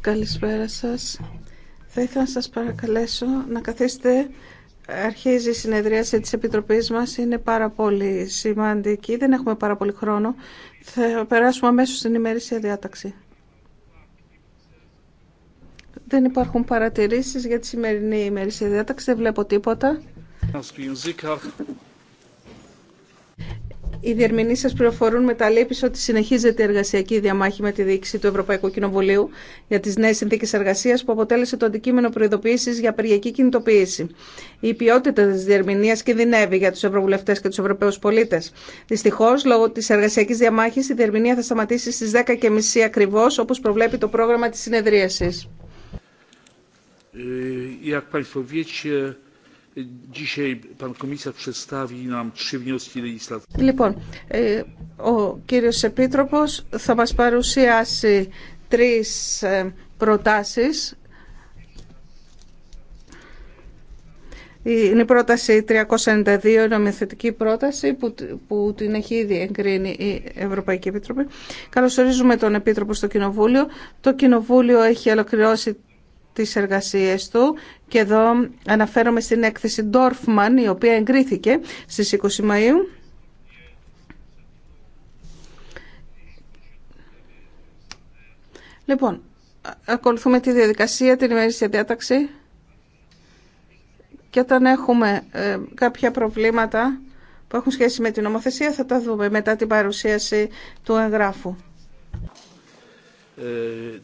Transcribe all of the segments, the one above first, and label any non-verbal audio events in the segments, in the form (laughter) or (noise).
Καλησπέρα σας. Θα ήθελα να σας παρακαλέσω να καθίσετε. Αρχίζει η συνεδρίαση της Επιτροπής μας. Είναι πάρα πολύ σημαντική. Δεν έχουμε πάρα πολύ χρόνο. Θα περάσουμε αμέσως στην ημερήσια διάταξη. Δεν υπάρχουν παρατηρήσεις για τη σημερινή ημερήσια διάταξη, δεν βλέπω τίποτα. Οι διερμηνεί σα πληροφορούν με τα λύπη ότι συνεχίζεται η εργασιακή διαμάχη με τη διοίκηση του Ευρωπαϊκού Κοινοβουλίου για τι νέε συνθήκε εργασία που αποτέλεσε το αντικείμενο προειδοποίηση για απεργιακή κινητοποίηση. Η ποιότητα τη διερμηνία κινδυνεύει για του Ευρωβουλευτέ και του Ευρωπαίου πολίτε. Δυστυχώ, λόγω τη εργασιακή διαμάχη, η διερμηνία θα σταματήσει στι 10.30 ακριβώ, όπω προβλέπει το πρόγραμμα τη συνεδρίαση. Λοιπόν, ο κύριος Επίτροπος θα μας παρουσιάσει τρεις ε, προτάσεις. Είναι η πρόταση 392, νομοθετική πρόταση που, που την έχει ήδη εγκρίνει η Ευρωπαϊκή Επίτροπη. Καλωσορίζουμε τον Επίτροπο στο Κοινοβούλιο. Το Κοινοβούλιο έχει ολοκληρώσει τις εργασίες του και εδώ αναφέρομαι στην έκθεση Dorfman η οποία εγκρίθηκε στις 20 Μαΐου. Λοιπόν, ακολουθούμε τη διαδικασία, την ημερήσια διάταξη και όταν έχουμε ε, κάποια προβλήματα που έχουν σχέση με την νομοθεσία θα τα δούμε μετά την παρουσίαση του εγγράφου. Ε,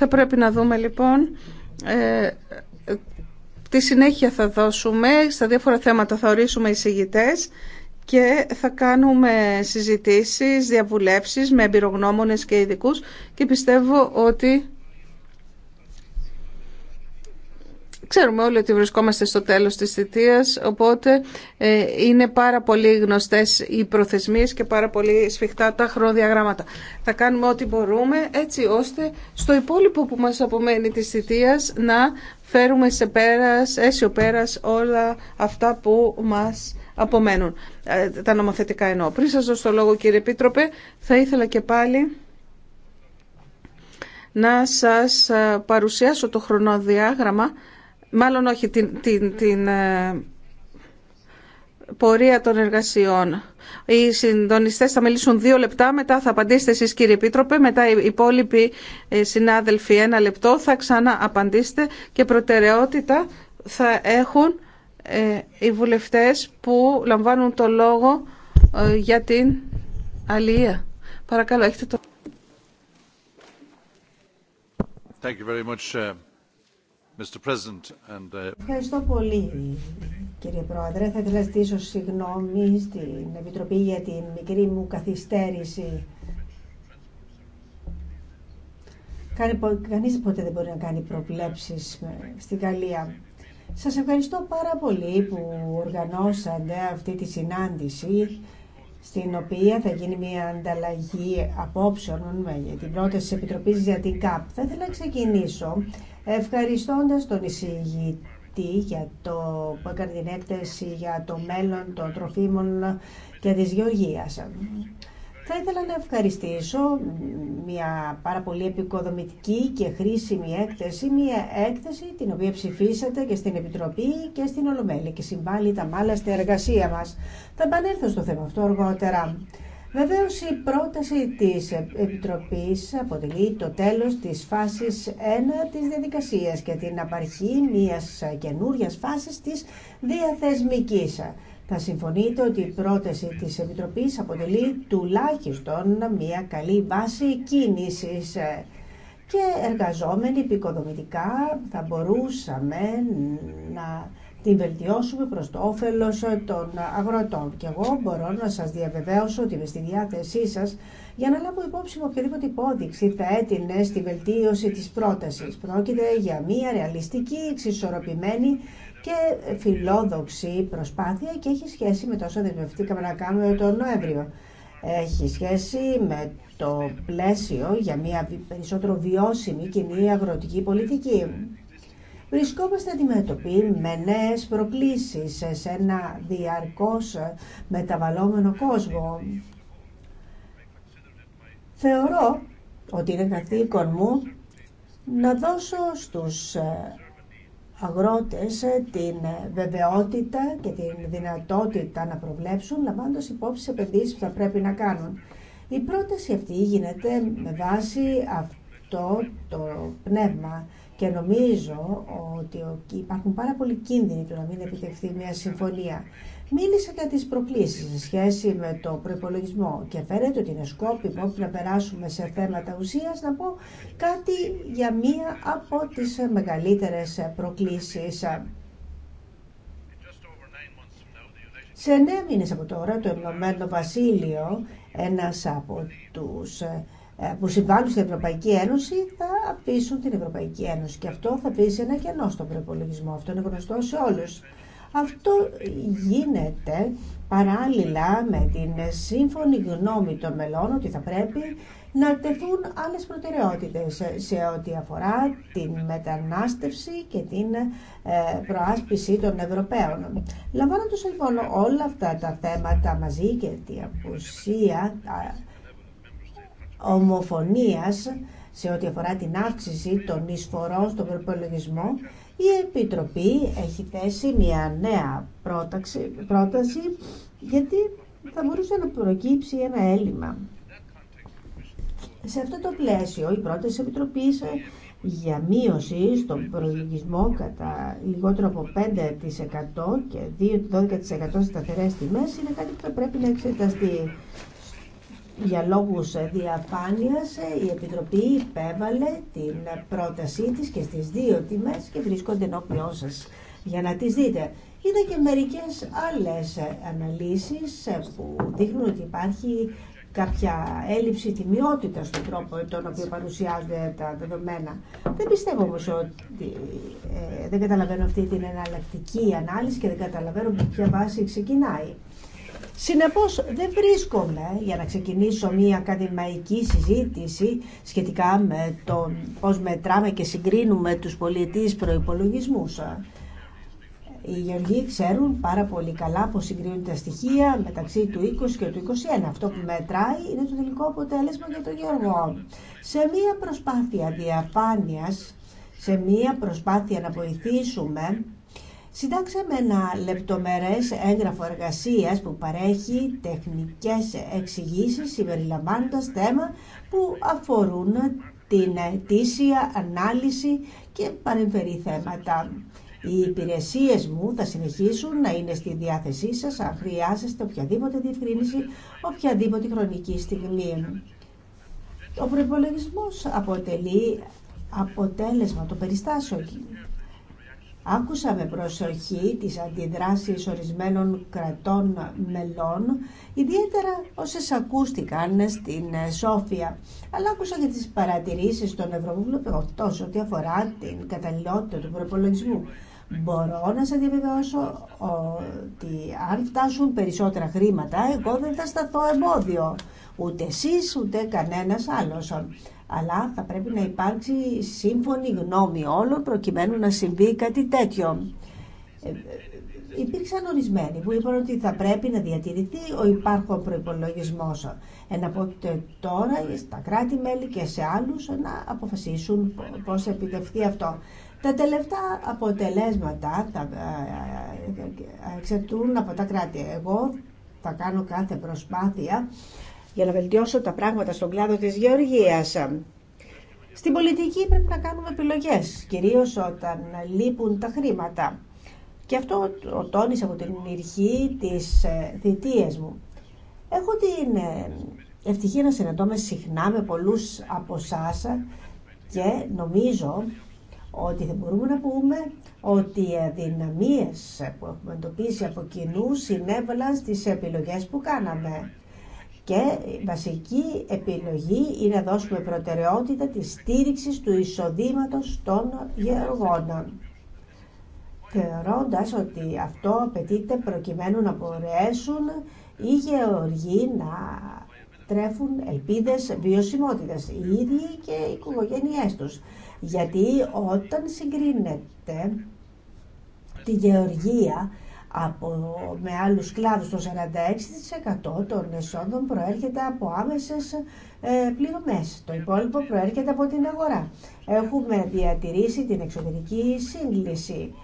θα πρέπει να δούμε λοιπόν ε, τι συνέχεια θα δώσουμε. Στα διάφορα θέματα θα ορίσουμε εισηγητές και θα κάνουμε συζητήσεις, διαβουλεύσεις με εμπειρογνώμονες και ειδικούς και πιστεύω ότι Ξέρουμε όλοι ότι βρισκόμαστε στο τέλος της θητείας, οπότε ε, είναι πάρα πολύ γνωστές οι προθεσμίες και πάρα πολύ σφιχτά τα χρονοδιαγράμματα. Θα κάνουμε ό,τι μπορούμε έτσι ώστε στο υπόλοιπο που μας απομένει της θητείας να φέρουμε σε πέρας, αίσιο πέρας όλα αυτά που μας απομένουν. Ε, τα νομοθετικά εννοώ. Πριν σας δώσω το λόγο κύριε Επίτροπε, θα ήθελα και πάλι να σας ε, παρουσιάσω το χρονοδιάγραμμα μάλλον όχι την, την, την ε, πορεία των εργασιών. Οι συντονιστέ θα μιλήσουν δύο λεπτά, μετά θα απαντήσετε εσεί κύριε Επίτροπε, μετά οι υπόλοιποι ε, συνάδελφοι ένα λεπτό θα ξανά και προτεραιότητα θα έχουν ε, οι βουλευτές που λαμβάνουν το λόγο για την αλληλεία. Παρακαλώ, έχετε το... Thank you very uh, Uh, ευχαριστώ πολύ, κύριε Πρόεδρε. Θα ήθελα να ζητήσω συγγνώμη στην Επιτροπή για την μικρή μου καθυστέρηση. Κανείς ποτέ δεν μπορεί να κάνει προβλέψεις ε, στην Γαλλία. Σας ευχαριστώ πάρα πολύ που οργανώσατε αυτή τη συνάντηση στην οποία θα γίνει μια ανταλλαγή απόψεων με την πρόταση της Επιτροπής για την ΚΑΠ. Θα ήθελα να ξεκινήσω ευχαριστώντας τον εισηγητή για το, που έκανε την έκθεση για το μέλλον των τροφίμων και της γεωργίας. Θα ήθελα να ευχαριστήσω μια πάρα πολύ επικοδομητική και χρήσιμη έκθεση, μια έκθεση την οποία ψηφίσατε και στην Επιτροπή και στην Ολομέλη και συμβάλλει τα μάλλα στη εργασία μας. Θα επανέλθω στο θέμα αυτό αργότερα. Βεβαίω, η πρόταση της Επιτροπής αποτελεί το τέλος της φάσης 1 της διαδικασία και την απαρχή μια καινούρια φάσης της διαθεσμική. Θα συμφωνείτε ότι η πρόταση της Επιτροπής αποτελεί τουλάχιστον μια καλή βάση κίνησης και εργαζόμενοι επικοδομητικά θα μπορούσαμε να την βελτιώσουμε προς το όφελο ε, των αγροτών. Και εγώ μπορώ να σας διαβεβαίωσω ότι είμαι στη διάθεσή σα για να λάβω υπόψη με οποιαδήποτε υπόδειξη θα έτεινε στη βελτίωση της πρόταση. Πρόκειται για μια ρεαλιστική, εξισορροπημένη και φιλόδοξη προσπάθεια και έχει σχέση με τόσο δεσμευτήκαμε να κάνουμε τον Νοέμβριο. Έχει σχέση με το πλαίσιο για μια περισσότερο βιώσιμη κοινή αγροτική πολιτική βρισκόμαστε αντιμέτωποι με νέες προκλήσεις σε ένα διαρκώς μεταβαλλόμενο κόσμο. Θεωρώ ότι είναι καθήκον μου να δώσω στους αγρότες την βεβαιότητα και την δυνατότητα να προβλέψουν λαμβάνοντας υπόψη σε επενδύσεις που θα πρέπει να κάνουν. Η πρόταση αυτή γίνεται με βάση αυτό το πνεύμα και νομίζω ότι υπάρχουν πάρα πολλοί κίνδυνοι του να μην επιτευχθεί μια συμφωνία. Μίλησα για τις προκλήσεις σε σχέση με το προπολογισμό και φαίνεται ότι είναι σκόπιμο να περάσουμε σε θέματα ουσίας να πω κάτι για μία από τις μεγαλύτερες προκλήσεις. Σε εννέα μήνες από τώρα το Ενωμένο Βασίλειο, ένας από τους ε, που συμβάλλουν στην Ευρωπαϊκή Ένωση θα πείσουν την Ευρωπαϊκή Ένωση και αυτό θα πείσει ένα κενό στον προπολογισμό. Αυτό είναι γνωστό σε όλους. Αυτό γίνεται παράλληλα με την σύμφωνη γνώμη των μελών ότι θα πρέπει να τεθούν άλλες προτεραιότητες σε ό,τι αφορά την μετανάστευση και την ε, προάσπιση των Ευρωπαίων. Λαμβάνοντας λοιπόν όλα αυτά τα θέματα μαζί και τη απουσία ομοφωνίας σε ό,τι αφορά την αύξηση των εισφορών στον προπολογισμό, η Επιτροπή έχει θέσει μια νέα πρόταξη, πρόταση γιατί θα μπορούσε να προκύψει ένα έλλειμμα. Σε αυτό το πλαίσιο, η πρόταση της Επιτροπής για μείωση στον προλογισμό κατά λιγότερο από 5% και 2-12% σταθερές τιμές είναι κάτι που θα πρέπει να εξεταστεί για λόγους ε, διαφάνειας ε, η Επιτροπή υπέβαλε την πρότασή της και στις δύο τιμές και βρίσκονται ενώπιόν σας για να τις δείτε. Είδα και μερικές άλλες ε, αναλύσεις που δείχνουν ότι υπάρχει κάποια έλλειψη τιμιότητα στον τρόπο τον οποίο παρουσιάζονται τα δεδομένα. Δεν πιστεύω όμως ότι δεν καταλαβαίνω αυτή την εναλλακτική ανάλυση και δεν καταλαβαίνω ποια βάση ξεκινάει. Συνεπώς δεν βρίσκομαι για να ξεκινήσω μια ακαδημαϊκή συζήτηση σχετικά με το πώς μετράμε και συγκρίνουμε τους πολιτείς προϋπολογισμούς. Οι γεωργοί ξέρουν πάρα πολύ καλά πώς συγκρίνουν τα στοιχεία μεταξύ του 20 και του 21. Αυτό που μετράει είναι το τελικό αποτέλεσμα για τον γεωργό. Σε μια προσπάθεια διαφάνειας, σε μια προσπάθεια να βοηθήσουμε Συντάξαμε ένα λεπτομερές έγγραφο εργασίας που παρέχει τεχνικές εξηγήσεις συμπεριλαμβάνοντας θέμα που αφορούν την αιτήσια ανάλυση και παρεμφερή θέματα. Οι υπηρεσίες μου θα συνεχίσουν να είναι στη διάθεσή σας αν χρειάζεστε οποιαδήποτε διευκρίνηση, οποιαδήποτε χρονική στιγμή. Ο προπολογισμό αποτελεί αποτέλεσμα των περιστάσεων Άκουσα με προσοχή τις αντιδράσεις ορισμένων κρατών μελών, ιδιαίτερα όσες ακούστηκαν στην ε, Σόφια, αλλά άκουσα και τις παρατηρήσεις των Ευρωβουλευτών ό,τι αφορά την καταλληλότητα του προπολογισμού. Μπορώ να σας διαβεβαιώσω ότι αν φτάσουν περισσότερα χρήματα, εγώ δεν θα σταθώ εμπόδιο. Ούτε εσείς, ούτε κανένας άλλος αλλά θα πρέπει να υπάρξει σύμφωνη γνώμη όλων προκειμένου να συμβεί κάτι τέτοιο. Ε, υπήρξαν ορισμένοι που είπαν ότι θα πρέπει να διατηρηθεί ο υπάρχον προπολογισμό. Εναπόκειται τώρα στα κράτη-μέλη και σε άλλους να αποφασίσουν πώς θα επιτευχθεί αυτό. Τα τελευταία αποτελέσματα θα ε, ε, εξαρτούν από τα κράτη. Εγώ θα κάνω κάθε προσπάθεια για να βελτιώσω τα πράγματα στον κλάδο της γεωργίας. Στην πολιτική πρέπει να κάνουμε επιλογές, κυρίως όταν λείπουν τα χρήματα. Και αυτό το τόνισα από την αρχή της ε, θητείας μου. Έχω την ε, ευτυχία να συναντώμε συχνά με πολλούς από εσά και νομίζω ότι θα μπορούμε να πούμε ότι οι αδυναμίες που έχουμε εντοπίσει από κοινού συνέβαλαν στις επιλογές που κάναμε και η βασική επιλογή είναι να δώσουμε προτεραιότητα τη στήριξη του εισοδήματο των γεωργών. Θεωρώντα ότι αυτό απαιτείται προκειμένου να μπορέσουν οι γεωργοί να τρέφουν ελπίδες βιωσιμότητας, οι ίδιοι και οι οικογένειε τους. Γιατί όταν συγκρίνεται τη γεωργία από, με άλλους κλάδους το 46% των εσόδων προέρχεται από άμεσες ε, πληρωμές. Το υπόλοιπο προέρχεται από την αγορά. Έχουμε διατηρήσει την εξωτερική σύγκληση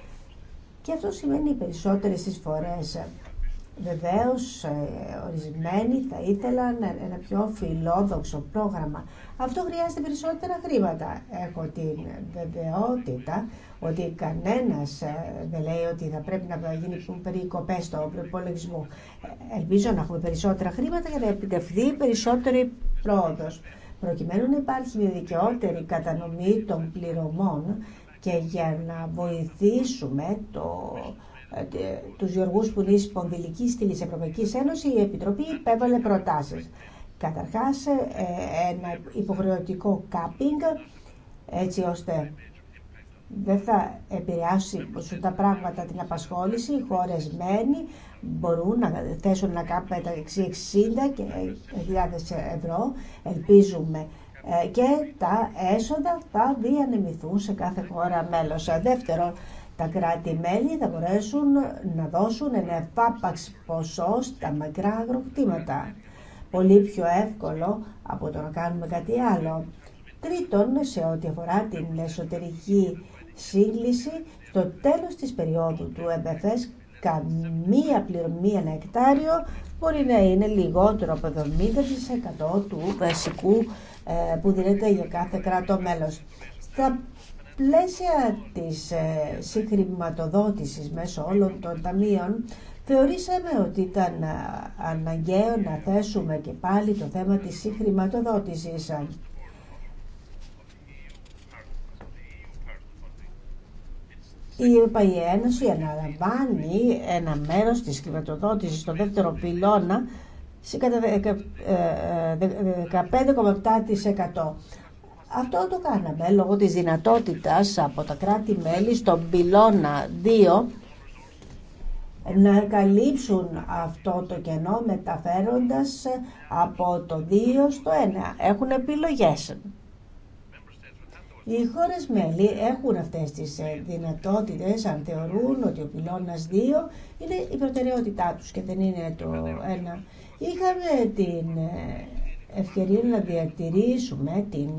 και αυτό σημαίνει οι περισσότερες φορές. Βεβαίως, ε, ορισμένοι θα ήθελαν ένα πιο φιλόδοξο πρόγραμμα. Αυτό χρειάζεται περισσότερα χρήματα. Έχω την βεβαιότητα ότι κανένα ε, δεν λέει ότι θα πρέπει να γίνουν περικοπές στο προπολογισμό. Ε, ελπίζω να έχουμε περισσότερα χρήματα για να επιτευχθεί περισσότερη πρόοδος. Προκειμένου να υπάρχει μια δικαιότερη κατανομή των πληρωμών και για να βοηθήσουμε το, ε, τους γεωργούς που είναι σπονδυλική στήλη Ευρωπαϊκή Ευρωπαϊκής η Επιτροπή υπέβαλε προτάσεις. Καταρχάς, ένα υποχρεωτικό κάπινγκ, έτσι ώστε δεν θα επηρεάσει τα πράγματα την απασχόληση. Οι χώρες μένει μπορούν να θέσουν να κάνουν μεταξύ 60 και 1.000 ευρώ. Ελπίζουμε ε, και τα έσοδα θα διανεμηθούν σε κάθε χώρα μέλος. Δεύτερον, τα κράτη-μέλη θα μπορέσουν να δώσουν ένα επάπαξ ποσό στα μακρά αγροκτήματα. Πολύ πιο εύκολο από το να κάνουμε κάτι άλλο. Τρίτον, σε ό,τι αφορά την εσωτερική σύγκληση στο τέλος της περίοδου του MFS καμία πληρωμή ένα εκτάριο μπορεί να είναι λιγότερο από 70% του βασικού ε, που δίνεται για κάθε κράτο μέλος. Στα πλαίσια της ε, συγχρηματοδότησης μέσω όλων των ταμείων θεωρήσαμε ότι ήταν ε, αναγκαίο να θέσουμε και πάλι το θέμα της συγχρηματοδότησης. η Ευρωπαϊκή Ένωση αναλαμβάνει ένα μέρος της χρηματοδότησης στο δεύτερο πυλώνα σε 15,7%. Ε, ε, ε, αυτό το κάναμε λόγω της δυνατότητας από τα κράτη-μέλη στον πυλώνα 2 να καλύψουν αυτό το κενό μεταφέροντας από το 2 στο 1. Έχουν επιλογές. Οι χώρε μέλη έχουν αυτέ τι ε, δυνατότητες αν θεωρούν ότι ο πυλώνα 2 είναι η προτεραιότητά τους και δεν είναι το ένα. Είχαμε την ε, ευκαιρία να διατηρήσουμε την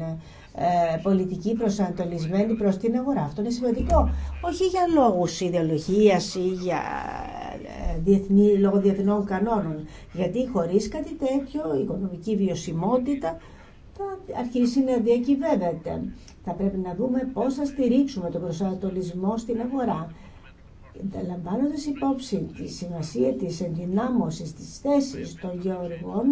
ε, πολιτική προσανατολισμένη προς την αγορά. Αυτό είναι σημαντικό. Όχι για λόγους ιδεολογίας ή για διεθνή, λόγω διεθνών κανόνων. Γιατί χωρίς κάτι τέτοιο η οικονομική χωρις κατι τετοιο οικονομικη βιωσιμοτητα θα αρχίσει να διακυβεύεται. Θα πρέπει να δούμε πώς θα στηρίξουμε τον προσανατολισμό στην αγορά Λαμβάνοντας υπόψη τη σημασία της ενδυνάμωσης της θέσης των γεωργών,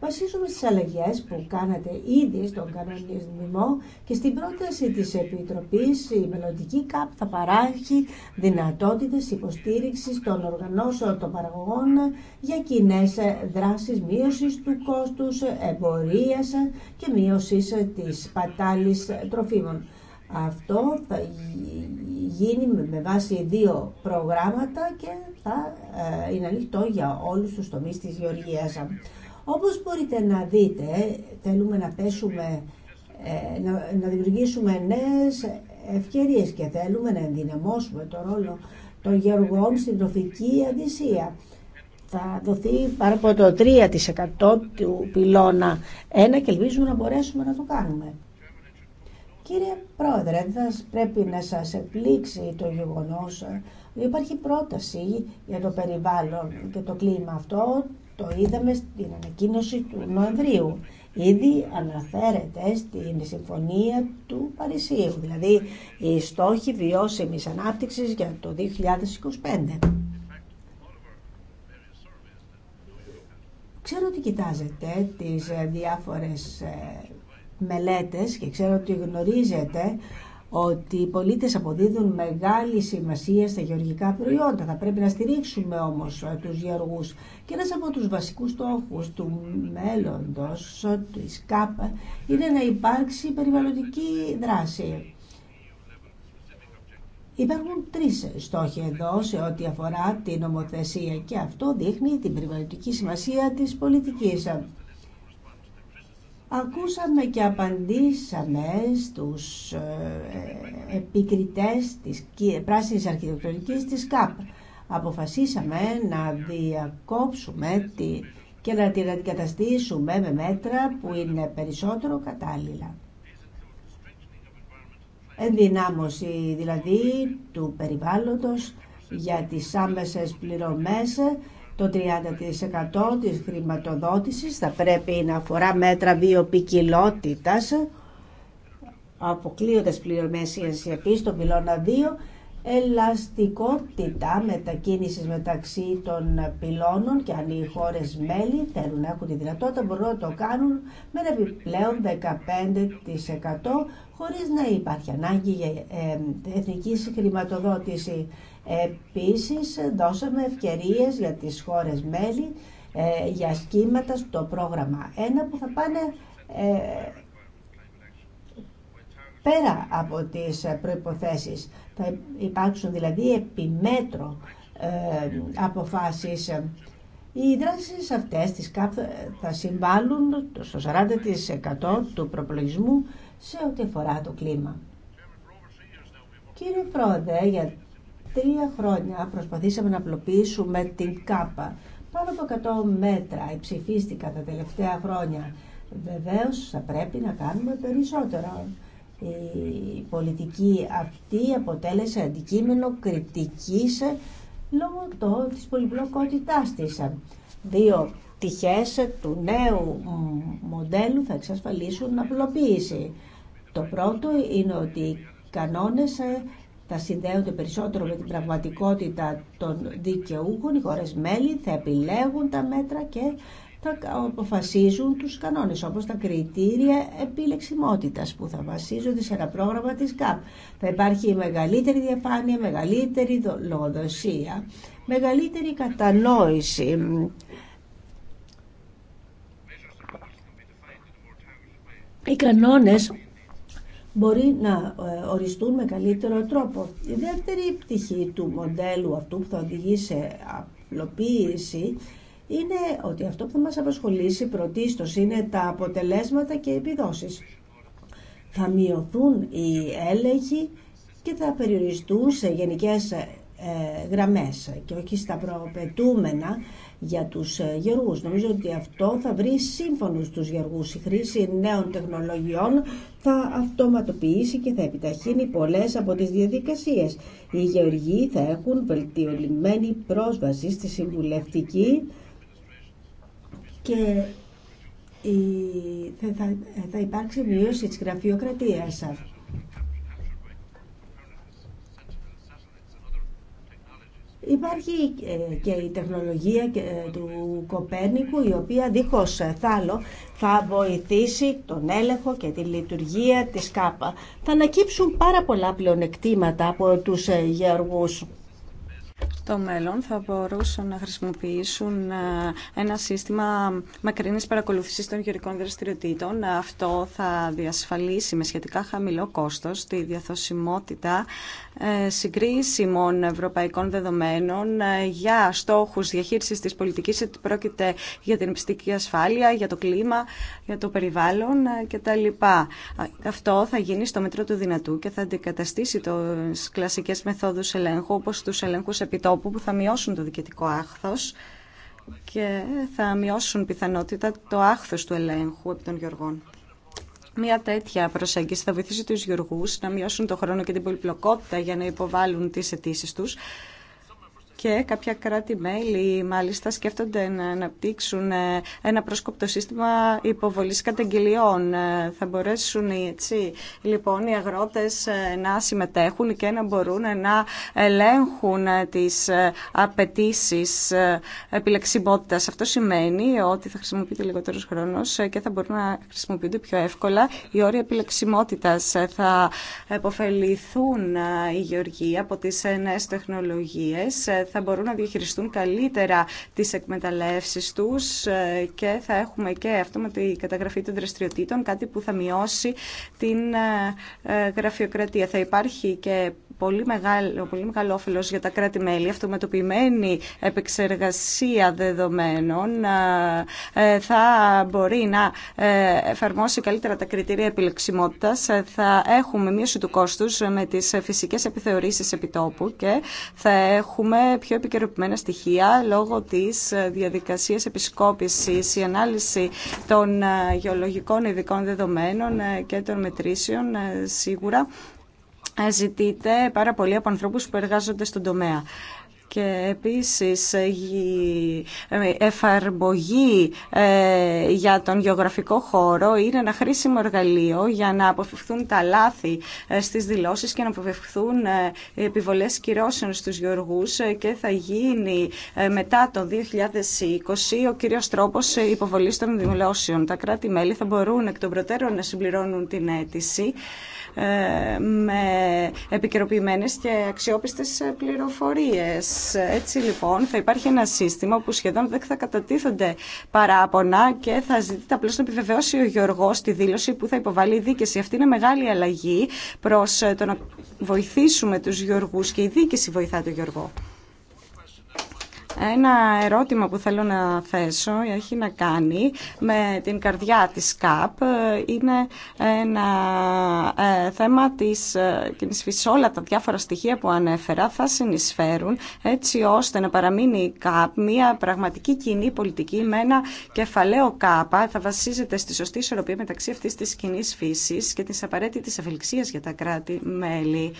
βασίζουμε στι αλλαγές που κάνατε ήδη στον κανονισμό και στην πρόταση της Επιτροπής η μελλοντική ΚΑΠ θα παράγει δυνατότητες υποστήριξης των οργανώσεων των παραγωγών για κοινέ δράσεις μείωση του κόστους εμπορίας και μείωση της πατάλης τροφίμων. Αυτό θα γίνει με βάση δύο προγράμματα και θα ε, είναι ανοιχτό για όλους τους τομείς της γεωργίας. Όπως μπορείτε να δείτε, θέλουμε να πέσουμε, ε, να δημιουργήσουμε νέες ευκαιρίες και θέλουμε να ενδυναμώσουμε το ρόλο των γεωργών στην τροφική Θα δοθεί πάρα από το 3% του πυλώνα 1 και ελπίζουμε να μπορέσουμε να το κάνουμε. Κύριε Πρόεδρε, δεν πρέπει να σας επλήξει το γεγονός ότι ε, υπάρχει πρόταση για το περιβάλλον και το κλίμα αυτό. Το είδαμε στην ανακοίνωση του Νοεμβρίου. Ήδη αναφέρεται στην Συμφωνία του Παρισίου, δηλαδή οι στόχοι βιώσιμης ανάπτυξης για το 2025. Ξέρω ότι κοιτάζετε τις ε, διάφορες ε, μελέτες και ξέρω ότι γνωρίζετε ότι οι πολίτες αποδίδουν μεγάλη σημασία στα γεωργικά προϊόντα. Θα πρέπει να στηρίξουμε όμως ε, τους γεωργούς. Και ένας από τους βασικούς στόχους του μέλλοντος του ΚΑΠ είναι να υπάρξει περιβαλλοντική δράση. Υπάρχουν τρεις στόχοι εδώ σε ό,τι αφορά την νομοθεσία και αυτό δείχνει την περιβαλλοντική σημασία της πολιτικής. Ακούσαμε και απαντήσαμε στους ε, ε, επικριτές της πράσινης αρχιτεκτονικής της ΚΑΠ. Αποφασίσαμε να διακόψουμε τη, και να την αντικαταστήσουμε με μέτρα που είναι περισσότερο κατάλληλα. Ενδυνάμωση δηλαδή του περιβάλλοντος για τις άμεσες πληρωμές το 30% της χρηματοδότησης θα πρέπει να αφορά μέτρα βιοπικιλότητας, αποκλείοντας πληρωμές ESCP στον πυλώνα 2, ελαστικότητα μετακίνησης μεταξύ των πυλώνων και αν οι χώρες μέλη θέλουν να έχουν τη δυνατότητα μπορούν να το κάνουν με ένα επιπλέον 15% χωρίς να υπάρχει ανάγκη για ε, εθνική χρηματοδότηση. Επίσης δώσαμε ευκαιρίες για τις χώρες μέλη ε, για σχήματα στο πρόγραμμα. Ένα που θα πάνε ε, πέρα από τις ε, προϋποθέσεις. Θα υπάρξουν δηλαδή επιμέτρο αποφάσεις. Οι δράσεις αυτές της ΚΑΠ θα συμβάλλουν στο 40% του προπολογισμού σε ό,τι αφορά το κλίμα. Κύριε Πρόεδρε, για τρία χρόνια προσπαθήσαμε να απλοποιήσουμε την ΚΑΠΑ. Πάνω από 100 μέτρα ψηφίστηκαν τα τελευταία χρόνια. Βεβαίω θα πρέπει να κάνουμε περισσότερο. Η πολιτική αυτή αποτέλεσε αντικείμενο κριτικής λόγω το, της πολυπλοκότητάς της. Δύο πτυχές του νέου μοντέλου θα εξασφαλίσουν απλοποίηση. Το πρώτο είναι ότι οι κανόνες ε, θα συνδέονται περισσότερο με την πραγματικότητα των δικαιούχων, οι χώρες μέλη θα επιλέγουν τα μέτρα και θα αποφασίζουν τους κανόνες, όπως τα κριτήρια επιλεξιμότητας που θα βασίζονται σε ένα πρόγραμμα της ΚΑΠ. Θα υπάρχει μεγαλύτερη διαφάνεια, μεγαλύτερη λογοδοσία, μεγαλύτερη κατανόηση. Οι κανόνες μπορεί να ε, οριστούν με καλύτερο τρόπο. Η δεύτερη πτυχή του μοντέλου αυτού που θα οδηγεί σε απλοποίηση είναι ότι αυτό που θα μας απασχολήσει πρωτίστως είναι τα αποτελέσματα και οι επιδόσεις. Θα μειωθούν οι έλεγχοι και θα περιοριστούν σε γενικές ε, γραμμές και όχι στα προπετούμενα για τους ε, γεωργούς. Νομίζω ότι αυτό θα βρει σύμφωνο τους γεωργούς. Η χρήση νέων τεχνολογιών θα αυτοματοποιήσει και θα επιταχύνει πολλές από τις διαδικασίες. Οι γεωργοί θα έχουν βελτιωμένη πρόσβαση στη συμβουλευτική και θα υπάρξει μείωση της γραφειοκρατίας. Υπάρχει ε, και η τεχνολογία ε, του Κοπέρνικου η οποία δίχως ε, θάλο θα βοηθήσει τον έλεγχο και τη λειτουργία της ΚΑΠΑ. Θα ανακύψουν πάρα πολλά πλεονεκτήματα από τους γεωργούς στο μέλλον θα μπορούσαν να χρησιμοποιήσουν ε, ένα σύστημα μακρινής παρακολουθήσης των γεωρικών δραστηριοτήτων. Αυτό θα διασφαλίσει με σχετικά χαμηλό κόστος τη διαθωσιμότητα ε, συγκρίσιμων ευρωπαϊκών δεδομένων ε, για στόχους διαχείρισης της πολιτικής, ότι πρόκειται για την επιστήκη ασφάλεια, για το κλίμα, για το περιβάλλον κτλ. Αυτό θα γίνει στο μέτρο του δυνατού και θα αντικαταστήσει τις κλασικές μεθόδους ελέγχου, όπως τους ελέγχους επιτόπου που θα μειώσουν το διοικητικό άχθος και θα μειώσουν πιθανότητα το άχθος του ελέγχου επί των Γιώργο. Μια τέτοια προσέγγιση θα βοηθήσει τους γεωργούς να μειώσουν το χρόνο και την πολυπλοκότητα για να υποβάλουν τις αιτήσει τους και κάποια κράτη-μέλη μάλιστα σκέφτονται να αναπτύξουν ε, ένα πρόσκοπτο σύστημα υποβολής καταγγελιών. Ε, θα μπορέσουν έτσι λοιπόν οι αγρότες ε, να συμμετέχουν και να μπορούν να ελέγχουν τις απαιτήσει επιλεξιμότητας. Αυτό σημαίνει ότι θα χρησιμοποιείται λιγότερος χρόνος και θα μπορούν να χρησιμοποιούνται πιο εύκολα οι όροι επιλεξιμότητας. Θα επωφεληθούν οι γεωργοί από τις νέες τεχνολογίες θα μπορούν να διαχειριστούν καλύτερα τις εκμεταλλεύσεις τους ε, και θα έχουμε και αυτό με τη καταγραφή των δραστηριοτήτων, κάτι που θα μειώσει την ε, ε, γραφειοκρατία. Θα υπάρχει και πολύ μεγάλο, πολύ μεγάλο για τα κράτη-μέλη, αυτοματοποιημένη επεξεργασία δεδομένων ε, ε, θα μπορεί να ε, εφαρμόσει καλύτερα τα κριτήρια επιλεξιμότητας, θα έχουμε μείωση του κόστου με τις φυσικές επιθεωρήσεις επιτόπου και θα έχουμε πιο επικαιροποιημένα στοιχεία λόγω της διαδικασίας επισκόπηση, η ανάλυση των γεωλογικών ειδικών δεδομένων και των μετρήσεων σίγουρα ζητείται πάρα πολύ από ανθρώπους που εργάζονται στον τομέα. Και επίσης η ε, εφαρμογή ε, για τον γεωγραφικό χώρο είναι ένα χρήσιμο εργαλείο για να αποφευχθούν τα λάθη ε, στις δηλώσεις και να αποφευχθούν επιβολές κυρώσεων στους γεωργούς και θα γίνει μετά το 2020 ο κύριος τρόπος υποβολής των δηλώσεων. Τα κράτη-μέλη θα μπορούν εκ των προτέρων να συμπληρώνουν την αίτηση ε, με επικαιροποιημένες και αξιόπιστες πληροφορίες. Έτσι λοιπόν θα υπάρχει ένα σύστημα που σχεδόν δεν θα κατατίθονται παράπονα και θα ζητείται απλώ να επιβεβαιώσει ο Γιώργος τη δήλωση που θα υποβάλει η δίκηση. Αυτή είναι μεγάλη αλλαγή προς το να βοηθήσουμε τους Γιωργούς και η δίκηση βοηθά τον Γιώργο. Ένα ερώτημα που θέλω να θέσω έχει να κάνει με την καρδιά της ΚΑΠ. Είναι ένα ε, θέμα της ε, κινησφής. Όλα τα διάφορα στοιχεία που ανέφερα θα συνεισφέρουν έτσι ώστε να παραμείνει η ΚΑΠ μια πραγματική κοινή πολιτική με ένα κεφαλαίο ΚΑΠΑ. Θα βασίζεται στη σωστή ισορροπία μεταξύ αυτής της κοινή φύσης και της απαραίτητης ευελιξίας για τα κράτη-μέλη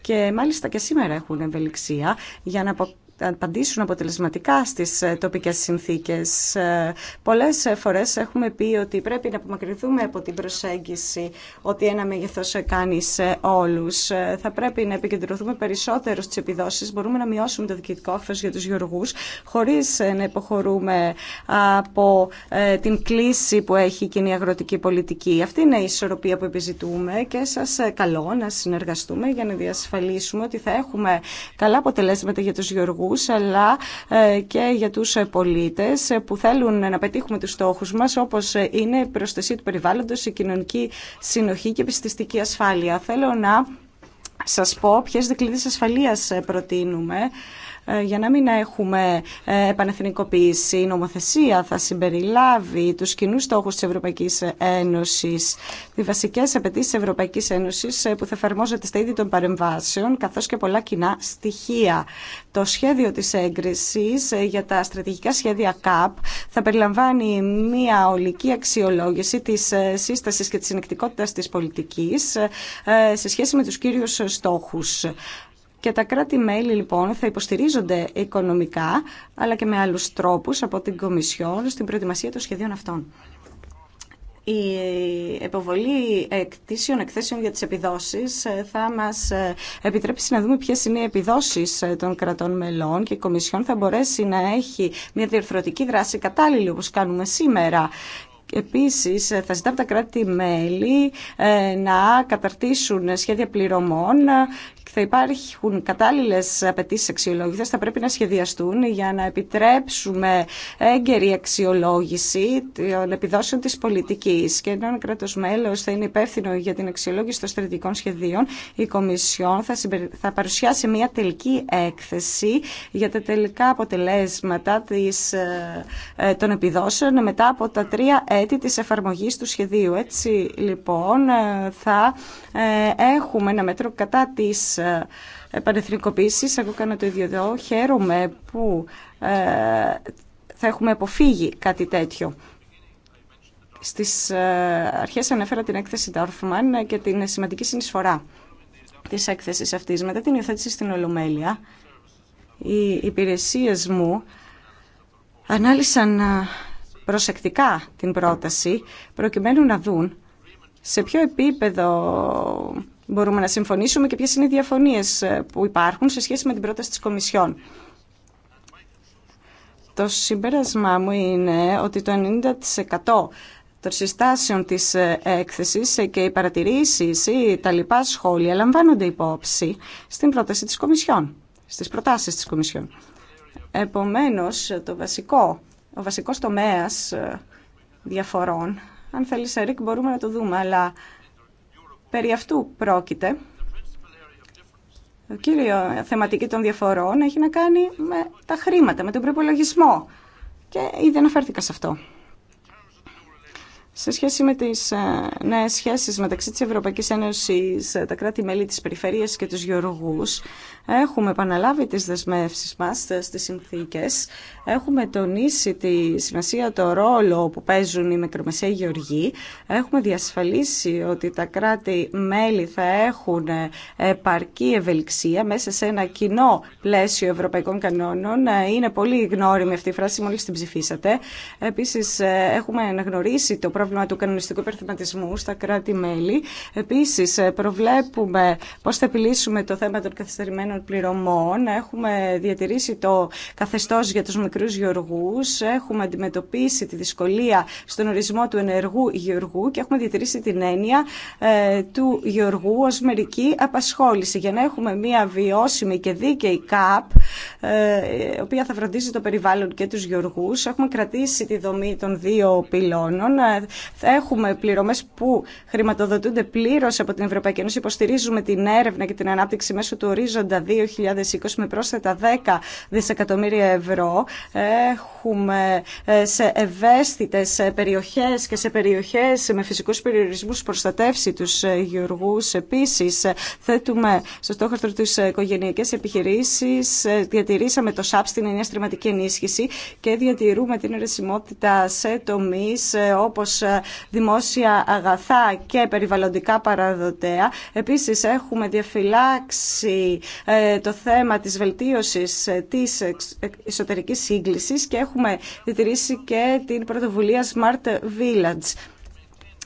και μάλιστα και σήμερα έχουν ευελιξία για να απαντήσουν αποτελεσματικά στις ε, τοπικές συνθήκες. Ε, πολλές φορές έχουμε πει ότι πρέπει να απομακρυνθούμε από την προσέγγιση ότι ένα μέγεθος κάνει σε όλους. Ε, θα πρέπει να επικεντρωθούμε περισσότερο στις επιδόσεις. Μπορούμε να μειώσουμε το διοικητικό όφελος για τους γεωργούς χωρίς να υποχωρούμε από την κλίση που έχει η κοινή αγροτική πολιτική. Αυτή είναι η ισορροπία που επιζητούμε και σας καλώ να συνεργαστούμε για να διασφαλίσουμε ότι θα έχουμε καλά αποτελέσματα για τους γεωργούς αλλά ε, και για τους ε, πολίτες ε, που θέλουν να πετύχουμε τους στόχους μας όπως είναι η προστασία του περιβάλλοντος, η κοινωνική συνοχή και η πιστιστική ασφάλεια. Θέλω να σας πω ποιες δικλείδες ασφαλείας προτείνουμε ε, για να μην έχουμε ε, επανεθνικοποίηση. Η νομοθεσία θα συμπεριλάβει τους κοινού στόχους της Ευρωπαϊκής Ένωσης, τις βασικές απαιτήσεις της Ευρωπαϊκής Ένωσης ε, που θα εφαρμόζεται στα είδη των παρεμβάσεων, καθώς και πολλά κοινά στοιχεία. Το σχέδιο της έγκρισης για τα στρατηγικά σχέδια ΚΑΠ θα περιλαμβάνει μια ολική αξιολόγηση της σύστασης και της συνεκτικότητας της πολιτικής σε σχέση με τους κύριους στόχους. Και τα κράτη-μέλη λοιπόν θα υποστηρίζονται οικονομικά αλλά και με άλλου τρόπου από την Κομισιόν στην προετοιμασία των σχεδίων αυτών. Η εποβολή εκτίσεων εκθέσεων για τις επιδόσεις ε, θα μας ε, επιτρέψει να δούμε ποιες είναι οι επιδόσεις ε, των κρατών μελών και η Κομισιόν θα μπορέσει να έχει μια διορθωτική δράση κατάλληλη όπως κάνουμε σήμερα Επίσης, θα ζητάμε τα κράτη-μέλη να καταρτήσουν σχέδια πληρωμών θα υπάρχουν κατάλληλε απαιτήσει αξιολόγηση, θα πρέπει να σχεδιαστούν για να επιτρέψουμε έγκαιρη αξιολόγηση των επιδόσεων τη πολιτική. Και ενώ ένα κράτο μέλο θα είναι υπεύθυνο για την αξιολόγηση των στρατηγικών σχεδίων, η Κομισιόν θα, θα παρουσιάσει μια τελική έκθεση για τα τελικά αποτελέσματα της... Ε, των επιδόσεων μετά από τα τρία έτη τη εφαρμογή του σχεδίου. Έτσι, λοιπόν, ε, θα ε, έχουμε ένα μέτρο κατά της ε, πανεθνικοποίησης. Εγώ κάνω το ίδιο εδώ. Χαίρομαι που ε, θα έχουμε αποφύγει κάτι τέτοιο. Στις αρχές ανέφερα την έκθεση Dorfman και την σημαντική συνεισφορά της έκθεσης αυτής. Μετά την υιοθέτηση στην Ολομέλεια, οι υπηρεσίες μου ανάλυσαν προσεκτικά την πρόταση προκειμένου να δουν σε ποιο επίπεδο μπορούμε να συμφωνήσουμε και ποιες είναι οι διαφωνίες ε, που υπάρχουν σε σχέση με την πρόταση της Κομισιόν. Το συμπέρασμά μου είναι ότι το 90% των συστάσεων της ε, έκθεσης ε, και οι παρατηρήσεις ή τα λοιπά σχόλια λαμβάνονται υπόψη στην πρόταση της Κομισιόν, στις προτάσεις της Κομισιόν. Επομένως, το βασικό, ο βασικός τομέας διαφορών αν θέλει Ερικ μπορούμε να το δούμε, αλλά περί αυτού πρόκειται. Το κύριο θεματική των διαφορών έχει να κάνει με τα χρήματα, με τον προπολογισμό. Και ήδη αναφέρθηκα σε αυτό. Σε σχέση με τις ε, νέε σχέσεις μεταξύ της Ευρωπαϊκής Ένωσης, ε, τα κράτη-μέλη της Περιφερείας και τους γεωργού, έχουμε επαναλάβει τις δεσμεύσεις μα ε, στι συνθήκε. έχουμε τονίσει τη σημασία, το ρόλο που παίζουν οι μικρομεσαίοι γεωργοί, έχουμε διασφαλίσει ότι τα κράτη-μέλη θα έχουν επαρκή ευελιξία μέσα σε ένα κοινό πλαίσιο ευρωπαϊκών κανόνων. Είναι πολύ γνώριμη αυτή η φράση, Μόλι την ψηφίσατε. Επίση έχουμε αναγνωρίσει το πρόβλημα του κανονιστικού υπερθυματισμού στα κράτη-μέλη. Επίση, ε, προβλέπουμε πώ θα επιλύσουμε το θέμα των καθυστερημένων πληρωμών. Έχουμε διατηρήσει το καθεστώ για του μικρού γεωργού. Έχουμε αντιμετωπίσει τη δυσκολία στον ορισμό του ενεργού γεωργού και έχουμε διατηρήσει την έννοια ε, του γεωργού ω μερική απασχόληση για να έχουμε μια βιώσιμη και δίκαιη ΚΑΠ ε, η οποία θα φροντίζει το περιβάλλον και του γεωργού. Έχουμε κρατήσει τη δομή των δύο πυλώνων. Θα έχουμε πληρωμές που χρηματοδοτούνται πλήρως από την Ευρωπαϊκή Ένωση. Υποστηρίζουμε την έρευνα και την ανάπτυξη μέσω του ορίζοντα 2020 με πρόσθετα 10 δισεκατομμύρια ευρώ. Έχουμε ε, σε ευαίσθητες περιοχές και σε περιοχές με φυσικούς περιορισμούς προστατεύσει τους γεωργούς. Επίσης, θέτουμε στο στόχο τις οικογενειακές επιχειρήσεις. Ε, διατηρήσαμε το ΣΑΠ στην ενιαία ενίσχυση και διατηρούμε την ερεσιμότητα σε τομείς ε, όπως ε, δημόσια αγαθά και περιβαλλοντικά παραδοτέα. Επίσης έχουμε διαφυλάξει ε, το θέμα της βελτίωσης ε, της εσωτερικής σύγκλησης και έχουμε διτηρήσει και την πρωτοβουλία Smart Village.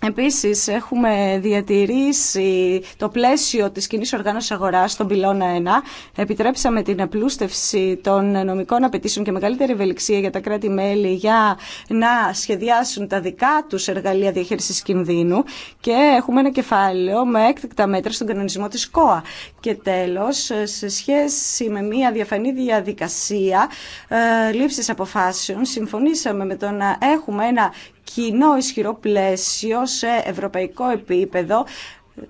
Επίσης έχουμε διατηρήσει το πλαίσιο της κοινή οργάνωσης αγοράς στον πυλώνα 1. Επιτρέψαμε την απλούστευση των νομικών απαιτήσεων και μεγαλύτερη ευελιξία για τα κράτη-μέλη για να σχεδιάσουν τα δικά τους εργαλεία διαχείρισης κινδύνου και έχουμε ένα κεφάλαιο με έκτακτα μέτρα στον κανονισμό της ΚΟΑ. Και τέλος, σε σχέση με μια διαφανή διαδικασία ε, λήψης αποφάσεων, συμφωνήσαμε με το να έχουμε ένα κοινό ισχυρό πλαίσιο σε ευρωπαϊκό επίπεδο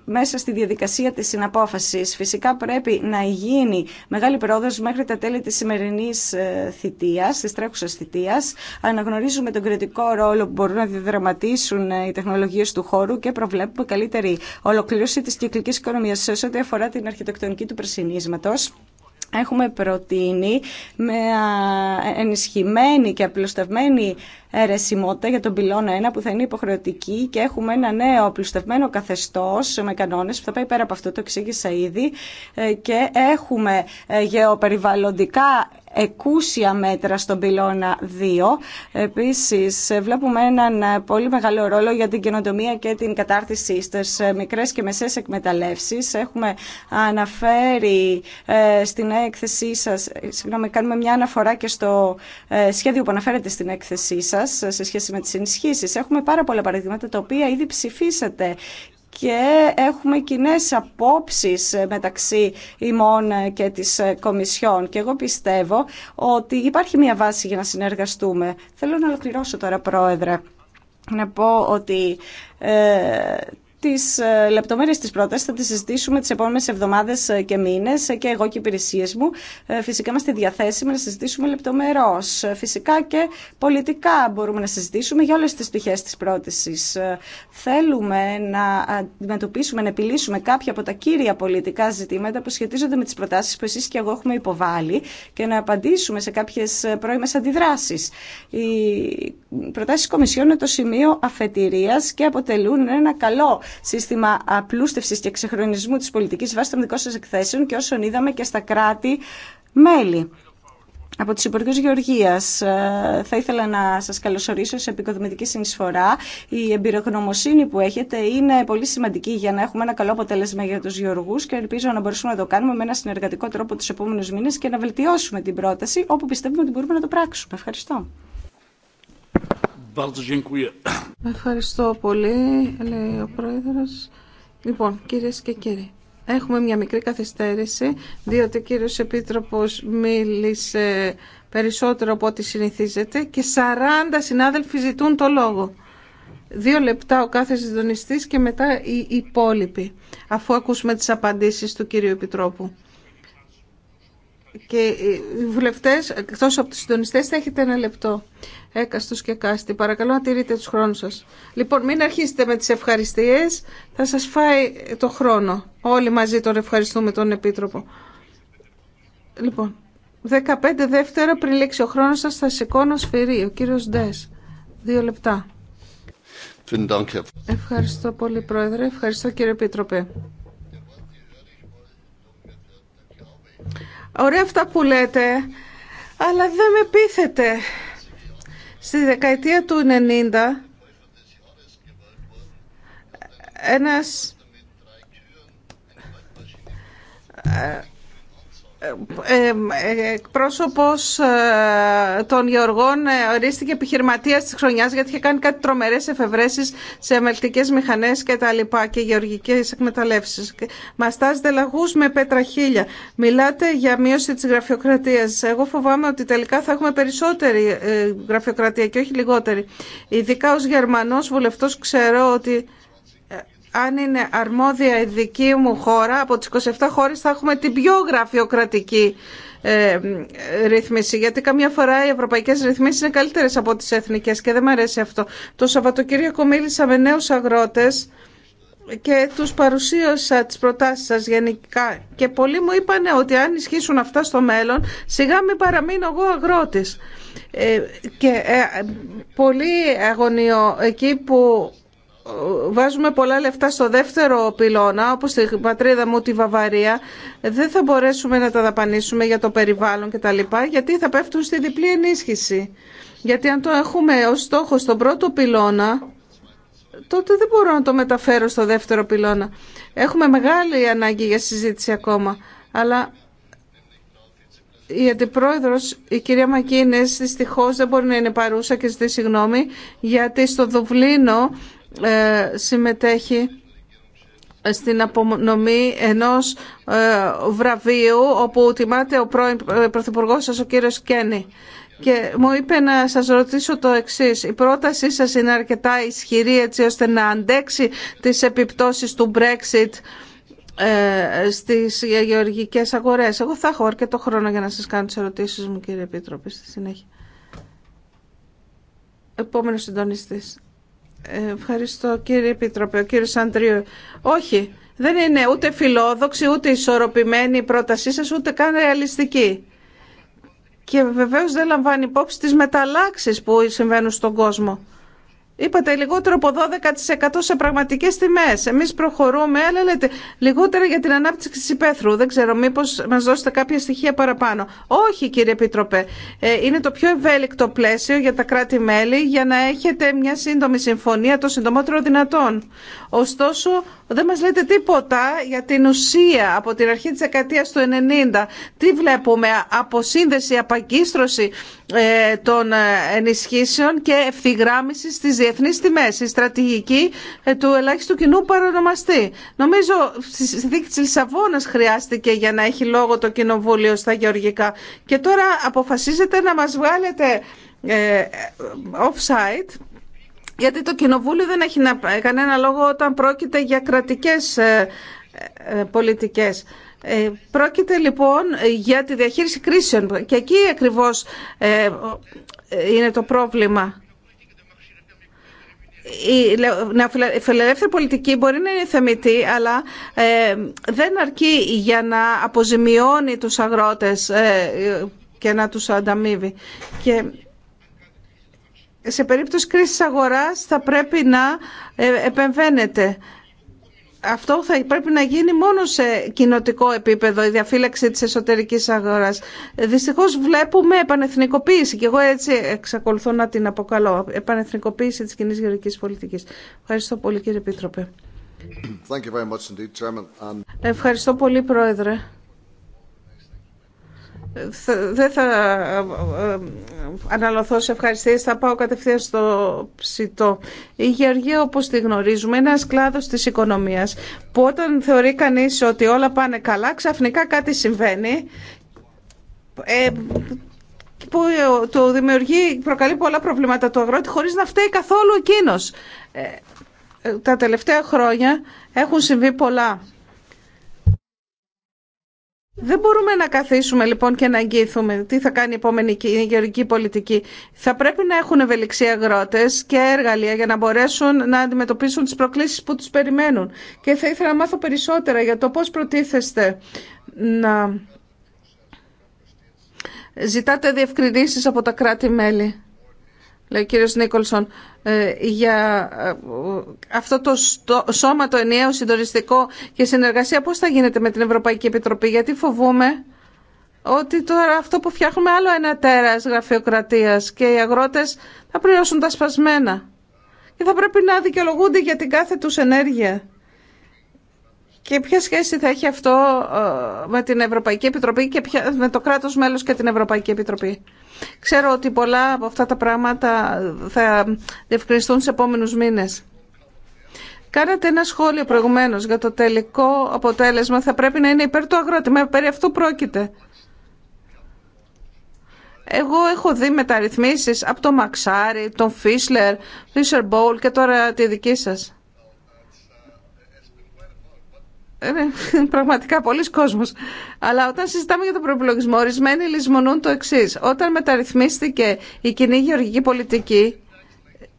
μέσα στη διαδικασία της συναπόφασης. Φυσικά πρέπει να γίνει μεγάλη πρόοδος μέχρι τα τέλη της σημερινής ε, θητείας, της τρέχουσας θητείας. Αναγνωρίζουμε τον κριτικό ρόλο που μπορούν να διαδραματίσουν ε, οι τεχνολογίες του χώρου και προβλέπουμε καλύτερη ολοκλήρωση της κυκλικής οικονομίας σε ό,τι αφορά την αρχιτεκτονική του πρασινίσματος έχουμε προτείνει με ενισχυμένη και απλουστευμένη αιρεσιμότητα για τον πυλώνα 1 που θα είναι υποχρεωτική και έχουμε ένα νέο απλουστευμένο καθεστώς με κανόνες που θα πάει πέρα από αυτό, το εξήγησα ήδη ε, και έχουμε ε, γεωπεριβαλλοντικά εκούσια μέτρα στον πυλώνα 2. Επίσης, βλέπουμε έναν πολύ μεγάλο ρόλο για την καινοτομία και την κατάρτιση στις μικρές και μεσές εκμεταλλεύσεις. Έχουμε αναφέρει ε, στην έκθεσή σας, ε, συγγνώμη, κάνουμε μια αναφορά και στο ε, σχέδιο που αναφέρεται στην έκθεσή σας σε σχέση με τις ενισχύσεις. Έχουμε πάρα πολλά παραδείγματα τα οποία ήδη ψηφίσατε και έχουμε κοινέ απόψεις μεταξύ ημών και της Κομισιόν και εγώ πιστεύω ότι υπάρχει μια βάση για να συνεργαστούμε. Θέλω να ολοκληρώσω τώρα, Πρόεδρε, να πω ότι ε, τι ε, λεπτομέρειε τη πρόταση θα τις συζητήσουμε τι επόμενε εβδομάδε ε, και μήνε ε, και εγώ και οι υπηρεσίε μου. Φυσικά είμαστε διαθέσιμοι να συζητήσουμε λεπτομερώς. Φυσικά και πολιτικά μπορούμε να συζητήσουμε για όλες τις πτυχές τη πρόταση. Θέλουμε να αντιμετωπίσουμε, να επιλύσουμε κάποια από τα κύρια πολιτικά ζητήματα που σχετίζονται με τι προτάσει που εσεί και εγώ έχουμε υποβάλει και να απαντήσουμε σε κάποιε πρώιμε αντιδράσει. Οι προτάσει Κομισιόν είναι το σημείο αφετηρία και αποτελούν ένα καλό σύστημα απλούστευση και ξεχρονισμού τη πολιτική βάσει των δικών σα εκθέσεων και όσων είδαμε και στα κράτη-μέλη. Από τους Υπουργού Γεωργίας ε, θα ήθελα να σας καλωσορίσω σε επικοδομητική συνεισφορά. Η εμπειρογνωμοσύνη που έχετε είναι πολύ σημαντική για να έχουμε ένα καλό αποτέλεσμα για τους Γεωργούς και ελπίζω να μπορέσουμε να το κάνουμε με ένα συνεργατικό τρόπο τους επόμενους μήνες και να βελτιώσουμε την πρόταση όπου πιστεύουμε ότι μπορούμε να το πράξουμε. Ευχαριστώ. Ευχαριστώ πολύ, λέει ο Πρόεδρο. Λοιπόν, κύριε και κύριοι, έχουμε μια μικρή καθυστέρηση, διότι ο κύριο Επίτροπο μίλησε περισσότερο από ό,τι συνηθίζεται και 40 συνάδελφοι ζητούν το λόγο. Δύο λεπτά ο κάθε συντονιστής και μετά οι υπόλοιποι, αφού ακούσουμε τι απαντήσει του κύριου Επιτρόπου και οι βουλευτέ, εκτό από του συντονιστέ, θα έχετε ένα λεπτό. Έκαστος και κάστη. Παρακαλώ να τηρείτε του χρόνου σας. Λοιπόν, μην αρχίσετε με τι ευχαριστίες. Θα σα φάει το χρόνο. Όλοι μαζί τον ευχαριστούμε τον Επίτροπο. Λοιπόν, 15 δεύτερα πριν λήξει ο χρόνο σα θα σηκώνω σφυρί. Ο κύριο Ντές. Δύο λεπτά. Ευχαριστώ πολύ, Πρόεδρε. Ευχαριστώ, κύριε Επίτροπε. Ωραία αυτά που λέτε, αλλά δεν με πείθετε. Στη δεκαετία του 90, ένας ε, ε, ε, πρόσωπος ε, των Γεωργών ορίστηκε επιχειρηματίας της χρονιάς γιατί είχε κάνει κάτι τρομερές εφευρέσεις σε αμελτικές μηχανές και τα λοιπά και γεωργικές εκμεταλλεύσεις. τάζεται λαγού με πέτρα χίλια. Μιλάτε για μείωση της γραφειοκρατίας. Εγώ φοβάμαι ότι τελικά θα έχουμε περισσότερη γραφειοκρατία και όχι λιγότερη. Ειδικά ως Γερμανός βουλευτός ξέρω ότι αν είναι αρμόδια η δική μου χώρα, από τις 27 χώρες θα έχουμε την πιο γραφειοκρατική ε, ρύθμιση. Γιατί καμιά φορά οι ευρωπαϊκές ρυθμίσεις είναι καλύτερες από τις εθνικές και δεν μου αρέσει αυτό. Το Σαββατοκύριακο μίλησα με νέους αγρότες και τους παρουσίασα τις προτάσεις σας γενικά και πολλοί μου είπαν ότι αν ισχύσουν αυτά στο μέλλον σιγά μην παραμείνω εγώ αγρότης. Ε, και ε, πολύ αγωνίο εκεί που βάζουμε πολλά λεφτά στο δεύτερο πυλώνα, όπως στην πατρίδα μου τη Βαβαρία, δεν θα μπορέσουμε να τα δαπανίσουμε για το περιβάλλον τα λοιπά, γιατί θα πέφτουν στη διπλή ενίσχυση. Γιατί αν το έχουμε ως στόχο στον πρώτο πυλώνα, τότε δεν μπορώ να το μεταφέρω στο δεύτερο πυλώνα. Έχουμε μεγάλη ανάγκη για συζήτηση ακόμα, αλλά η αντιπρόεδρος, η κυρία Μακίνες, δυστυχώς δεν μπορεί να είναι παρούσα και ζητεί συγγνώμη, γιατί στο Δουβλίνο ε, συμμετέχει στην απονομή ενός ε, βραβείου όπου τιμάται ο πρώην ε, Πρωθυπουργός σας, ο κύριος Κένι. Και μου είπε να σας ρωτήσω το εξής. Η πρότασή σας είναι αρκετά ισχυρή έτσι ώστε να αντέξει τις επιπτώσεις του Brexit στις γεωργικές αγορές. Εγώ θα έχω αρκετό χρόνο για να σας κάνω τις ερωτήσεις μου κύριε Επίτροπη στη συνέχεια. Επόμενος συντονιστής. Ευχαριστώ κύριε Επιτροπέ, ο κύριος Αντρίου. Όχι, δεν είναι ούτε φιλόδοξη, ούτε ισορροπημένη η πρότασή σας, ούτε καν ρεαλιστική. Και βεβαίως δεν λαμβάνει υπόψη τις μεταλλάξεις που συμβαίνουν στον κόσμο. Είπατε λιγότερο από 12% σε πραγματικές τιμές. Εμείς προχωρούμε, αλλά λέτε λιγότερα για την ανάπτυξη της υπαίθρου. Δεν ξέρω, μήπως μας δώσετε κάποια στοιχεία παραπάνω. Όχι, κύριε Επίτροπε. Ε, είναι το πιο ευέλικτο πλαίσιο για τα κράτη-μέλη για να έχετε μια σύντομη συμφωνία το συντομότερο δυνατόν. Ωστόσο, δεν μας λέτε τίποτα για την ουσία από την αρχή της δεκαετίας του 90. Τι βλέπουμε, σύνδεση, απαγκίστρωση ε, των ε, ενισχύσεων και ευθυγράμμιση στις διεθνείς τιμές, η στρατηγική ε, του ελάχιστου κοινού παρονομαστή. Νομίζω στη συνθήκη της Λισαβόνας χρειάστηκε για να έχει λόγο το Κοινοβούλιο στα γεωργικά. Και τώρα αποφασίζετε να μας βγάλετε ε, off-site γιατί το Κοινοβούλιο δεν έχει κανένα λόγο όταν πρόκειται για κρατικές ε, ε, ε, πολιτικές. Πρόκειται λοιπόν για τη διαχείριση κρίσεων και εκεί ακριβώς είναι το πρόβλημα. Η φιλελεύθερη πολιτική μπορεί να είναι θεμητή, αλλά δεν αρκεί για να αποζημιώνει τους αγρότες και να τους ανταμείβει. Και σε περίπτωση κρίσης αγοράς θα πρέπει να ε, επεμβαίνεται. Αυτό θα πρέπει να γίνει μόνο σε κοινοτικό επίπεδο, η διαφύλαξη της εσωτερικής αγοράς. Δυστυχώς βλέπουμε επανεθνικοποίηση και εγώ έτσι εξακολουθώ να την αποκαλώ. Επανεθνικοποίηση της κοινή γεωργικής πολιτικής. Ευχαριστώ πολύ κύριε Επίτροπε. Ευχαριστώ πολύ Πρόεδρε δεν θα ε, ε, αναλωθώ σε ευχαριστήσεις, θα πάω κατευθείαν στο ψητό. Η Γεωργία, όπως τη γνωρίζουμε, είναι ένας κλάδος της οικονομίας που όταν θεωρεί κανείς ότι όλα πάνε καλά, ξαφνικά κάτι συμβαίνει ε, που το δημιουργεί, προκαλεί πολλά προβλήματα του αγρότη χωρίς να φταίει καθόλου εκείνος. Τα τελευταία χρόνια έχουν συμβεί πολλά δεν μπορούμε να καθίσουμε λοιπόν και να αγγίθουμε τι θα κάνει η επόμενη γεωργική πολιτική. Θα πρέπει να έχουν ευελιξία αγρότε και εργαλεία για να μπορέσουν να αντιμετωπίσουν τι προκλήσει που του περιμένουν. Και θα ήθελα να μάθω περισσότερα για το πώ προτίθεστε να ζητάτε διευκρινήσεις από τα κράτη-μέλη λέει ο κύριος Νίκολσον, ε, για ε, αυτό το σώμα το ενιαίο συντονιστικό και συνεργασία πώς θα γίνεται με την Ευρωπαϊκή Επιτροπή, γιατί φοβούμε ότι τώρα αυτό που φτιάχνουμε άλλο ένα τέρας γραφειοκρατίας και οι αγρότες θα πληρώσουν τα σπασμένα και θα πρέπει να δικαιολογούνται για την κάθε τους ενέργεια. Και ποια σχέση θα έχει αυτό ε, με την Ευρωπαϊκή Επιτροπή και με το κράτος μέλος και την Ευρωπαϊκή Επιτροπή. Ξέρω ότι πολλά από αυτά τα πράγματα θα διευκρινιστούν σε επόμενους μήνες. Κάνατε ένα σχόλιο προηγουμένως για το τελικό αποτέλεσμα θα πρέπει να είναι υπέρ του αγρότη. Με περί αυτού πρόκειται. Εγώ έχω δει μεταρρυθμίσεις από το Μαξάρι, τον Φίσλερ, Φίσερ Μπόλ και τώρα τη δική σας. (laughs) πραγματικά πολλοί κόσμος. Αλλά όταν συζητάμε για τον προπολογισμό, ορισμένοι λησμονούν το εξή. Όταν μεταρρυθμίστηκε η κοινή γεωργική πολιτική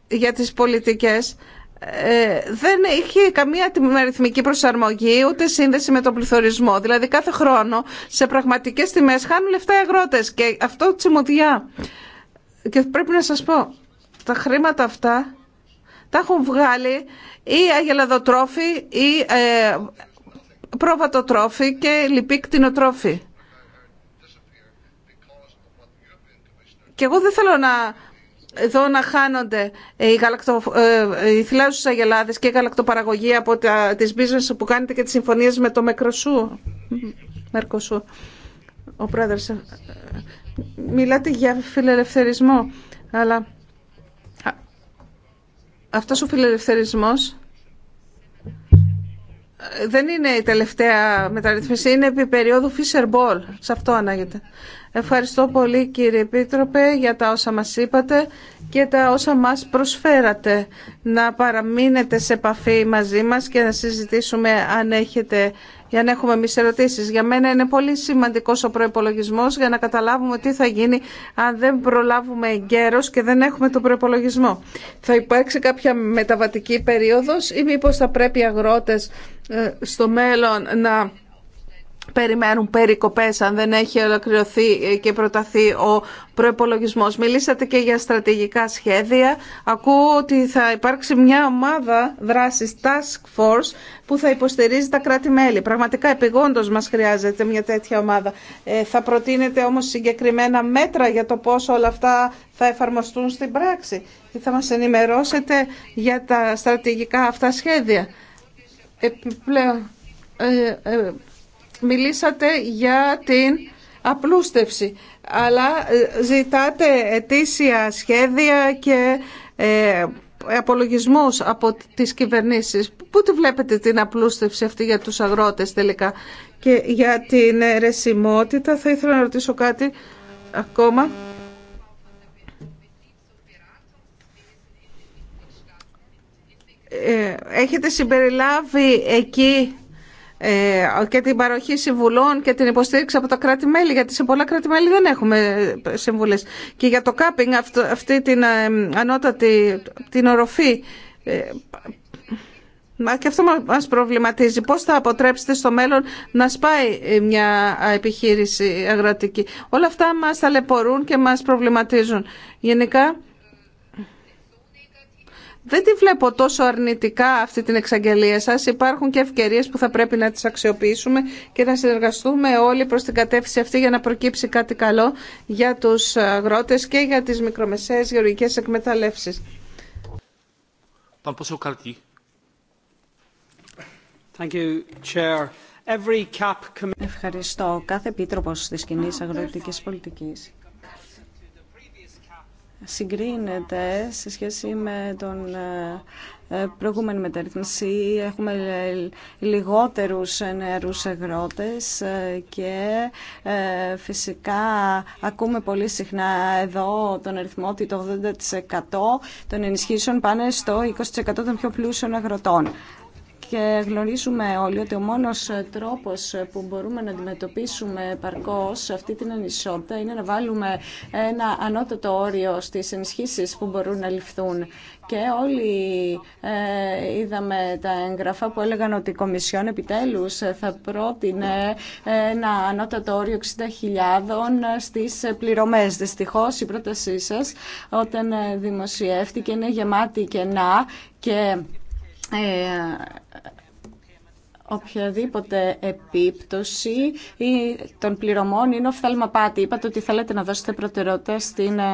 για τις πολιτικές, ε, δεν είχε καμία αριθμική προσαρμογή ούτε σύνδεση με τον πληθωρισμό. Δηλαδή κάθε χρόνο σε πραγματικές τιμές χάνουν λεφτά οι αγρότες και αυτό τσιμωδιά. Και πρέπει να σας πω, τα χρήματα αυτά τα έχουν βγάλει ή αγελαδοτρόφοι ή ε, πρόβατο τρόφι και λυπή κτηνοτρόφι. Και εγώ δεν θέλω να δω να χάνονται ε, οι, γαλακτο, ε, ε, οι αγελάδες και η γαλακτοπαραγωγή από τα, τις business που κάνετε και τις συμφωνίες με το Μεκροσού. Μερκοσού. Ο πρόεδρος. Μιλάτε για φιλελευθερισμό, αλλά αυτός ο φιλελευθερισμός δεν είναι η τελευταία μεταρρύθμιση, είναι επί περίοδου Fisher Ball. Σε αυτό ανάγεται. Ευχαριστώ πολύ κύριε Επίτροπε για τα όσα μας είπατε και τα όσα μας προσφέρατε. Να παραμείνετε σε επαφή μαζί μας και να συζητήσουμε αν έχετε ή αν έχουμε εμεί ερωτήσεις. Για μένα είναι πολύ σημαντικός ο προϋπολογισμός για να καταλάβουμε τι θα γίνει αν δεν προλάβουμε γέρο και δεν έχουμε τον προϋπολογισμό. Θα υπάρξει κάποια μεταβατική περίοδος ή μήπως θα πρέπει οι αγρότες ε, στο μέλλον να περιμένουν περικοπές αν δεν έχει ολοκληρωθεί και προταθεί ο προϋπολογισμός. Μιλήσατε και για στρατηγικά σχέδια. Ακούω ότι θα υπάρξει μια ομάδα δράσης task force που θα υποστηρίζει τα κράτη-μέλη. Πραγματικά επιγόντως μας χρειάζεται μια τέτοια ομάδα. Ε, θα προτείνετε όμως συγκεκριμένα μέτρα για το πώς όλα αυτά θα εφαρμοστούν στην πράξη. Και θα μας ενημερώσετε για τα στρατηγικά αυτά σχέδια. Επιπλέον, ε, ε, μιλήσατε για την απλούστευση, αλλά ε, ζητάτε ετήσια σχέδια και ε, απολογισμούς από τις κυβερνήσεις. Πού τη βλέπετε την απλούστευση αυτή για τους αγρότες τελικά και για την ρεσιμότητα. Θα ήθελα να ρωτήσω κάτι ακόμα. Ε, έχετε συμπεριλάβει εκεί ε, και την παροχή συμβουλών και την υποστήριξη από τα κράτη-μέλη, γιατί σε πολλά κράτη-μέλη δεν έχουμε συμβουλέ. Και για το κάπινγκ, αυτή την ε, ανώτατη, την οροφή, ε, και αυτό μας προβληματίζει. Πώς θα αποτρέψετε στο μέλλον να σπάει μια επιχείρηση αγροτική. Όλα αυτά μας ταλαιπωρούν και μας προβληματίζουν. Γενικά, δεν τη βλέπω τόσο αρνητικά αυτή την εξαγγελία σας. Υπάρχουν και ευκαιρίες που θα πρέπει να τις αξιοποιήσουμε και να συνεργαστούμε όλοι προς την κατεύθυνση αυτή για να προκύψει κάτι καλό για τους αγρότες και για τις μικρομεσαίες γεωργικές εκμεταλλεύσεις. Ευχαριστώ. Κάθε επίτροπος της κοινή αγροτικής πολιτικής συγκρίνεται σε σχέση με τον ε, προηγούμενη μεταρρύθμιση. Έχουμε ε, λιγότερους νεαρούς αγρότες ε, και φυσικά ακούμε πολύ συχνά εδώ τον αριθμό ότι το 80% των ενισχύσεων πάνε στο 20% των πιο πλούσιων αγροτών. Και γνωρίζουμε όλοι ότι ο μόνος τρόπος που μπορούμε να αντιμετωπίσουμε παρκώς αυτή την ανισότητα είναι να βάλουμε ένα ανώτατο όριο στις ενισχύσεις που μπορούν να ληφθούν. Και όλοι ε, είδαμε τα έγγραφα που έλεγαν ότι η Κομισιόν επιτέλους θα πρότεινε ένα ανώτατο όριο 60.000 στις πληρωμές. Δυστυχώς η πρότασή σας όταν δημοσιεύτηκε είναι γεμάτη κενά και ε, οποιαδήποτε επίπτωση των πληρωμών είναι οφθαλμαπάτη. Είπατε ότι θέλετε να δώσετε προτεραιότητα στην, ε,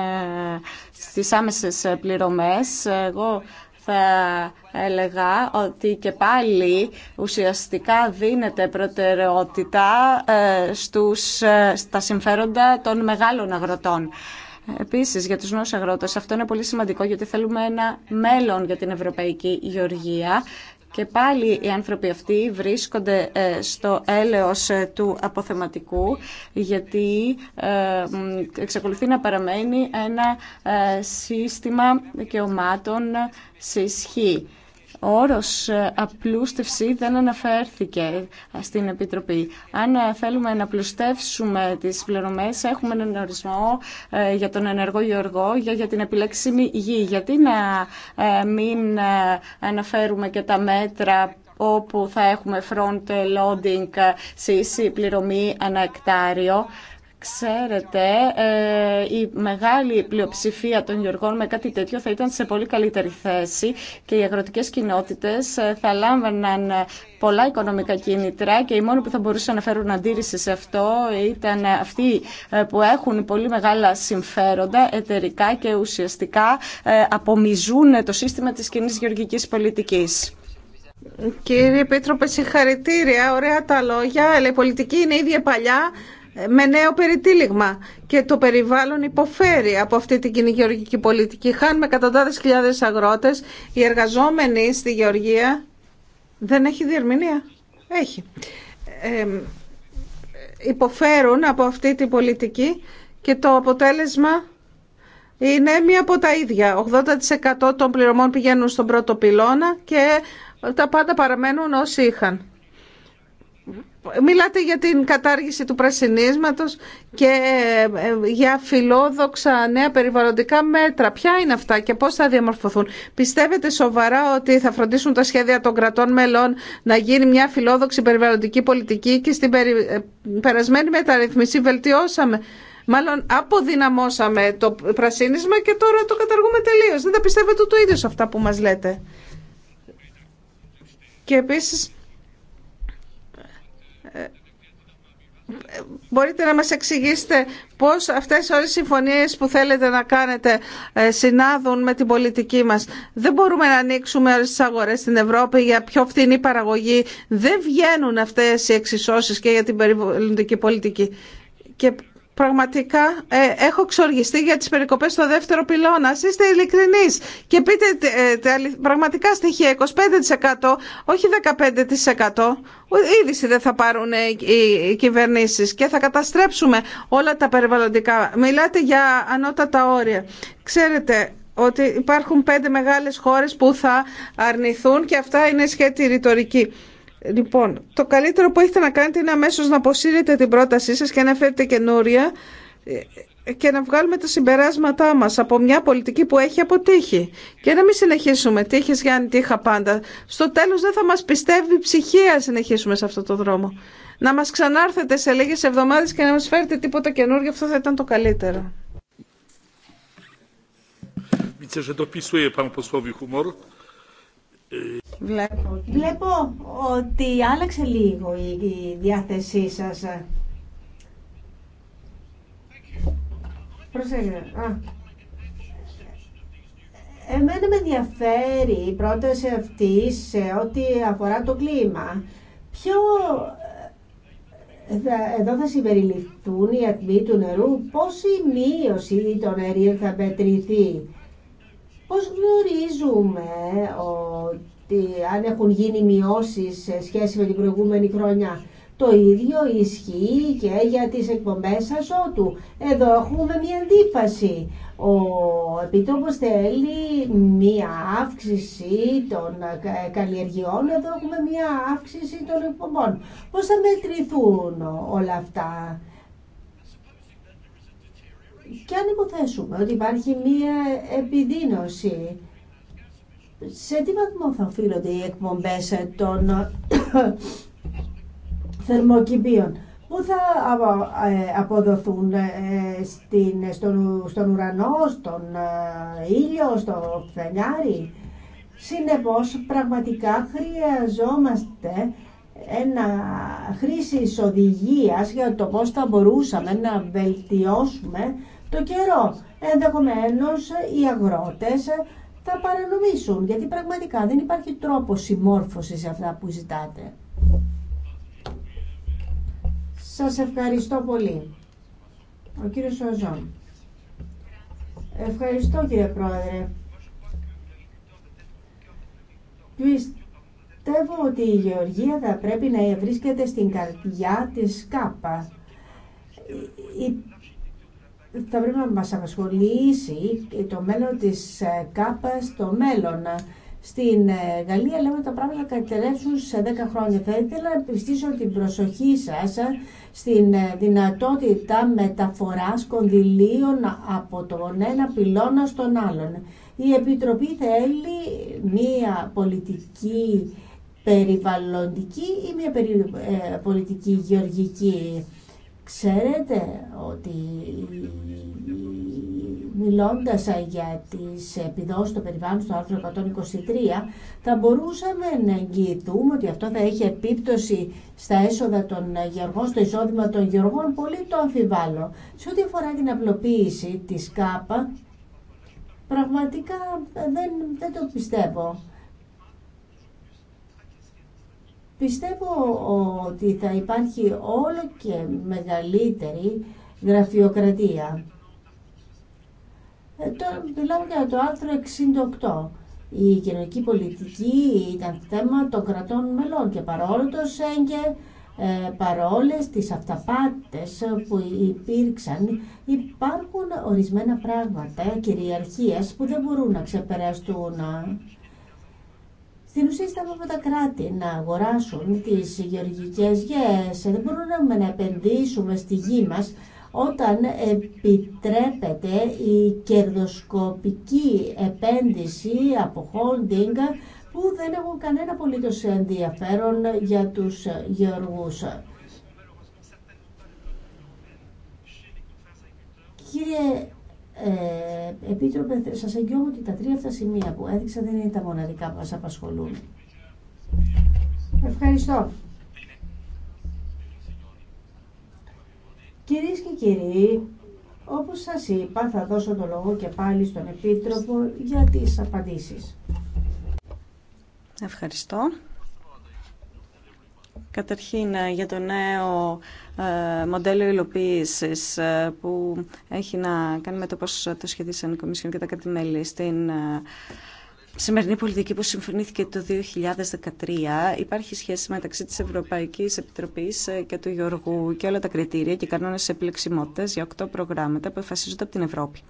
στις άμεσες πληρωμές. Εγώ θα έλεγα ότι και πάλι ουσιαστικά δίνεται προτεραιότητα ε, στους, ε, στα συμφέροντα των μεγάλων αγροτών. Επίσης για τους νέους αγρότες αυτό είναι πολύ σημαντικό γιατί θέλουμε ένα μέλλον για την Ευρωπαϊκή Γεωργία και πάλι οι άνθρωποι αυτοί βρίσκονται ε, στο έλεος ε, του αποθεματικού γιατί ε, εξακολουθεί να παραμένει ένα σύστημα δικαιωμάτων σε ισχύ. Ο όρος ε, απλούστευση δεν αναφέρθηκε στην Επιτροπή. Αν ε, θέλουμε να απλουστεύσουμε τις πληρωμές, έχουμε έναν ορισμό ε, για τον ενεργό γεωργό, για την επιλέξιμη γη. Γιατί να μην αναφέρουμε και τα μέτρα όπου θα έχουμε front loading σε πληρωμή ανακτάριο. Ξέρετε, ε, η μεγάλη πλειοψηφία των γεωργών με κάτι τέτοιο θα ήταν σε πολύ καλύτερη θέση και οι αγροτικές κοινότητες ε, θα λάμβαναν ε, πολλά οικονομικά κίνητρα και οι μόνοι που θα μπορούσαν να φέρουν αντίρρηση σε αυτό ήταν αυτοί που έχουν πολύ μεγάλα συμφέροντα εταιρικά και ουσιαστικά απομιζούν το σύστημα της κοινή γεωργικής πολιτικής. Κύριε Επίτροπε, συγχαρητήρια. Ωραία τα λόγια. Αλλά η πολιτική είναι ίδια παλιά με νέο περιτύλιγμα και το περιβάλλον υποφέρει από αυτή την κοινή γεωργική πολιτική. Χάνουμε εκατοντάδες χιλιάδε αγρότες, οι εργαζόμενοι στη γεωργία δεν έχει διερμηνία. Έχει. Ε, υποφέρουν από αυτή την πολιτική και το αποτέλεσμα είναι μία από τα ίδια. 80% των πληρωμών πηγαίνουν στον πρώτο πυλώνα και τα πάντα παραμένουν όσοι είχαν. Μιλάτε για την κατάργηση του πρασινίσματος και ε, ε, για φιλόδοξα νέα περιβαλλοντικά μέτρα. Ποια είναι αυτά και πώς θα διαμορφωθούν. Πιστεύετε σοβαρά ότι θα φροντίσουν τα σχέδια των κρατών μελών να γίνει μια φιλόδοξη περιβαλλοντική πολιτική και στην ε, περασμένη μεταρρυθμίση βελτιώσαμε. Μάλλον αποδυναμώσαμε το πρασίνισμα και τώρα το καταργούμε τελείως. Δεν τα πιστεύετε το ίδιο αυτά που μας λέτε. Και επίσης μπορείτε να μας εξηγήσετε πώς αυτές όλες οι συμφωνίες που θέλετε να κάνετε ε, συνάδουν με την πολιτική μας. Δεν μπορούμε να ανοίξουμε όλες τις αγορές στην Ευρώπη για πιο φθηνή παραγωγή. Δεν βγαίνουν αυτές οι εξισώσεις και για την περιβαλλοντική πολιτική. Πραγματικά ε, έχω ξοργιστεί για τις περικοπές στο δεύτερο πυλώνα. Ας είστε ειλικρινείς και πείτε ε, πραγματικά στοιχεία 25% όχι 15%. Είδηση δεν θα πάρουν ε, οι κυβερνήσεις και θα καταστρέψουμε όλα τα περιβαλλοντικά. Μιλάτε για ανώτατα όρια. Ξέρετε ότι υπάρχουν πέντε μεγάλες χώρες που θα αρνηθούν και αυτά είναι σχέτη ρητορική. Λοιπόν, το καλύτερο που έχετε να κάνετε είναι αμέσω να αποσύρετε την πρότασή σας και να φέρετε καινούρια ε, και να βγάλουμε τα συμπεράσματά μας από μια πολιτική που έχει αποτύχει και να μην συνεχίσουμε τύχες Γιάννη τύχα πάντα. Στο τέλος δεν θα μας πιστεύει η ψυχή αν συνεχίσουμε σε αυτό το δρόμο. Να μας ξανάρθετε σε λίγες εβδομάδε και να μα φέρετε τίποτα καινούργιο, αυτό θα ήταν το καλύτερο. Βλέπω ότι... Βλέπω ότι άλλαξε λίγο η διάθεσή σας. Προσέξτε. Εμένα με ενδιαφέρει η πρόταση αυτή σε ό,τι αφορά το κλίμα. Ποιο... Ε, εδώ θα συμπεριληφθούν οι ατμοί του νερού, πόση η μείωση των αερίων θα μετρηθεί Πώς γνωρίζουμε ότι αν έχουν γίνει μειώσεις σε σχέση με την προηγούμενη χρονιά. Το ίδιο ισχύει και για τις εκπομπές ότου. Εδώ έχουμε μια αντίφαση. Ο Επίτροπος θέλει μια αύξηση των καλλιεργειών, εδώ έχουμε μια αύξηση των εκπομπών. Πώς θα μετρηθούν όλα αυτά. Και αν υποθέσουμε ότι υπάρχει μία επιδείνωση, σε τι βαθμό θα οφείλονται οι εκπομπές των θερμοκηπίων που θα ε, αποδοθούν ε, στην, στον, στον ουρανό, στον ε, ήλιο, στο φεγγάρι. Συνεπώς, πραγματικά χρειαζόμαστε ένα χρήση οδηγίας για το πώς θα μπορούσαμε να βελτιώσουμε το καιρό. Ενδεχομένω, οι αγρότε θα παρανομήσουν, γιατί πραγματικά δεν υπάρχει τρόπο συμμόρφωση σε αυτά που ζητάτε. Σας ευχαριστώ πολύ. Ο κύριος Σοζόν. Ευχαριστώ κύριε Πρόεδρε. Πιστεύω ότι η γεωργία θα πρέπει να βρίσκεται στην καρδιά της ΚΑΠΑ θα πρέπει να μας απασχολήσει το μέλλον της ε, ΚΑΠΑ στο μέλλον. Στην ε, Γαλλία λέμε τα πράγματα κατερεύσουν σε 10 χρόνια. Θα ήθελα να πιστήσω την προσοχή σας στην ε, δυνατότητα μεταφοράς κονδυλίων από τον ένα πυλώνα στον άλλον. Η Επιτροπή θέλει μία πολιτική περιβαλλοντική ή μία πολιτική γεωργική Ξέρετε ότι μιλώντας για τις επιδόσεις των περιβάλλον στο άρθρο 123 θα μπορούσαμε να εγγυηθούμε ότι αυτό θα έχει επίπτωση στα έσοδα των γεωργών, στο εισόδημα των γεωργών, πολύ το αμφιβάλλω. Σε ό,τι αφορά την απλοποίηση της ΚΑΠΑ, πραγματικά δεν, δεν το πιστεύω. Πιστεύω ότι θα υπάρχει όλο και μεγαλύτερη γραφειοκρατία. Ε, τώρα μιλάμε για το άρθρο 68. Η κοινωνική πολιτική ήταν θέμα των κρατών μελών και παρόλο το ΣΕΝΚΕ, παρόλες τις αυταπάτες που υπήρξαν, υπάρχουν ορισμένα πράγματα κυριαρχίας που δεν μπορούν να ξεπεραστούν. Στην ουσία ήταν από τα κράτη να αγοράσουν τις γεωργικές γέες. Δεν μπορούμε να επενδύσουμε στη γη μας όταν επιτρέπεται η κερδοσκοπική επένδυση από holding που δεν έχουν κανένα απολύτως ενδιαφέρον για τους γεωργούς. Κύριε ε, Επίτροπε, σας εγγυώμαι ότι τα τρία αυτά σημεία που έδειξα δεν είναι τα μοναδικά που μας απασχολούν. Ευχαριστώ. Κυρίε και κύριοι, όπως σας είπα, θα δώσω το λόγο και πάλι στον Επίτροπο για τις απαντήσεις. Ευχαριστώ. Καταρχήν ε, για το νέο ε, μοντέλο υλοποίηση ε, που έχει να κάνει με το πώς το σχεδίσαν οι Κομισιόν και τα κράτη-μέλη στην σημερινή πολιτική που συμφωνήθηκε το 2013 υπάρχει σχέση μεταξύ της Ευρωπαϊκής Επιτροπής και του Γιώργου και όλα τα κριτήρια και οι κανόνες επιλεξιμότητας για οκτώ προγράμματα που εφασίζονται από την Ευρώπη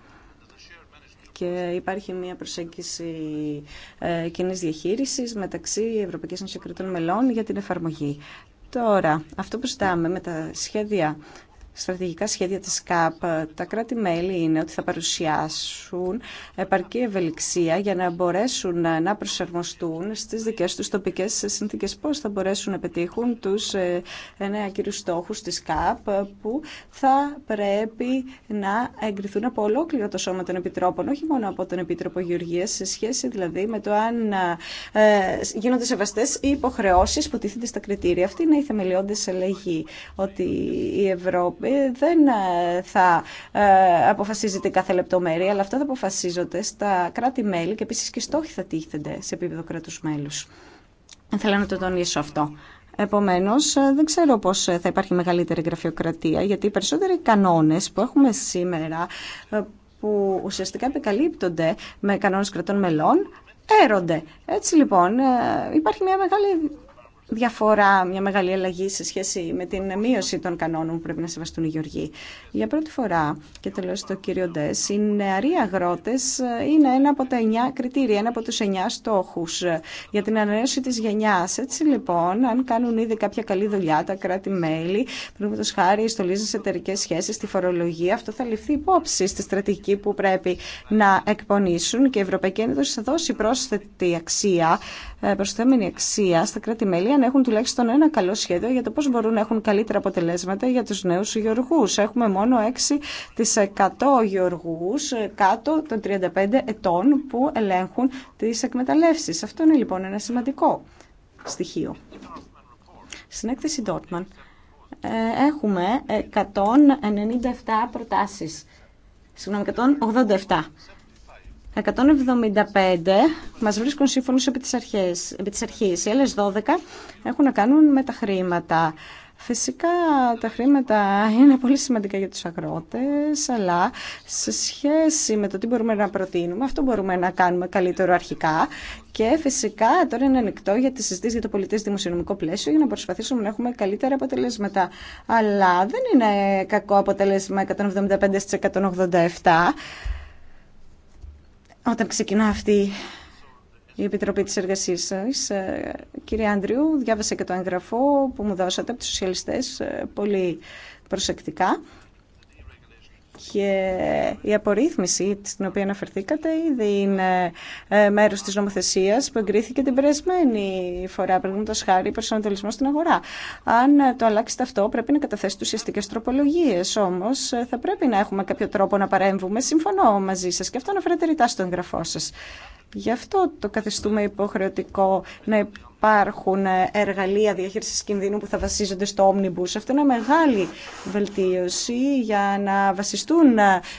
και υπάρχει μια προσέγγιση ε, κοινή διαχείριση μεταξύ Ένωση και Μελών για την εφαρμογή. Τώρα, αυτό που ζητάμε με τα σχέδια στρατηγικά σχέδια της ΚΑΠ. Τα κράτη-μέλη είναι ότι θα παρουσιάσουν επαρκή ευελιξία για να μπορέσουν να προσαρμοστούν στις δικές τους τοπικές συνθήκες. Πώς θα μπορέσουν να πετύχουν τους ε, νέα κύριους στόχους της ΚΑΠ που θα πρέπει να εγκριθούν από ολόκληρο το Σώμα των Επιτρόπων, όχι μόνο από τον Επίτροπο Γεωργίας, σε σχέση δηλαδή με το αν ε, γίνονται σεβαστές οι υποχρεώσεις που τίθενται στα κριτήρια. Αυτή είναι η θεμελιώδης λέγει ότι η Ευρώπη ε, δεν ε, θα ε, αποφασίζεται κάθε λεπτομέρεια, αλλά αυτά θα αποφασίζονται στα κράτη-μέλη και επίσης και στόχοι θα τίθενται σε επίπεδο κράτους μέλους. Θέλω να το τονίσω αυτό. Επομένω, δεν ξέρω πώ θα υπάρχει μεγαλύτερη γραφειοκρατία, γιατί οι περισσότεροι κανόνε που έχουμε σήμερα, που ουσιαστικά επικαλύπτονται με κανόνε κρατών μελών, έρονται. Έτσι λοιπόν, υπάρχει μια μεγάλη διαφορά, μια μεγάλη αλλαγή σε σχέση με την μείωση των κανόνων που πρέπει να σεβαστούν οι γεωργοί. Για πρώτη φορά, και το κύριο Ντέ, οι νεαροί αγρότε ε, είναι ένα από τα εννιά κριτήρια, ένα από του εννιά στόχου για την ανανέωση τη γενιά. Έτσι λοιπόν, αν κάνουν ήδη κάποια καλή δουλειά τα κράτη-μέλη, το χάρη στολίζουν εταιρικέ σχέσει, στη φορολογία, αυτό θα ληφθεί υπόψη στη στρατηγική που πρέπει να εκπονήσουν και η Ευρωπαϊκή Ένωση θα δώσει πρόσθετη αξία, ε, προσθέμενη αξία στα κρατη έχουν τουλάχιστον ένα καλό σχέδιο για το πώς μπορούν να έχουν καλύτερα αποτελέσματα για τους νέους γεωργούς. Έχουμε μόνο 6% γεωργούς κάτω των 35 ετών που ελέγχουν τις εκμεταλλεύσεις. Αυτό είναι λοιπόν ένα σημαντικό στοιχείο. Στην έκθεση Dortman ε, έχουμε 197 προτάσεις. Συγγνώμη, 187 175 μας βρίσκουν σύμφωνος επί της, αρχές, επί της αρχής. Οι άλλες 12 έχουν να κάνουν με τα χρήματα. Φυσικά τα χρήματα είναι πολύ σημαντικά για τους αγρότες, αλλά σε σχέση με το τι μπορούμε να προτείνουμε, αυτό μπορούμε να κάνουμε καλύτερο αρχικά. Και φυσικά τώρα είναι ανοιχτό για τη συζήτηση για το πολιτικό δημοσιονομικό πλαίσιο για να προσπαθήσουμε να έχουμε καλύτερα αποτελέσματα. Αλλά δεν είναι κακό αποτέλεσμα 175 στις 187 όταν ξεκινά αυτή η Επιτροπή της Εργασίας σας. Ε, κύριε Άντριου, διάβασα και το έγγραφο που μου δώσατε από τους σοσιαλιστές ε, πολύ προσεκτικά και η απορρίθμιση στην οποία αναφερθήκατε ήδη είναι ε, μέρος της νομοθεσίας που εγκρίθηκε την περασμένη φορά, το χάρη, προσανατολισμό στην αγορά. Αν ε, το αλλάξετε αυτό, πρέπει να καταθέσετε ουσιαστικέ τροπολογίε. Όμω, ε, θα πρέπει να έχουμε κάποιο τρόπο να παρέμβουμε. Συμφωνώ μαζί σα και αυτό αναφέρεται ρητά στο εγγραφό σα. Γι' αυτό το καθιστούμε υποχρεωτικό να υπάρχουν εργαλεία διαχείρισης κινδύνου που θα βασίζονται στο Omnibus. Αυτό είναι μεγάλη βελτίωση για να βασιστούν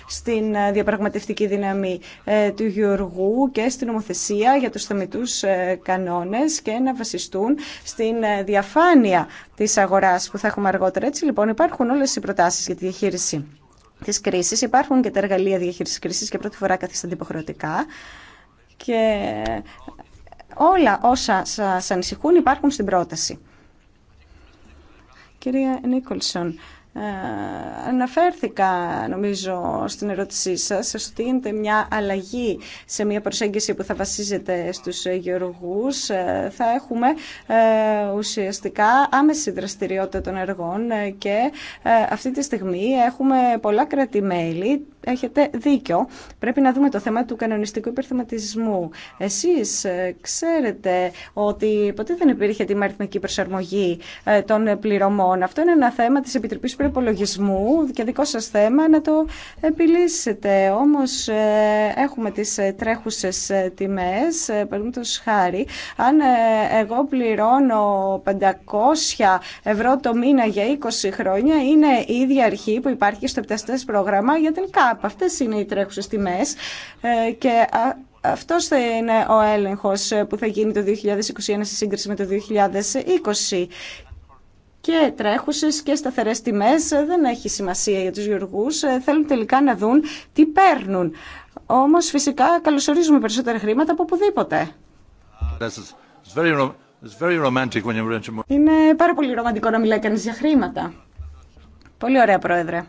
στην διαπραγματευτική δύναμη ε, του Γεωργού και στην νομοθεσία για τους θεμητούς ε, κανόνες και να βασιστούν στην ε, διαφάνεια της αγοράς που θα έχουμε αργότερα. Έτσι λοιπόν υπάρχουν όλες οι προτάσεις για τη διαχείριση. Τη κρίση. Υπάρχουν και τα εργαλεία διαχείριση κρίση και πρώτη φορά καθίστανται υποχρεωτικά και όλα όσα σας ανησυχούν υπάρχουν στην πρόταση. Κυρία Νίκολσον, ε, αναφέρθηκα νομίζω στην ερώτησή σας ότι είναι μια αλλαγή σε μια προσέγγιση που θα βασίζεται στους γεωργούς ε, θα έχουμε ε, ουσιαστικά άμεση δραστηριότητα των εργών και αυτή τη στιγμή έχουμε πολλά κρατημέλη έχετε δίκιο. Πρέπει να δούμε το θέμα του κανονιστικού υπερθεματισμού. Εσείς ε, ξέρετε ότι ποτέ δεν υπήρχε τη αριθμική προσαρμογή ε, των πληρωμών. Αυτό είναι ένα θέμα της Επιτροπής Προπολογισμού και δικό σας θέμα να το επιλύσετε. Όμως ε, έχουμε τις τρέχουσες τιμές, παραδείγματος χάρη. Αν εγώ πληρώνω 500 ευρώ το μήνα για 20 χρόνια, είναι η ίδια αρχή που υπάρχει στο επιταστές πρόγραμμα για την ΚΑΠ. Αυτές είναι οι τρέχουσες τιμές ε, και αυτό θα είναι ο έλεγχος ε, που θα γίνει το 2021 σε σύγκριση με το 2020 και τρέχουσες και σταθερές τιμές ε, δεν έχει σημασία για τους γεωργού. Θέλουν τελικά να δουν τι παίρνουν. Όμως φυσικά καλωσορίζουμε περισσότερα χρήματα από οπουδήποτε. Είναι πάρα πολύ ρομαντικό να μιλάει κανεί για χρήματα. Πολύ ωραία, Πρόεδρε.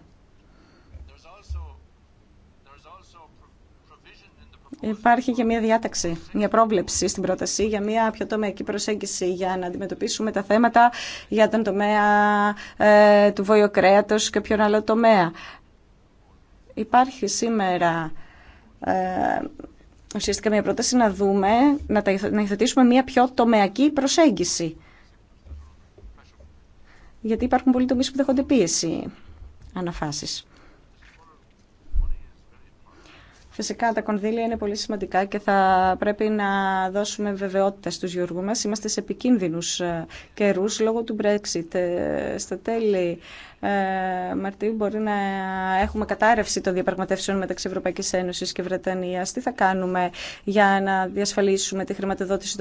Υπάρχει και μια διάταξη, μια πρόβλεψη στην πρόταση για μια πιο τομεακή προσέγγιση για να αντιμετωπίσουμε τα θέματα για τον τομέα ε, του βοηοκρέατος και ποιον άλλο τομέα. Υπάρχει σήμερα ε, ουσιαστικά μια πρόταση να δούμε, να, τα, να υιοθετήσουμε μια πιο τομεακή προσέγγιση. Γιατί υπάρχουν πολλοί τομείς που δέχονται πίεση αναφάσεις. Φυσικά τα κονδύλια είναι πολύ σημαντικά και θα πρέπει να δώσουμε βεβαιότητα στους Γιώργους μας. Είμαστε σε επικίνδυνους ε, καιρούς λόγω του Brexit. Ε, στα τέλη ε, Μαρτίου μπορεί να έχουμε κατάρρευση των διαπραγματεύσεων μεταξύ Ευρωπαϊκή Ένωση και Βρετανία. Τι θα κάνουμε για να διασφαλίσουμε τη χρηματοδότηση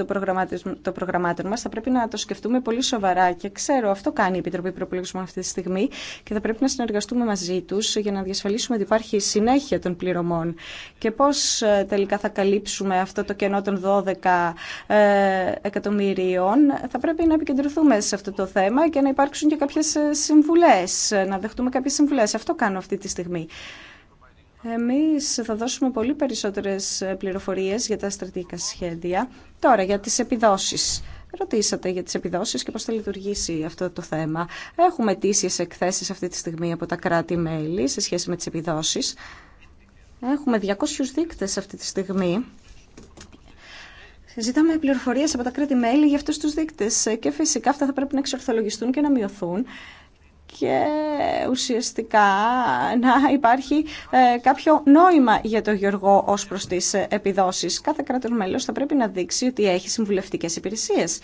των, προγραμμάτων μα. Θα πρέπει να το σκεφτούμε πολύ σοβαρά και ξέρω αυτό κάνει η Επιτροπή Προπολογισμού αυτή τη στιγμή και θα πρέπει να συνεργαστούμε μαζί του για να διασφαλίσουμε ότι υπάρχει συνέχεια των πληρωμών. Και πώς ε, τελικά θα καλύψουμε αυτό το κενό των 12 ε, εκατομμυρίων. Θα πρέπει να επικεντρωθούμε σε αυτό το θέμα και να υπάρξουν και κάποιε συμβουλέ. Ε, να δεχτούμε κάποιες συμβουλές. Αυτό κάνω αυτή τη στιγμή. Εμείς θα δώσουμε πολύ περισσότερες ε, πληροφορίες για τα στρατηγικά σχέδια. Τώρα, για τις επιδόσεις. Ρωτήσατε για τις επιδόσεις και πώς θα λειτουργήσει αυτό το θέμα. Έχουμε αιτήσιες εκθέσεις αυτή τη στιγμή από τα κράτη-μέλη σε σχέση με τις επιδόσεις. Έχουμε 200 δείκτες αυτή τη στιγμή. Ζητάμε πληροφορίες από τα κράτη-μέλη για αυτούς τους δείκτες και φυσικά αυτά θα πρέπει να εξορθολογιστούν και να μειωθούν και ουσιαστικά να υπάρχει ε, κάποιο νόημα για το Γιώργο ως προς τις ε, επιδόσεις. Κάθε κράτος μέλος θα πρέπει να δείξει ότι έχει συμβουλευτικές υπηρεσίες.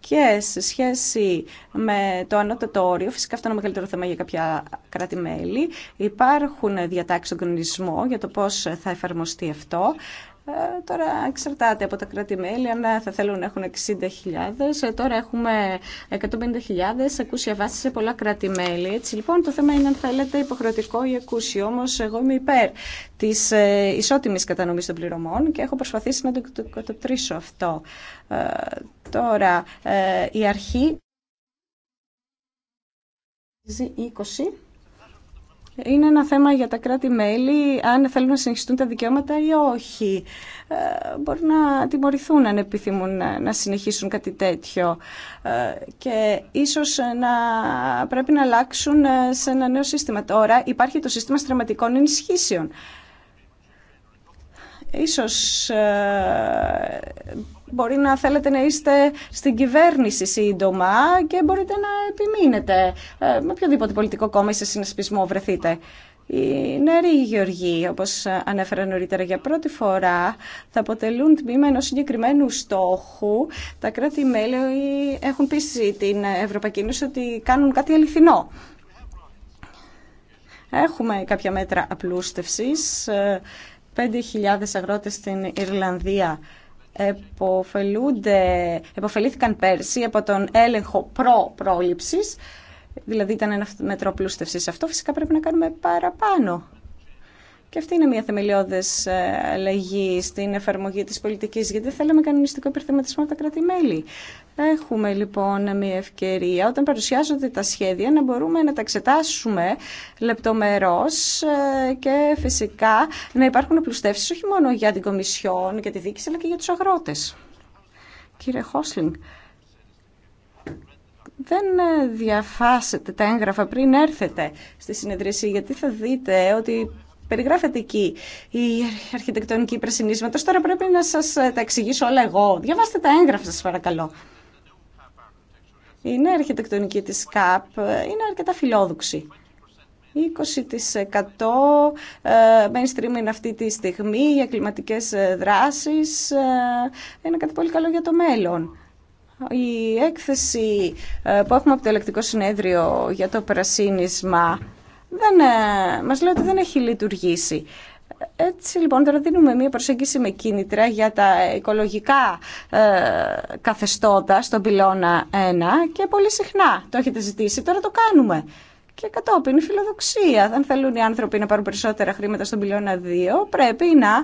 Και σε σχέση με το ανώτατο όριο, φυσικά αυτό είναι ένα μεγαλύτερο θέμα για κάποια κράτη-μέλη, υπάρχουν διατάξεις στον για το πώς θα εφαρμοστεί αυτό. Ε, τώρα εξαρτάται από τα κράτη-μέλη, αν θα θέλουν να έχουν 60.000. Ε, τώρα έχουμε 150.000 ακούσια βάση σε πολλά κράτη-μέλη. λοιπόν το θέμα είναι αν θέλετε υποχρεωτικό ή ακούσιο. Όμω εγώ είμαι υπέρ τη ε, ισότιμη κατανομή των πληρωμών και έχω προσπαθήσει να το κατοπτρίσω αυτό. Ε, τώρα η αρχή είναι ένα θέμα για τα κράτη-μέλη αν θέλουν να συνεχιστούν τα δικαιώματα ή όχι. Ε, μπορεί να τιμωρηθούν αν επιθυμούν να συνεχίσουν κάτι τέτοιο ε, και ίσως να πρέπει να αλλάξουν ε, σε ένα νέο σύστημα. Τώρα υπάρχει το σύστημα στραματικών ενισχύσεων. Ίσως Μπορεί να θέλετε να είστε στην κυβέρνηση σύντομα και μπορείτε να επιμείνετε ε, με οποιοδήποτε πολιτικό κόμμα ή σε συνασπισμό βρεθείτε. Οι νεαροί γεωργοί, όπως ανέφερα νωρίτερα για πρώτη φορά, θα αποτελούν τμήμα ενός συγκεκριμένου στόχου. Τα κράτη-μέλη έχουν πείσει την Ευρωπαϊκή Ένωση ότι κάνουν κάτι αληθινό. Έχουμε κάποια μέτρα απλούστευσης. 5.000 ε, αγρότες στην Ιρλανδία εποφελήθηκαν πέρσι από τον έλεγχο προ-πρόληψης, δηλαδή ήταν ένα μέτρο αυτό, φυσικά πρέπει να κάνουμε παραπάνω. Και αυτή είναι μια θεμελιώδες ε, αλλαγή στην εφαρμογή της πολιτικής, γιατί θέλαμε κανονιστικό υπερθεματισμό από τα κράτη-μέλη. Έχουμε λοιπόν μια ευκαιρία όταν παρουσιάζονται τα σχέδια να μπορούμε να τα εξετάσουμε λεπτομερώς ε, και φυσικά να υπάρχουν πλουστεύσεις όχι μόνο για την Κομισιόν και τη Δίκηση αλλά και για τους αγρότες. Κύριε Χόσλινγκ, δεν ε, διαφάσετε τα έγγραφα πριν έρθετε στη συνεδρίαση γιατί θα δείτε ότι περιγράφεται εκεί η αρχιτεκτονική πρασινίσματος. Τώρα πρέπει να σας ε, τα εξηγήσω όλα εγώ. Διαβάστε τα έγγραφα σας παρακαλώ. Η νέα αρχιτεκτονική της ΚΑΠ είναι αρκετά φιλόδοξη. 20% ε, mainstream είναι αυτή τη στιγμή οι κλιματικές ε, δράσεις. Ε, είναι κάτι πολύ καλό για το μέλλον. Η έκθεση που έχουμε από το ελεκτικό συνέδριο για το πρασίνισμα δεν, μας λέει ότι δεν έχει λειτουργήσει. Έτσι λοιπόν τώρα δίνουμε μια προσέγγιση με κίνητρα για τα οικολογικά ε, καθεστώτα στον πυλώνα 1 και πολύ συχνά το έχετε ζητήσει, τώρα το κάνουμε. Και κατόπιν η φιλοδοξία. Αν θέλουν οι άνθρωποι να πάρουν περισσότερα χρήματα στον πυλώνα 2, πρέπει να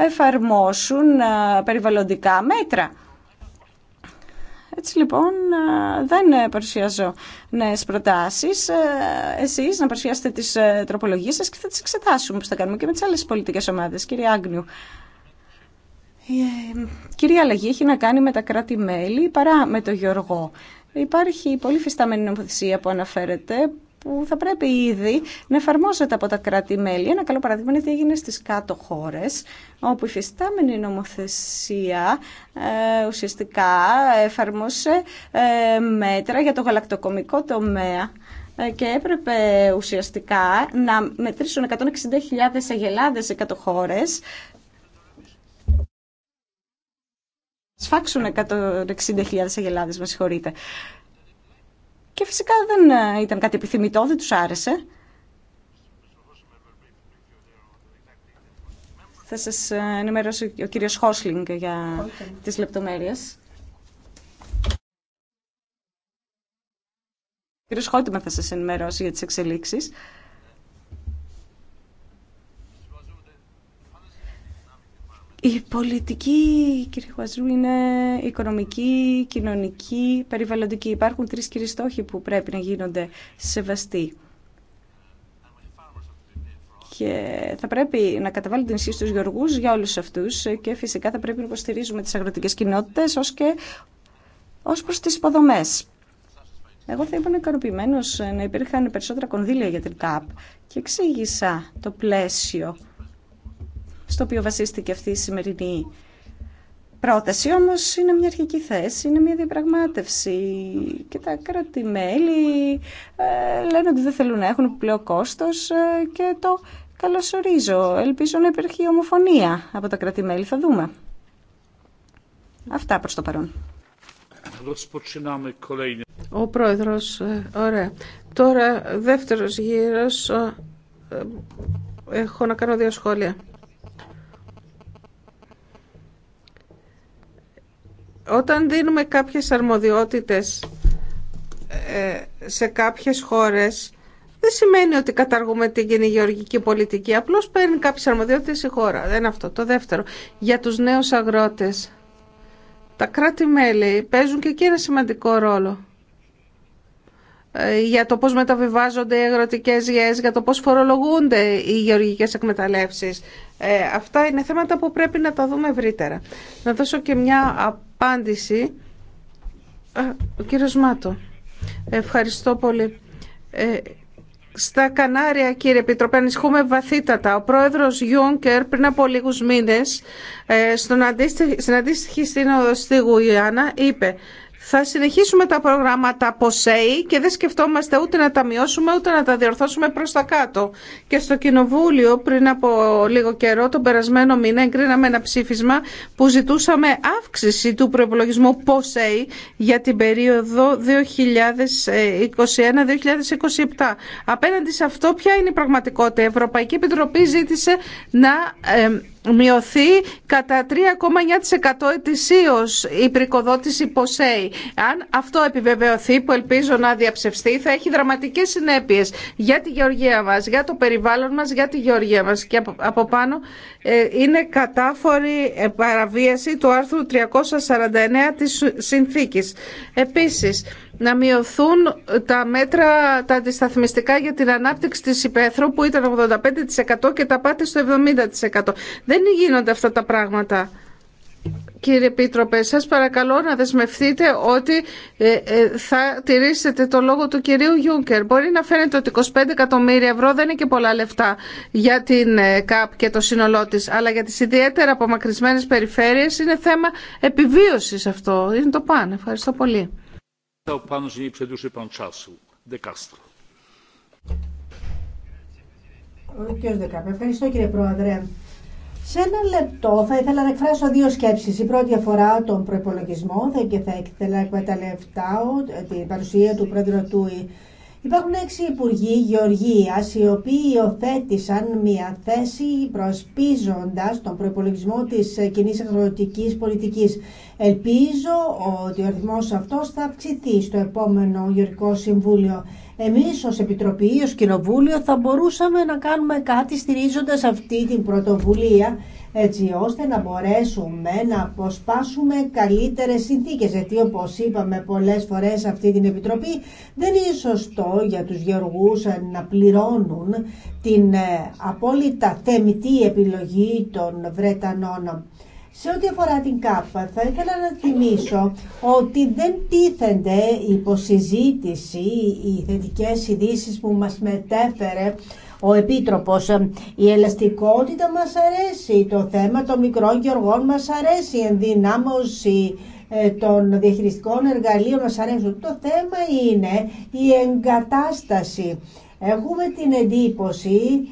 εφαρμόσουν ε, περιβαλλοντικά μέτρα. Έτσι λοιπόν ε, δεν ε, παρουσιάζω νέες προτάσεις. Ε, εσείς να παρουσιάσετε τις τροπολογίες σας και θα τις εξετάσουμε που θα κάνουμε και με τις άλλες πολιτικές ομάδες. Κύριε Άγνιου, η κυρία Αλλαγή έχει να κάνει με τα κράτη-μέλη παρά με το Γιώργο. Υπάρχει πολύ φυσταμένη νομοθεσία που αναφέρεται που θα πρέπει ήδη να εφαρμόζεται από τα κράτη-μέλη. Ένα καλό παράδειγμα είναι τι έγινε στις κάτω χώρες, όπου η φυστάμενη νομοθεσία ε, ουσιαστικά εφαρμόσε ε, μέτρα για το γαλακτοκομικό τομέα ε, και έπρεπε ουσιαστικά να μετρήσουν 160.000 αγελάδες σε κάτω χώρες, σφάξουν 160.000 αγελάδες, με συγχωρείτε. Και φυσικά δεν ε, ήταν κάτι επιθυμητό, δεν τους άρεσε. Θα σας ε, ενημερώσει ο κύριος Χόσλινγκ για okay. τις λεπτομέρειες. Ο κύριος Χότιμα θα σας ενημερώσει για τις εξελίξεις. Η πολιτική, κύριε Χουαζού, είναι οικονομική, κοινωνική, περιβαλλοντική. Υπάρχουν τρεις κύριοι στόχοι που πρέπει να γίνονται σεβαστοί. Και θα πρέπει να καταβάλουν την ισχύ στους γεωργούς για όλους αυτούς και φυσικά θα πρέπει να υποστηρίζουμε τις αγροτικές κοινότητες ως και ως προς τις υποδομές. Εγώ θα ήμουν ικανοποιημένος να υπήρχαν περισσότερα κονδύλια για την ΚΑΠ και εξήγησα το πλαίσιο στο οποίο βασίστηκε αυτή η σημερινή πρόταση. Όμως είναι μια αρχική θέση, είναι μια διαπραγμάτευση και τα κράτη-μέλη ε, λένε ότι δεν θέλουν να έχουν πλέον κόστος ε, και το καλωσορίζω. Ελπίζω να υπήρχε ομοφωνία από τα κρατη Θα δούμε. Αυτά προς το παρόν. Ο πρόεδρος, ε, ωραία. Τώρα δεύτερος γύρος, έχω να κάνω δύο σχόλια. Όταν δίνουμε κάποιες αρμοδιότητες ε, σε κάποιες χώρες, δεν σημαίνει ότι καταργούμε την κοινή γεωργική πολιτική. Απλώς παίρνει κάποιες αρμοδιότητες η χώρα. Δεν είναι αυτό. Το δεύτερο, για τους νέους αγρότες. Τα κράτη-μέλη παίζουν και εκεί ένα σημαντικό ρόλο ε, για το πώς μεταβιβάζονται οι αγροτικές γιές, για το πώς φορολογούνται οι γεωργικές εκμεταλλεύσεις. Ε, αυτά είναι θέματα που πρέπει να τα δούμε ευρύτερα. Να δώσω και μια απάντηση. Ο κύριος Μάτο, ευχαριστώ πολύ. Ε, στα Κανάρια, κύριε Επιτροπέ, ανησυχούμε βαθύτατα. Ο πρόεδρος Γιούνκερ πριν από λίγους μήνες ε, στον αντίστοι, στην αντίστοιχη σύνοδο στη Γουιάννα είπε θα συνεχίσουμε τα προγράμματα ΠΟΣΕΙ και δεν σκεφτόμαστε ούτε να τα μειώσουμε ούτε να τα διορθώσουμε προς τα κάτω. Και στο Κοινοβούλιο πριν από λίγο καιρό, τον περασμένο μήνα, εγκρίναμε ένα ψήφισμα που ζητούσαμε αύξηση του προπολογισμού ΠΟΣΕΙ για την περίοδο 2021-2027. Απέναντι σε αυτό, ποια είναι η πραγματικότητα. Η Ευρωπαϊκή Επιτροπή ζήτησε να μειωθεί κατά 3,9% ετησίω η πρικοδότηση ΠΟΣΕΙ. Αν αυτό επιβεβαιωθεί, που ελπίζω να διαψευστεί, θα έχει δραματικές συνέπειες για τη γεωργία μας, για το περιβάλλον μας, για τη γεωργία μας. Και από πάνω ε, είναι κατάφορη ε, παραβίαση του άρθρου 349 της συνθήκης. Επίσης, να μειωθούν ε, τα μέτρα τα αντισταθμιστικά για την ανάπτυξη της υπαίθρου που ήταν 85% και τα πάτε στο 70%. Δεν γίνονται αυτά τα πράγματα. Κύριε Επίτροπε, σας παρακαλώ να δεσμευτείτε ότι ε, ε, θα τηρήσετε το λόγο του κυρίου Γιούγκερ. Μπορεί να φαίνεται ότι 25 εκατομμύρια ευρώ δεν είναι και πολλά λεφτά για την ε, ΚΑΠ και το σύνολό της, αλλά για τις ιδιαίτερα απομακρυσμένες περιφέρειες είναι θέμα επιβίωσης αυτό. Είναι το πάνε. Ευχαριστώ πολύ. Ο κύριος ευχαριστώ κύριε Πρόεδρε. Σε ένα λεπτό θα ήθελα να εκφράσω δύο σκέψεις. Η πρώτη αφορά τον προπολογισμό και θα ήθελα να εκμεταλλευτάω την παρουσία του πρόεδρου του Υπάρχουν έξι υπουργοί γεωργία οι οποίοι υιοθέτησαν μια θέση προσπίζοντα τον προπολογισμό της ε, κοινή αγροτική πολιτικής. Ελπίζω ότι ο αριθμό αυτό θα αυξηθεί στο επόμενο Γεωργικό Συμβούλιο εμείς ως Επιτροπή, ως Κοινοβούλιο θα μπορούσαμε να κάνουμε κάτι στηρίζοντας αυτή την πρωτοβουλία έτσι ώστε να μπορέσουμε να αποσπάσουμε καλύτερες συνθήκες γιατί όπως είπαμε πολλές φορές αυτή την Επιτροπή δεν είναι σωστό για τους γεωργούς ε, να πληρώνουν την ε, απόλυτα θεμητή επιλογή των Βρετανών σε ό,τι αφορά την ΚΑΠΑ, θα ήθελα να θυμίσω ότι δεν τίθενται υποσυζήτηση οι θετικές ειδήσει που μας μετέφερε ο Επίτροπος. Η ελαστικότητα μας αρέσει, το θέμα των μικρών γεωργών μας αρέσει, η ενδυνάμωση ε, των διαχειριστικών εργαλείων μας αρέσει. Το θέμα είναι η εγκατάσταση. Έχουμε την εντύπωση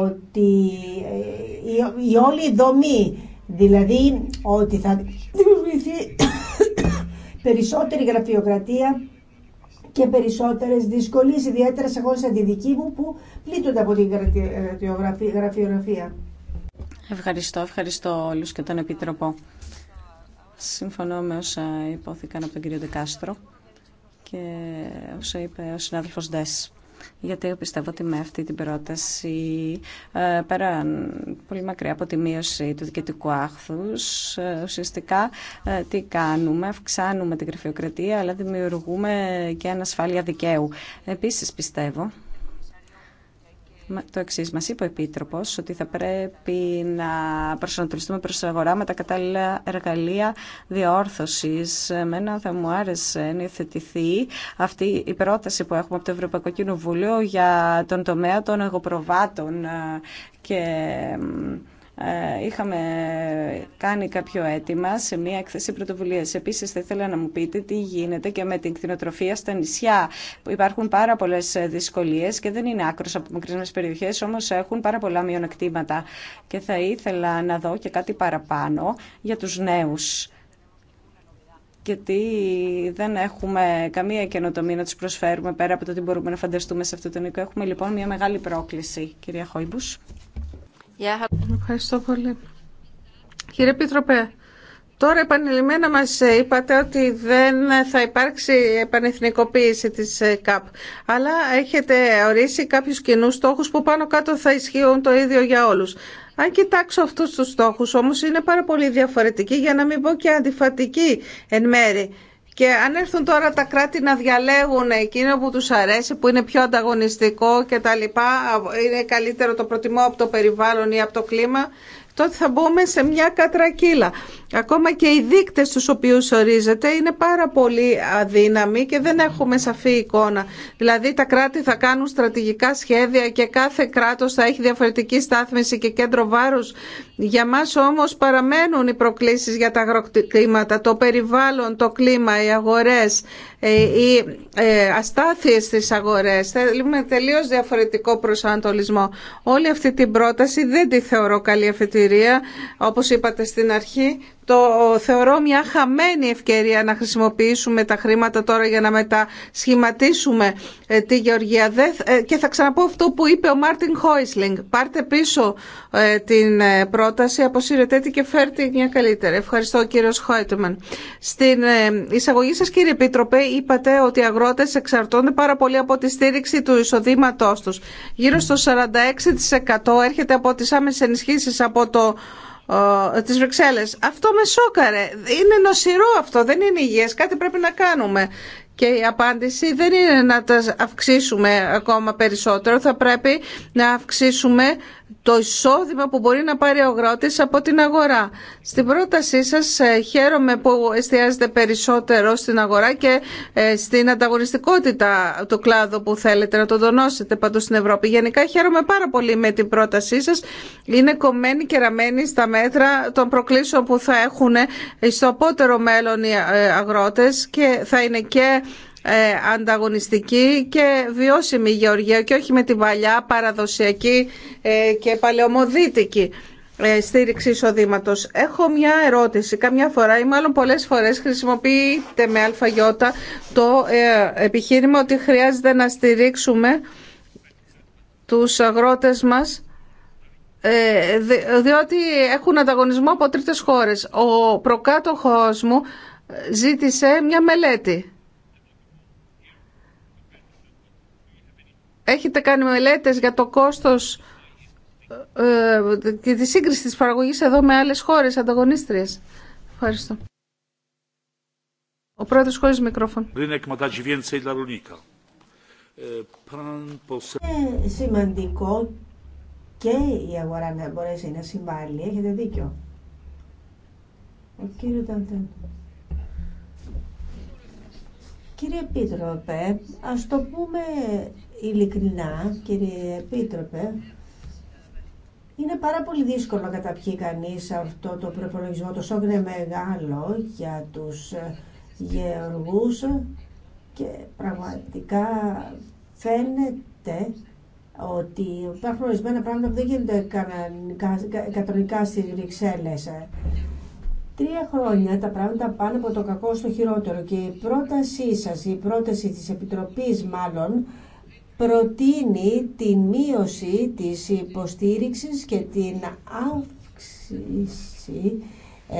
ότι ε, η όλη δομή Δηλαδή ότι θα δημιουργηθεί περισσότερη γραφειοκρατία και περισσότερες δυσκολίες, ιδιαίτερα σε χώρε σαν τη δική μου που πλήττονται από την γραφειογραφία. Ευχαριστώ, ευχαριστώ όλους και τον Επίτροπο. Συμφωνώ με όσα υπόθηκαν από τον κύριο Δεκάστρο και όσα είπε ο συνάδελφος Ντες γιατί πιστεύω ότι με αυτή την πρόταση ε, πέρα πολύ μακριά από τη μείωση του διοικητικού άχθους ε, ουσιαστικά ε, τι κάνουμε, αυξάνουμε την γραφειοκρατία αλλά δημιουργούμε και ανασφάλεια δικαίου. Επίσης πιστεύω το εξή. Μα είπε ο Επίτροπο ότι θα πρέπει να προσανατολιστούμε προ την αγορά με τα κατάλληλα εργαλεία διόρθωση. Εμένα θα μου άρεσε να υιοθετηθεί αυτή η πρόταση που έχουμε από το Ευρωπαϊκό Κοινοβούλιο για τον τομέα των εγωπροβάτων ε, και ε, είχαμε κάνει κάποιο αίτημα σε μια έκθεση πρωτοβουλία. Επίση, θα ήθελα να μου πείτε τι γίνεται και με την κτηνοτροφία στα νησιά. Υπάρχουν πάρα πολλέ δυσκολίε και δεν είναι άκρο από μα περιοχέ, όμω έχουν πάρα πολλά μειονεκτήματα. Και θα ήθελα να δω και κάτι παραπάνω για του νέου γιατί δεν έχουμε καμία καινοτομία να τους προσφέρουμε πέρα από το τι μπορούμε να φανταστούμε σε αυτό το νοικό. Έχουμε λοιπόν μια μεγάλη πρόκληση, κυρία Χόιμπους. Ευχαριστώ πολύ. Κύριε Πίτροπε, τώρα επανειλημμένα μας είπατε ότι δεν θα υπάρξει επανεθνικοποίηση της ΚΑΠ, αλλά έχετε ορίσει κάποιους κοινούς στόχους που πάνω κάτω θα ισχύουν το ίδιο για όλους. Αν κοιτάξω αυτούς τους στόχους όμως είναι πάρα πολύ διαφορετικοί για να μην πω και αντιφατικοί εν μέρη. Και αν έρθουν τώρα τα κράτη να διαλέγουν εκείνο που τους αρέσει, που είναι πιο ανταγωνιστικό και τα λοιπά, είναι καλύτερο το προτιμώ από το περιβάλλον ή από το κλίμα, τότε θα μπούμε σε μια κατρακύλα. Ακόμα και οι δείκτες τους οποίους ορίζεται είναι πάρα πολύ αδύναμοι και δεν έχουμε σαφή εικόνα. Δηλαδή τα κράτη θα κάνουν στρατηγικά σχέδια και κάθε κράτος θα έχει διαφορετική στάθμιση και κέντρο βάρους. Για μας όμως παραμένουν οι προκλήσεις για τα αγροκτήματα, το περιβάλλον, το κλίμα, οι αγορές, ε, οι ε, αστάθειες στις αγορές. Θέλουμε τελείως διαφορετικό προσανατολισμό. Όλη αυτή την πρόταση δεν τη θεωρώ καλή αυτή Όπω όπως είπατε στην αρχή, το θεωρώ μια χαμένη ευκαιρία να χρησιμοποιήσουμε τα χρήματα τώρα για να μετασχηματίσουμε ε, τη Γεωργία. Ε, και θα ξαναπώ αυτό που είπε ο Μάρτιν Χόισλινγκ. Πάρτε πίσω ε, την πρόταση, αποσύρετε τη και φέρτε μια καλύτερη. Ευχαριστώ κύριο Χόιτμαν. Στην εισαγωγή σας κύριε Επίτροπε είπατε ότι οι αγρότες εξαρτώνται πάρα πολύ από τη στήριξη του εισοδήματός τους. Γύρω στο 46% έρχεται από τις άμεσες ενισχύσεις από το τις Βρυξέλλε. Αυτό με σόκαρε. Είναι νοσηρό αυτό, δεν είναι υγιέ. Κάτι πρέπει να κάνουμε. Και η απάντηση δεν είναι να τα αυξήσουμε ακόμα περισσότερο. Θα πρέπει να αυξήσουμε το εισόδημα που μπορεί να πάρει ο αγρότης από την αγορά. Στην πρότασή σας ε, χαίρομαι που εστιάζετε περισσότερο στην αγορά και ε, στην ανταγωνιστικότητα του κλάδου που θέλετε να το δονώσετε παντού στην Ευρώπη. Γενικά χαίρομαι πάρα πολύ με την πρότασή σας. Είναι κομμένη και ραμμένη στα μέτρα των προκλήσεων που θα έχουν στο απότερο μέλλον οι ε, αγρότες και θα είναι και ε, ανταγωνιστική και βιώσιμη γεωργία και όχι με την παλιά παραδοσιακή ε, και παλαιομοδίτικη ε, στήριξη εισοδήματο. Έχω μια ερώτηση. Καμιά φορά ή μάλλον πολλές φορές χρησιμοποιείται με αλφαγιώτα το επιχείρημα ότι χρειάζεται να στηρίξουμε τους αγρότες μας διότι έχουν ανταγωνισμό από τρίτες χώρες. Ο προκάτοχός μου ζήτησε μια μελέτη Έχετε κάνει μελέτες για το κόστος ε, και τη σύγκριση της παραγωγής εδώ με άλλες χώρες ανταγωνίστριες. Ευχαριστώ. Ο πρόεδρος χωρίς μικρόφωνο. E, Είναι σημαντικό και η αγορά να μπορέσει να συμβάλλει. Έχετε δίκιο. Κύριε Επίτροπε, ας το πούμε ειλικρινά, κύριε Επίτροπε, είναι πάρα πολύ δύσκολο να καταπιεί κανείς αυτό το προπολογισμό. Το σόκ είναι μεγάλο για τους ε, γεωργούς και πραγματικά φαίνεται ότι υπάρχουν ορισμένα πράγματα που δεν γίνονται κανονικά στις Βρυξέλλες. Τρία χρόνια τα πράγματα πάνε από το κακό στο χειρότερο και η πρότασή σας, η πρόταση της Επιτροπής μάλλον, προτείνει την μείωση της υποστήριξης και την αύξηση ε,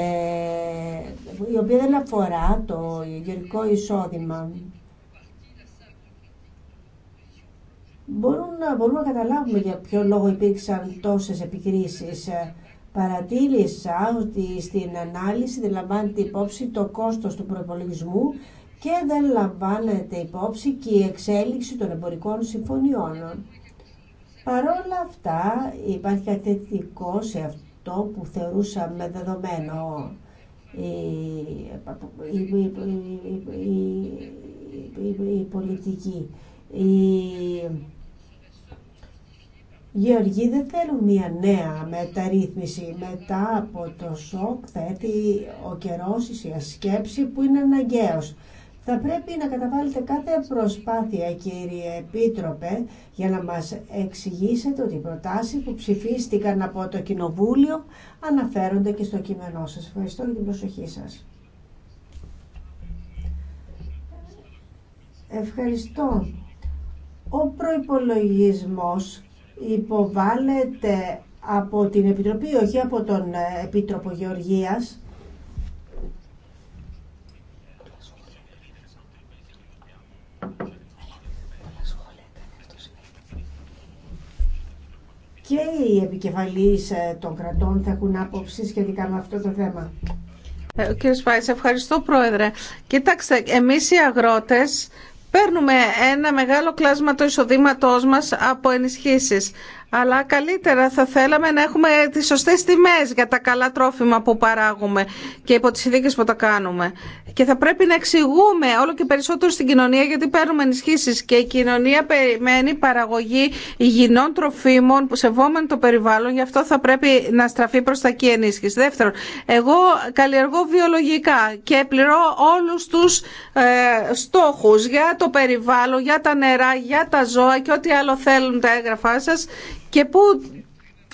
η οποία δεν αφορά το γεωργικό εισόδημα. Μπορούν, να, μπορούμε να καταλάβουμε για ποιο λόγο υπήρξαν τόσες επικρίσεις. Παρατήρησα ότι στην ανάλυση δεν λαμβάνεται υπόψη το κόστος του προπολογισμού και δεν λαμβάνεται υπόψη και η εξέλιξη των εμπορικών συμφωνιών. Παρόλα αυτά υπάρχει κάτι σε αυτό που θεωρούσαμε δεδομένο. Η, η, η, πολιτική. Οι γεωργοί δεν θέλουν μια νέα μεταρρύθμιση. Μετά από το σοκ θέτει ο καιρός η σκέψη που είναι αναγκαίος. Θα πρέπει να καταβάλλετε κάθε προσπάθεια, κύριε Επίτροπε, για να μας εξηγήσετε ότι οι προτάσεις που ψηφίστηκαν από το Κοινοβούλιο αναφέρονται και στο κείμενό σας. Ευχαριστώ για την προσοχή σας. Ευχαριστώ. Ο προϋπολογισμός υποβάλλεται από την Επιτροπή, όχι από τον Επίτροπο Γεωργίας. και οι επικεφαλείς ε, των κρατών θα έχουν άποψη σχετικά με αυτό το θέμα. Ε, Κύριε Σπάης, ευχαριστώ Πρόεδρε. Κοιτάξτε, εμείς οι αγρότες παίρνουμε ένα μεγάλο κλάσμα του εισοδήματός μας από ενισχύσεις αλλά καλύτερα θα θέλαμε να έχουμε τις σωστές τιμές για τα καλά τρόφιμα που παράγουμε και υπό τις συνθήκες που τα κάνουμε. Και θα πρέπει να εξηγούμε όλο και περισσότερο στην κοινωνία γιατί παίρνουμε ενισχύσει και η κοινωνία περιμένει παραγωγή υγιεινών τροφίμων που σεβόμενο το περιβάλλον, γι' αυτό θα πρέπει να στραφεί προς τα εκεί ενίσχυση. Δεύτερον, εγώ καλλιεργώ βιολογικά και πληρώ όλους τους ε, στόχους για το περιβάλλον, για τα νερά, για τα ζώα και ό,τι άλλο θέλουν τα έγγραφά σα. Και πού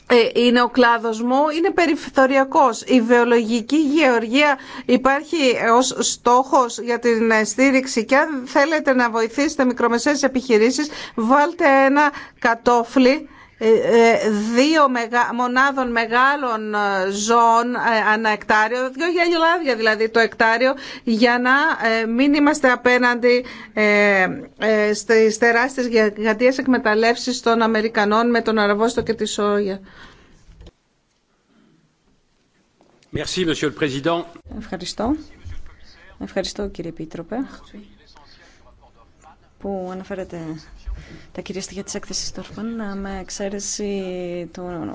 ε, είναι ο κλάδος μου, είναι περιφθοριακός. Η βιολογική γεωργία υπάρχει ως στόχος για την ε, στήριξη και αν θέλετε να βοηθήσετε μικρομεσαίες επιχειρήσεις, βάλτε ένα κατόφλι ε, ε, δύο μονάδων μεγάλων ε, ζώων ανά εκτάριο, δύο γυαλιολάδια δηλαδή το εκτάριο, για να μην είμαστε απέναντι στις τεράστιες γιγαντίες εκμεταλλεύσεις των Αμερικανών με τον Αραβόστο και τη Σόγια. Ευχαριστώ. Ευχαριστώ κύριε Επίτροπε που αναφέρεται τα κυρία στοιχεία της έκθεσης Τόρφων ε, με εξαίρεση του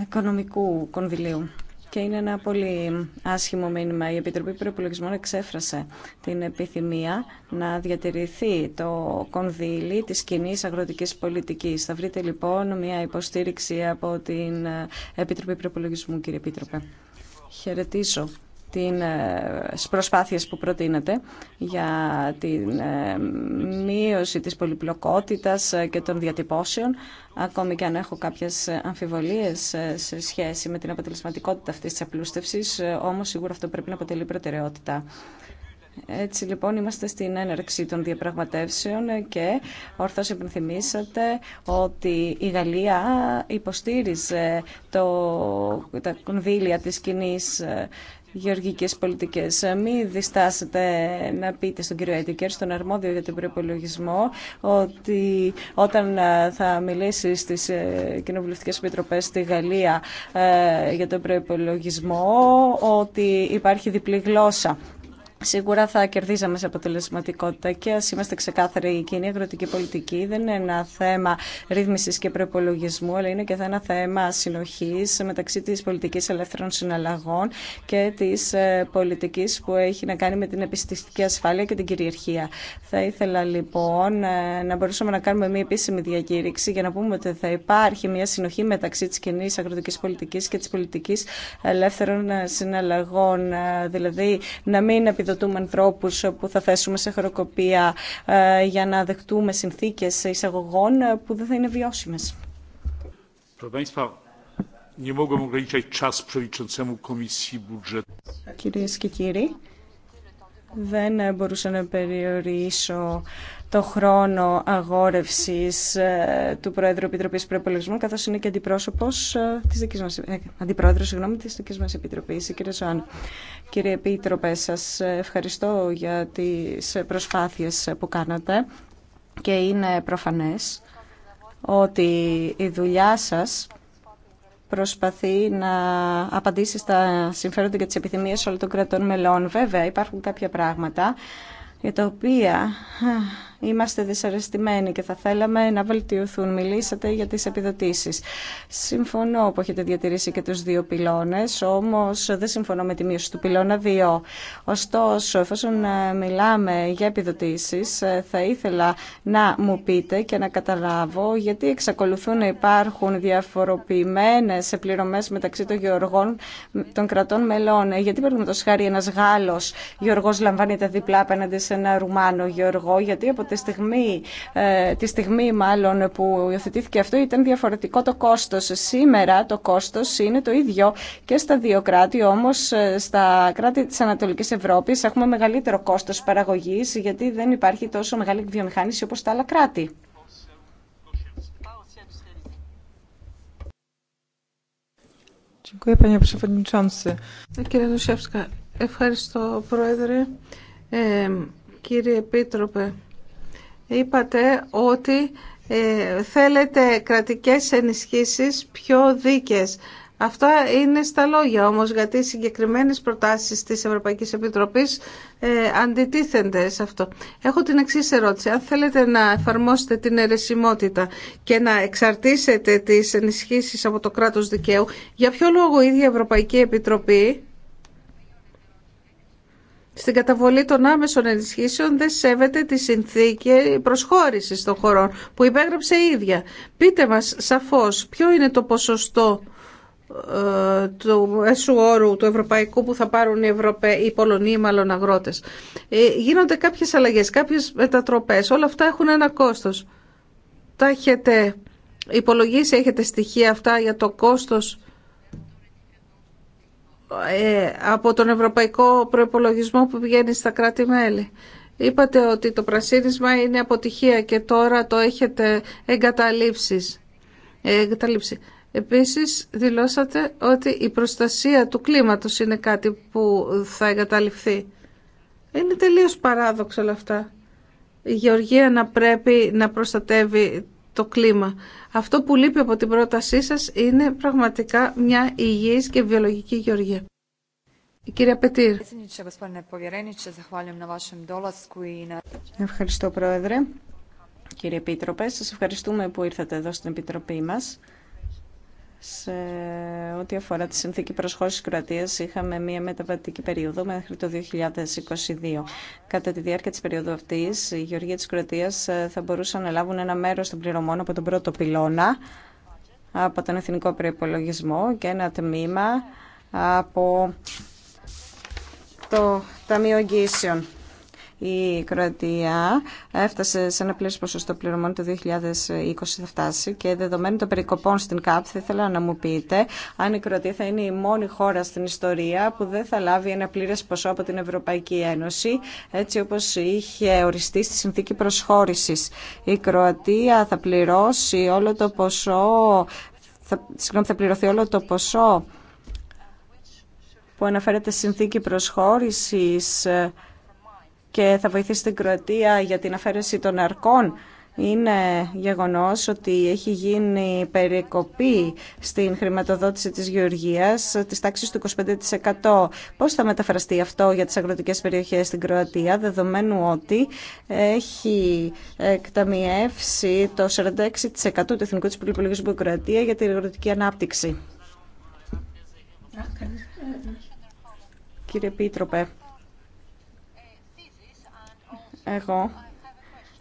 οικονομικού κονδυλίου. Και είναι ένα πολύ άσχημο μήνυμα. Η Επιτροπή Προπολογισμών εξέφρασε την επιθυμία να διατηρηθεί το κονδύλι της κοινή αγροτικής πολιτικής. Θα βρείτε λοιπόν μια υποστήριξη από την Επιτροπή Προπολογισμού, κύριε Επίτροπε. Χαιρετίζω ε, στις προσπάθειες που προτείνεται για την ε, μείωση της πολυπλοκότητας ε, και των διατυπώσεων. Ακόμη και αν έχω κάποιες αμφιβολίες σε σχέση με την αποτελεσματικότητα αυτής της απλούστευσης, όμως σίγουρα αυτό πρέπει να αποτελεί προτεραιότητα. Έτσι λοιπόν είμαστε στην έναρξη των διαπραγματεύσεων και όρθως υπενθυμίσατε ότι η Γαλλία υποστήριζε το, τα κονδύλια της κοινή γεωργικές πολιτικές. Ε, Μην διστάσετε να πείτε στον κύριο Έτικερ, στον αρμόδιο για τον προπολογισμό, ότι όταν ε, θα μιλήσει στις ε, κοινοβουλευτικές επιτροπές στη Γαλλία για τον προπολογισμό, ότι υπάρχει διπλή γλώσσα Σίγουρα θα κερδίζαμε σε αποτελεσματικότητα και α είμαστε ξεκάθαροι, η κοινή αγροτική πολιτική δεν είναι ένα θέμα ρύθμιση και προπολογισμού, αλλά είναι και ένα θέμα συνοχή μεταξύ τη πολιτική ελεύθερων συναλλαγών και τη ε, πολιτική που έχει να κάνει με την επιστημική ασφάλεια και την κυριαρχία. Θα ήθελα λοιπόν ε, να μπορούσαμε να κάνουμε μια επίσημη διακήρυξη για να πούμε ότι θα υπάρχει μια συνοχή μεταξύ τη κοινή αγροτική πολιτική και τη πολιτική ελεύθερων ε, συναλλαγών. Δηλαδή να μην επιδοτούμε ανθρώπου που θα θέσουμε σε χρεοκοπία ε, για να δεχτούμε συνθήκε εισαγωγών που δεν θα είναι βιώσιμε. Κυρίε και κύριοι, δεν μπορούσα να περιορίσω το χρόνο αγόρευσης ε, του Πρόεδρου Επιτροπής Προπολογισμού, καθώς είναι και αντιπρόσωπος ε, της δικής μας, ε, αντιπρόεδρος, της Επιτροπής, κύριε Ζωάν. Κύριε Επίτροπε, σας ευχαριστώ για τις προσπάθειες που κάνατε και είναι προφανές ότι η δουλειά σας προσπαθεί να απαντήσει στα συμφέροντα και τις επιθυμίες όλων των κρατών μελών. Βέβαια, υπάρχουν κάποια πράγματα για τα οποία είμαστε δυσαρεστημένοι και θα θέλαμε να βελτιωθούν. Μιλήσατε για τις επιδοτήσεις. Συμφωνώ που έχετε διατηρήσει και τους δύο πυλώνες, όμως δεν συμφωνώ με τη μείωση του πυλώνα 2. Ωστόσο, εφόσον ε, μιλάμε για επιδοτήσεις, ε, θα ήθελα να μου πείτε και να καταλάβω γιατί εξακολουθούν να υπάρχουν διαφοροποιημένες πληρωμές μεταξύ των γεωργών των κρατών μελών. Ε, γιατί, το χάρη, ένας Γάλλος γεωργός λαμβάνει τα διπλά απέναντι σε ένα Ρουμάνο γεωργό, γιατί τη στιγμή, ε, τη στιγμή μάλλον που υιοθετήθηκε αυτό ήταν διαφορετικό το κόστος. Σήμερα το κόστος είναι το ίδιο και στα δύο κράτη, όμως ε, στα κράτη της Ανατολικής Ευρώπης έχουμε μεγαλύτερο κόστος παραγωγής γιατί δεν υπάρχει τόσο μεγάλη βιομηχάνηση όπως στα άλλα κράτη. Κύριε ευχαριστώ Πρόεδρε. Ε, κύριε Επίτροπε, είπατε ότι ε, θέλετε κρατικές ενισχύσεις πιο δίκες. Αυτά είναι στα λόγια όμως, γιατί οι συγκεκριμένες προτάσεις της Ευρωπαϊκής Επιτροπής ε, αντιτίθενται σε αυτό. Έχω την εξή ερώτηση. Αν θέλετε να εφαρμόσετε την αιρεσιμότητα και να εξαρτήσετε τις ενισχύσεις από το κράτος δικαίου, για ποιο λόγο η ίδια Ευρωπαϊκή Επιτροπή στην καταβολή των άμεσων ενισχύσεων δεν σέβεται τη συνθήκη προσχώρηση των χωρών που υπέγραψε η ίδια. Πείτε μας σαφώ ποιο είναι το ποσοστό ε, του έσου όρου του ευρωπαϊκού που θα πάρουν οι, Πολωνίοι οι Πολωνοί μάλλον αγρότες. Ε, γίνονται κάποιες αλλαγές, κάποιες μετατροπές. Όλα αυτά έχουν ένα κόστος. Τα έχετε υπολογίσει, έχετε στοιχεία αυτά για το κόστος ε, από τον ευρωπαϊκό προϋπολογισμό που πηγαίνει στα κράτη-μέλη. Είπατε ότι το πρασίνισμα είναι αποτυχία και τώρα το έχετε εγκαταλείψει. Ε, εγκαταλείψει. Επίσης δηλώσατε ότι η προστασία του κλίματος είναι κάτι που θα εγκαταλειφθεί. Είναι τελείως παράδοξο όλα αυτά. Η Γεωργία να πρέπει να προστατεύει το κλίμα. Αυτό που λείπει από την πρότασή σας είναι πραγματικά μια υγιής και βιολογική γεωργία. Η κυρία Πετήρ. Ευχαριστώ, Πρόεδρε. Κύριε Επίτροπε, σας ευχαριστούμε που ήρθατε εδώ στην Επιτροπή μας. Σε ό,τι αφορά τη συνθήκη προσχώρησης Κροατίας είχαμε μία μεταβατική περίοδο μέχρι το 2022. Κατά τη διάρκεια της περίοδου αυτής η Γεωργία της Κροατίας ε, θα μπορούσαν να λάβουν ένα μέρος των πληρωμών από τον πρώτο πυλώνα από τον Εθνικό Προϋπολογισμό και ένα τμήμα από το Ταμείο Εγγύσεων η Κροατία έφτασε σε ένα πλήρες ποσοστό πληρωμών το 2020 θα φτάσει και δεδομένου των περικοπών στην ΚΑΠ θα ήθελα να μου πείτε αν η Κροατία θα είναι η μόνη χώρα στην ιστορία που δεν θα λάβει ένα πλήρες ποσό από την Ευρωπαϊκή Ένωση έτσι όπως είχε οριστεί στη συνθήκη προσχώρησης. Η Κροατία θα πληρώσει όλο το ποσό θα, θα πληρωθεί όλο το ποσό που αναφέρεται στη συνθήκη προσχώρησης και θα βοηθήσει την Κροατία για την αφαίρεση των αρκών. Είναι γεγονός ότι έχει γίνει περικοπή στην χρηματοδότηση της γεωργίας της τάξης του 25%. Πώς θα μεταφραστεί αυτό για τις αγροτικές περιοχές στην Κροατία, δεδομένου ότι έχει εκταμιεύσει το 46% του εθνικού της πολυπολογισμού Κροατία για την αγροτική ανάπτυξη. Κύριε Πίτροπε, εγώ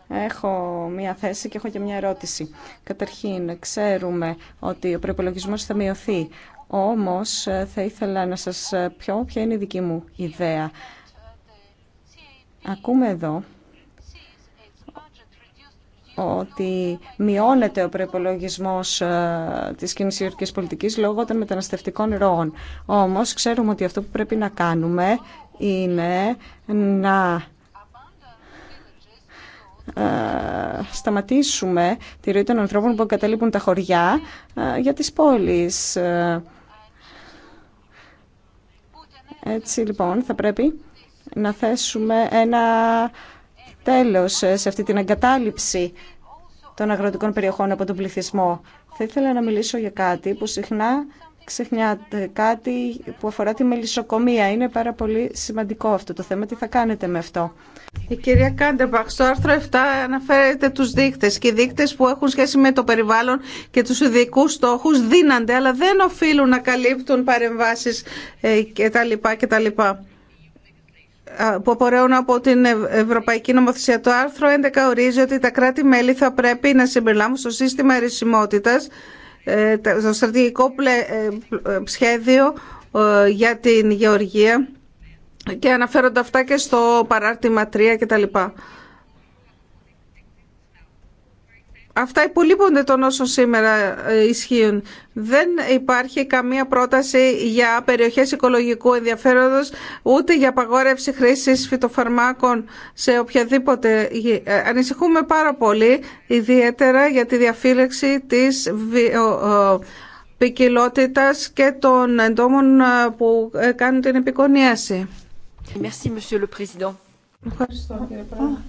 έχω μία θέση και έχω και μία ερώτηση. Καταρχήν, ξέρουμε ότι ο προπολογισμό θα μειωθεί. Όμως, ε, θα ήθελα να σας πω ποια είναι η δική μου ιδέα. Ακούμε εδώ ότι μειώνεται ο προπολογισμό ε, της κοινωνικής πολιτικής λόγω των μεταναστευτικών ροών. Όμως ξέρουμε ότι αυτό που πρέπει να κάνουμε είναι να ε, σταματήσουμε τη ροή των ανθρώπων που εγκαταλείπουν τα χωριά ε, για τις πόλεις. Ε, έτσι λοιπόν θα πρέπει να θέσουμε ένα τέλος σε αυτή την εγκατάλειψη των αγροτικών περιοχών από τον πληθυσμό. Θα ήθελα να μιλήσω για κάτι που συχνά ξεχνιάται, κάτι που αφορά τη μελισσοκομεία. Είναι πάρα πολύ σημαντικό αυτό το θέμα. Τι θα κάνετε με αυτό. Η κυρία Κάντεμπαχ, στο άρθρο 7 αναφέρεται τους δείκτες και οι δείκτες που έχουν σχέση με το περιβάλλον και τους ειδικού στόχους δίνανται, αλλά δεν οφείλουν να καλύπτουν παρεμβάσεις ε, κτλ που απορρέουν από την Ευρωπαϊκή Νομοθεσία. Το άρθρο 11 ορίζει ότι τα κράτη-μέλη θα πρέπει να συμπεριλάμβουν στο σύστημα ερησιμότητας στο ε, στρατηγικό ε, σχέδιο για την γεωργία και αναφέρονται αυτά και στο παράρτημα 3 κτλ. Αυτά υπολείπονται των όσων σήμερα ε, ισχύουν. Δεν υπάρχει καμία πρόταση για περιοχές οικολογικού ενδιαφέροντος, ούτε για απαγόρευση χρήσης φυτοφαρμάκων σε οποιαδήποτε γη. Ε, ανησυχούμε πάρα πολύ, ιδιαίτερα για τη διαφύλαξη της ε, ποικιλότητας και των εντόμων που κάνουν την επικονίαση. Ευχαριστώ, κύριε Πρόεδρε.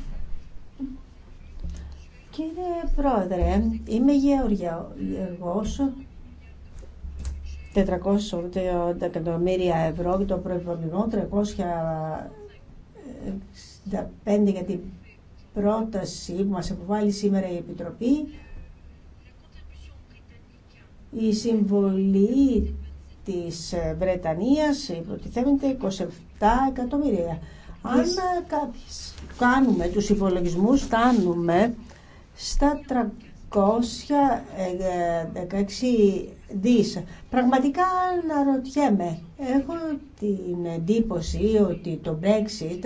Κύριε Πρόεδρε, είμαι Γεωργία, Γεωργός, 480 εκατομμύρια ευρώ για το προϋπολογισμό 365 για την πρόταση που μα αποβάλλει σήμερα η Επιτροπή. Η συμβολή της ε, Βρετανίας ε, προτιθέμεται 27 εκατομμύρια. Αν κάνουμε τους υπολογισμούς, φτάνουμε στα 316 ε, δις. Πραγματικά να αναρωτιέμαι. Έχω την εντύπωση ότι το Brexit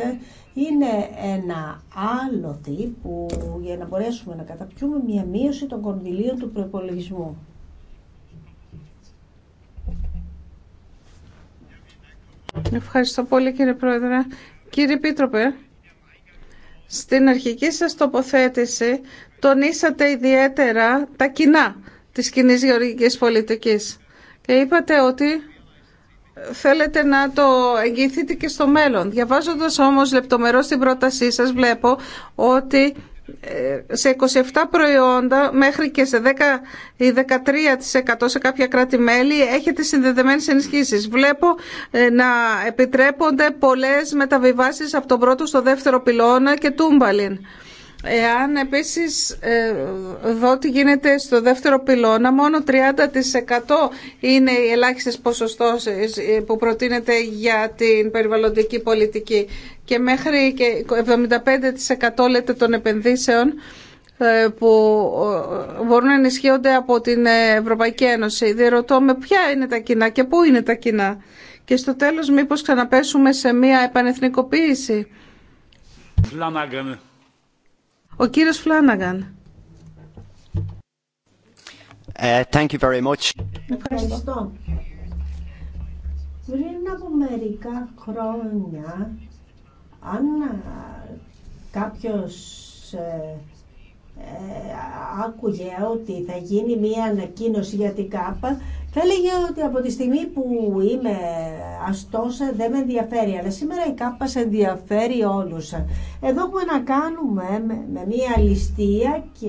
είναι ένα άλλο τύπο για να μπορέσουμε να καταπιούμε μια μείωση των κονδυλίων του προπολογισμού. Ευχαριστώ πολύ κύριε Πρόεδρε. Κύριε Πίτροπε, στην αρχική σας τοποθέτηση τονίσατε ιδιαίτερα τα κοινά της κοινή γεωργικής πολιτικής και είπατε ότι θέλετε να το εγγυηθείτε και στο μέλλον. Διαβάζοντας όμως λεπτομερώς την πρότασή σας βλέπω ότι σε 27 προϊόντα μέχρι και σε 10 ή 13% σε κάποια κράτη-μέλη έχετε συνδεδεμένες ενισχύσεις. Βλέπω ε, να επιτρέπονται πολλές μεταβιβάσεις από τον πρώτο στο δεύτερο πυλώνα και τούμπαλιν. Εάν επίσης ε, δω τι γίνεται στο δεύτερο πυλώνα, μόνο 30% είναι οι ελάχιστες ποσοστώσεις ε, που προτείνεται για την περιβαλλοντική πολιτική και μέχρι και 75% λέτε των επενδύσεων ε, που μπορούν να ενισχύονται από την Ευρωπαϊκή Ένωση. Διερωτώ με ποια είναι τα κοινά και πού είναι τα κοινά. Και στο τέλος μήπως ξαναπέσουμε σε μια επανεθνικοποίηση. Φλάναγκαν. Ο κύριος Φλάναγκαν. Ε, thank you very much. Ευχαριστώ. Πριν από μερικά χρόνια αν κάποιος ε, ε, άκουγε ότι θα γίνει μία ανακοίνωση για την ΚΑΠΑ, θα έλεγε ότι από τη στιγμή που είμαι αστός δεν με ενδιαφέρει, αλλά σήμερα η ΚΑΠΑ σε ενδιαφέρει όλους. Εδώ έχουμε να κάνουμε με μία ληστεία και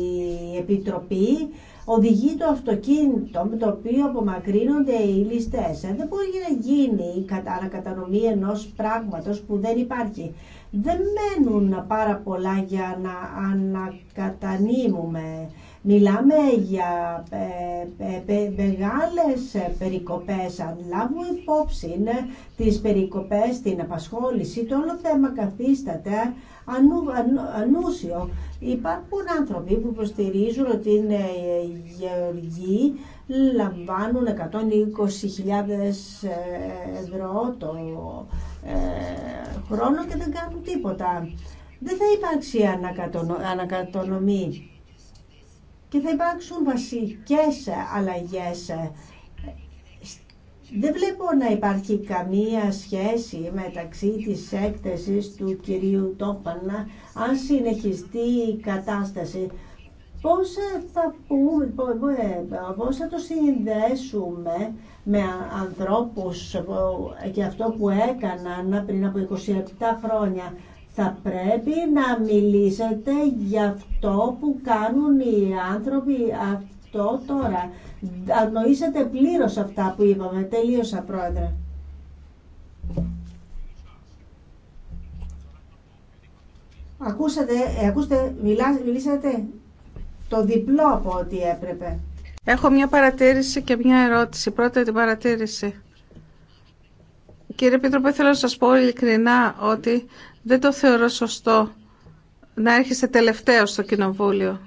η Επιτροπή οδηγεί το αυτοκίνητο με το οποίο απομακρύνονται οι ληστές. Ε, δεν μπορεί να γίνει η ανακατανομή ενός πράγματος που δεν υπάρχει. Δεν μένουν πάρα πολλά για να ανακατανείμουμε. Μιλάμε για ε, ε, μεγάλες ε, περικοπές, αν λάβουμε υπόψη ναι, τις περικοπές στην απασχόληση, το όλο θέμα καθίσταται αν, ανούσιο. Υπάρχουν άνθρωποι που υποστηρίζουν ότι είναι γεωργοί, λαμβάνουν 120.000 ευρώ το χρόνο και δεν κάνουν τίποτα. Δεν θα υπάρξει ανακατονομή και θα υπάρξουν βασικές αλλαγές. Δεν βλέπω να υπάρχει καμία σχέση μεταξύ της έκθεσης του κυρίου τόπανα αν συνεχιστεί η κατάσταση. Πώς θα, πώς θα το συνδέσουμε με ανθρώπους και αυτό που έκαναν πριν από 27 χρόνια. Θα πρέπει να μιλήσετε για αυτό που κάνουν οι άνθρωποι αυτό τώρα. Αγνοήσατε πλήρως αυτά που είπαμε. Τελείωσα, Πρόεδρε. Ακούσατε, ε, ακούστε, μιλά, μιλήσατε το διπλό από ό,τι έπρεπε. Έχω μια παρατήρηση και μια ερώτηση. Πρώτα την παρατήρηση. Κύριε Πίτροπε, θέλω να σας πω ειλικρινά ότι δεν το θεωρώ σωστό να έρχεσαι τελευταίο στο κοινοβούλιο.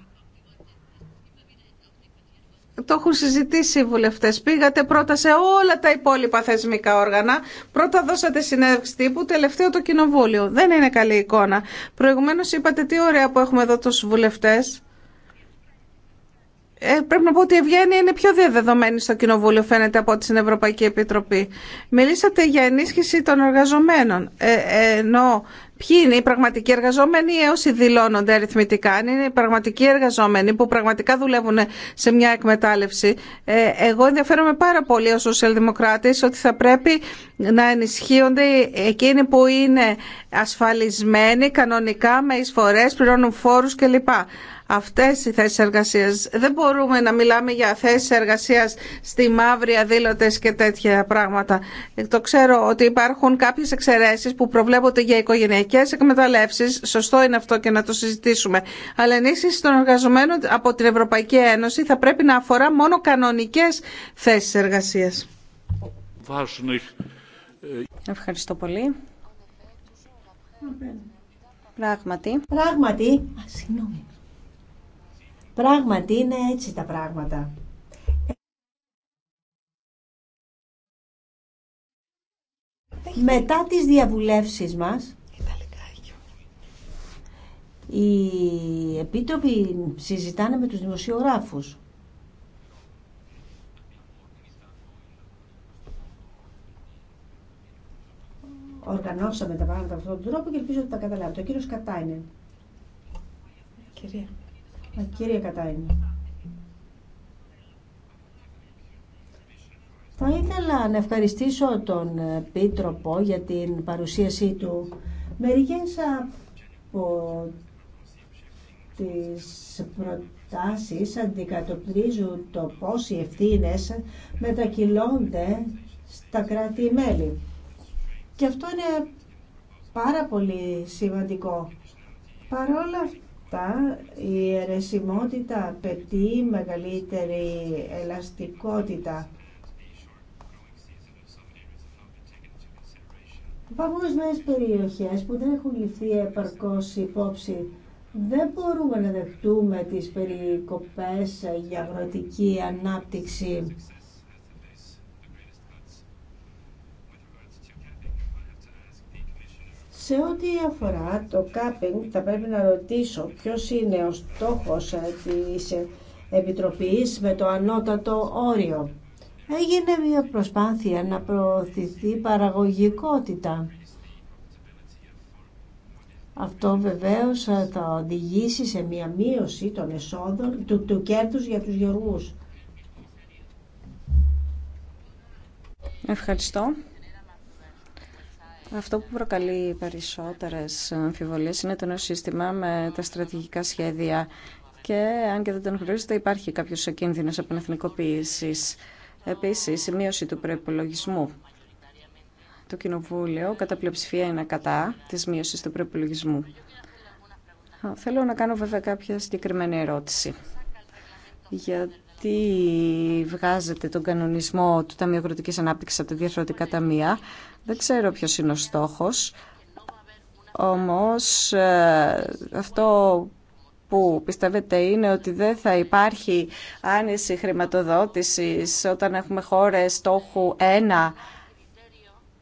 Το έχουν συζητήσει οι βουλευτέ. Πήγατε πρώτα σε όλα τα υπόλοιπα θεσμικά όργανα. Πρώτα δώσατε συνέντευξη τύπου, τελευταίο το κοινοβούλιο. Δεν είναι καλή εικόνα. Προηγουμένω είπατε τι ωραία που έχουμε εδώ του βουλευτέ. Ε, πρέπει να πω ότι η ευγένεια είναι πιο διαδεδομένη στο Κοινοβούλιο, φαίνεται, από ό,τι στην Ευρωπαϊκή Επιτροπή. Μιλήσατε για ενίσχυση των εργαζομένων. Ε, ε ενώ Ποιοι είναι οι πραγματικοί εργαζόμενοι ή όσοι δηλώνονται αριθμητικά. είναι οι πραγματικοί εργαζόμενοι που πραγματικά δουλεύουν σε μια εκμετάλλευση. Ε, εγώ ενδιαφέρομαι πάρα πολύ ως σοσιαλδημοκράτης ότι θα πρέπει να ενισχύονται εκείνοι που είναι ασφαλισμένοι κανονικά με εισφορές, πληρώνουν φόρους κλπ αυτές οι θέσεις εργασίας. Δεν μπορούμε να μιλάμε για θέσεις εργασίας στη μαύρη αδήλωτες και τέτοια πράγματα. Το ξέρω ότι υπάρχουν κάποιες εξαιρέσεις που προβλέπονται για οικογενειακές εκμεταλλεύσεις. Σωστό είναι αυτό και να το συζητήσουμε. Αλλά ενίσχυση των εργαζομένων από την Ευρωπαϊκή Ένωση θα πρέπει να αφορά μόνο κανονικές θέσεις εργασίας. Ευχαριστώ πολύ. Πράγματι. Πράγματι. Α, συγγνώμη. Πράγματι είναι έτσι τα πράγματα. Μετά τις διαβουλεύσεις μας, οι επίτροποι συζητάνε με τους δημοσιογράφους. Οργανώσαμε τα πράγματα με αυτόν τον τρόπο και ελπίζω ότι τα καταλάβετε. Ο κύριος Κατάινεν. Κυρία. Ε, κύριε είναι. Θα ήθελα να ευχαριστήσω τον Πίτροπο για την παρουσίασή του. Μερικές από τις προτάσεις αντικατοπτρίζουν το πώς οι ευθύνε μετακυλώνται στα κράτη-μέλη. Και αυτό είναι πάρα πολύ σημαντικό. Παρόλα αυτά, αυτά η αιρεσιμότητα απαιτεί μεγαλύτερη ελαστικότητα. Υπάρχουν ορισμένε περιοχές που δεν έχουν ληφθεί επαρκώς υπόψη. Δεν μπορούμε να δεχτούμε τις περικοπές για αγροτική ανάπτυξη. Σε ό,τι αφορά το κάπινγκ θα πρέπει να ρωτήσω ποιος είναι ο στόχος ε, της Επιτροπής με το ανώτατο όριο. Έγινε μια προσπάθεια να προωθηθεί παραγωγικότητα. Αυτό βεβαίως ε, θα οδηγήσει σε μια μείωση των εσόδων του, του κέρδους για τους γεωργούς. Ευχαριστώ. Αυτό που προκαλεί περισσότερες αμφιβολίες είναι το νέο σύστημα με τα στρατηγικά σχέδια και αν και δεν τον γνωρίζετε υπάρχει κάποιος κίνδυνος επανεθνικοποίησης. Επίσης, η μείωση του προπολογισμού. Το Κοινοβούλιο κατά πλειοψηφία είναι κατά της μείωσης του προπολογισμού. Θέλω να κάνω βέβαια κάποια συγκεκριμένη ερώτηση. Γιατί βγάζετε τον κανονισμό του Ταμείου Αγροτικής Ανάπτυξης από τα διαφορετικά ταμεία δεν ξέρω ποιος είναι ο στόχος, όμως ε, αυτό που πιστεύετε είναι ότι δεν θα υπάρχει άνεση χρηματοδότησης όταν έχουμε χώρες στόχου 1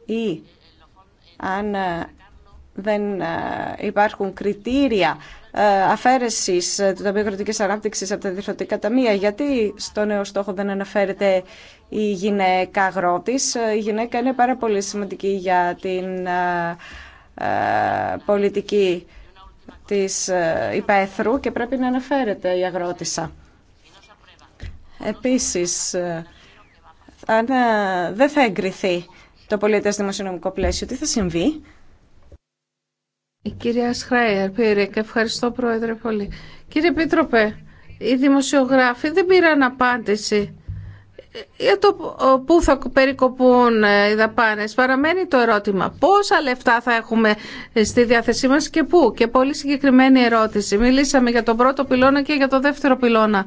ή αν ε, δεν ε, υπάρχουν κριτήρια ε, αφαίρεσης ε, του Ταμείου Αγροτικής Ανάπτυξης από τα διευθυντικά ταμεία. Γιατί στο νέο στόχο δεν αναφέρεται η γυναίκα αγρότης. Ε, η γυναίκα είναι πάρα πολύ σημαντική για την πολιτική της υπαίθρου και πρέπει να αναφέρεται η αγρότησα. Επίσης, αν δεν θα εγκριθεί το πολίτες δημοσιονομικό πλαίσιο, τι θα συμβεί. Η κυρία Σχράιερ πήρε και ευχαριστώ πρόεδρε πολύ. Κύριε Πίτροπε, οι δημοσιογράφοι δεν πήραν απάντηση για το πού θα περικοπούν ε, οι δαπάνες. Παραμένει το ερώτημα πόσα λεφτά θα έχουμε στη διάθεσή μας και πού. Και πολύ συγκεκριμένη ερώτηση. Μιλήσαμε για τον πρώτο πυλώνα και για τον δεύτερο πυλώνα.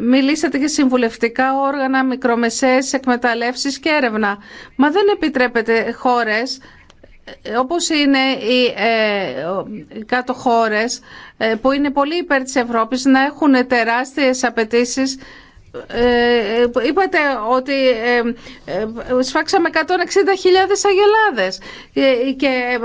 Μιλήσατε για συμβουλευτικά όργανα, μικρομεσαίες εκμεταλλεύσεις και έρευνα. Μα δεν επιτρέπεται χώρες ε, όπως είναι οι ε, κάτω χώρες ε, που είναι πολύ υπέρ της Ευρώπης να έχουν τεράστιες απαιτήσει. Είπατε ότι σφάξαμε 160.000 αγελάδες και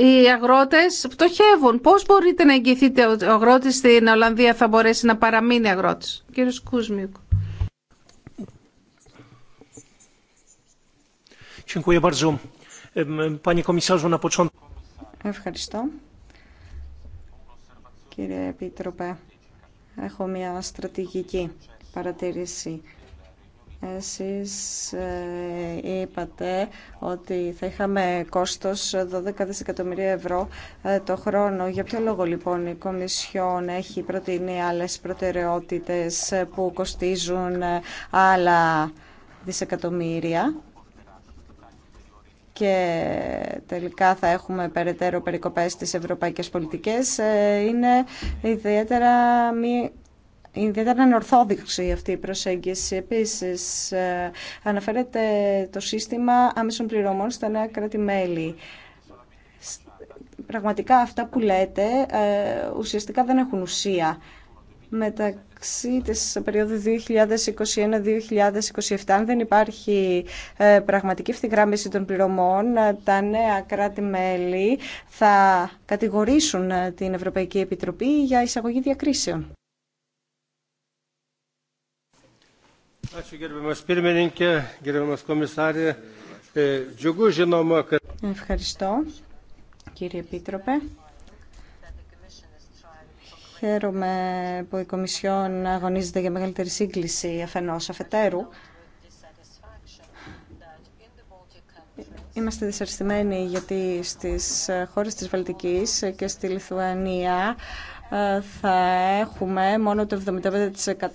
οι αγρότες φτωχεύουν. Πώς μπορείτε να εγγυηθείτε ότι ο αγρότης στην Ολλανδία θα μπορέσει να παραμείνει αγρότης. Κύριε Κούσμιουκ. Ευχαριστώ Ευχαριστώ. Κύριε Επίτροπε, έχω μια στρατηγική παρατήρηση. Εσείς ε, είπατε ότι θα είχαμε κόστος 12 δισεκατομμύρια ευρώ ε, το χρόνο. Για ποιο λόγο λοιπόν η Κομισιόν έχει προτείνει άλλες προτεραιότητες που κοστίζουν ε, άλλα δισεκατομμύρια και τελικά θα έχουμε περαιτέρω περικοπές στις ευρωπαϊκές πολιτικές ε, είναι ιδιαίτερα μη ιδιαίτερα αυτή η προσέγγιση. Επίσης, ε, αναφέρεται το σύστημα άμεσων πληρωμών στα νέα κράτη-μέλη. Πραγματικά αυτά που λέτε ε, ουσιαστικά δεν έχουν ουσία. τα μεταξύ της περίοδου 2021-2027 αν δεν υπάρχει ε, πραγματική ευθυγράμμιση των πληρωμών ε, τα νέα κράτη-μέλη θα κατηγορήσουν ε, την Ευρωπαϊκή Επιτροπή για εισαγωγή διακρίσεων. Ευχαριστώ κύριε Επίτροπε. Χαίρομαι που η Κομισιόν αγωνίζεται για μεγαλύτερη σύγκληση αφενός αφετέρου Είμαστε δυσαρεστημένοι γιατί στις ε, χώρες της Βαλτικής ε, και στη Λιθουανία ε, θα έχουμε μόνο το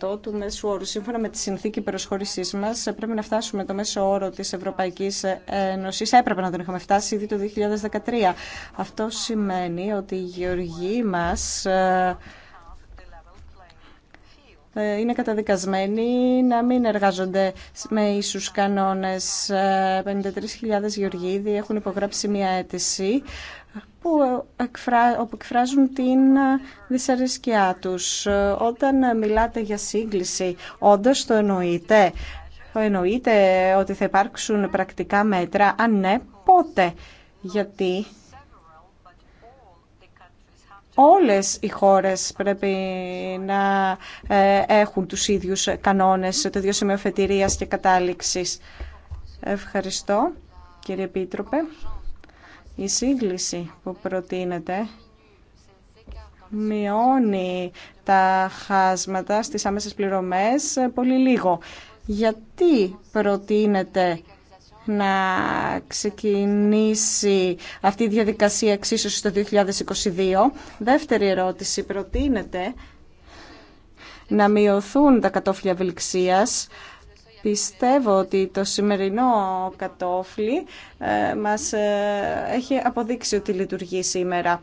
75% του μέσου όρου. Σύμφωνα με τη συνθήκη προσχώρησή μα, πρέπει να φτάσουμε το μέσο όρο τη Ευρωπαϊκή Ένωση. Έπρεπε να τον είχαμε φτάσει ήδη το 2013. Αυτό σημαίνει ότι οι γεωργοί μα ε, είναι καταδικασμένοι να μην εργάζονται με ίσους κανόνες. 53.000 ε, Γεωργίδη έχουν υπογράψει μια αίτηση που ε, εκφράζουν την δυσαρεσκιά τους. Όταν μιλάτε για σύγκληση, όντως το εννοείτε. Εννοείτε ότι θα υπάρξουν πρακτικά μέτρα. Αν ναι, πότε. Γιατί όλες οι χώρες πρέπει να ε, έχουν τους ίδιους κανόνες, το ίδιο σημείο φετηρίας και κατάληξης. Ευχαριστώ, κύριε Επίτροπε. Η σύγκληση που προτείνεται μειώνει τα χάσματα στις άμεσες πληρωμές πολύ λίγο. Γιατί προτείνεται να ξεκινήσει αυτή η διαδικασία εξίσωσης το 2022. Δεύτερη ερώτηση, προτείνεται να μειωθούν τα κατόφλια ευελιξίας Πιστεύω ότι το σημερινό κατόφλι ε, μας ε, έχει αποδείξει ότι λειτουργεί σήμερα.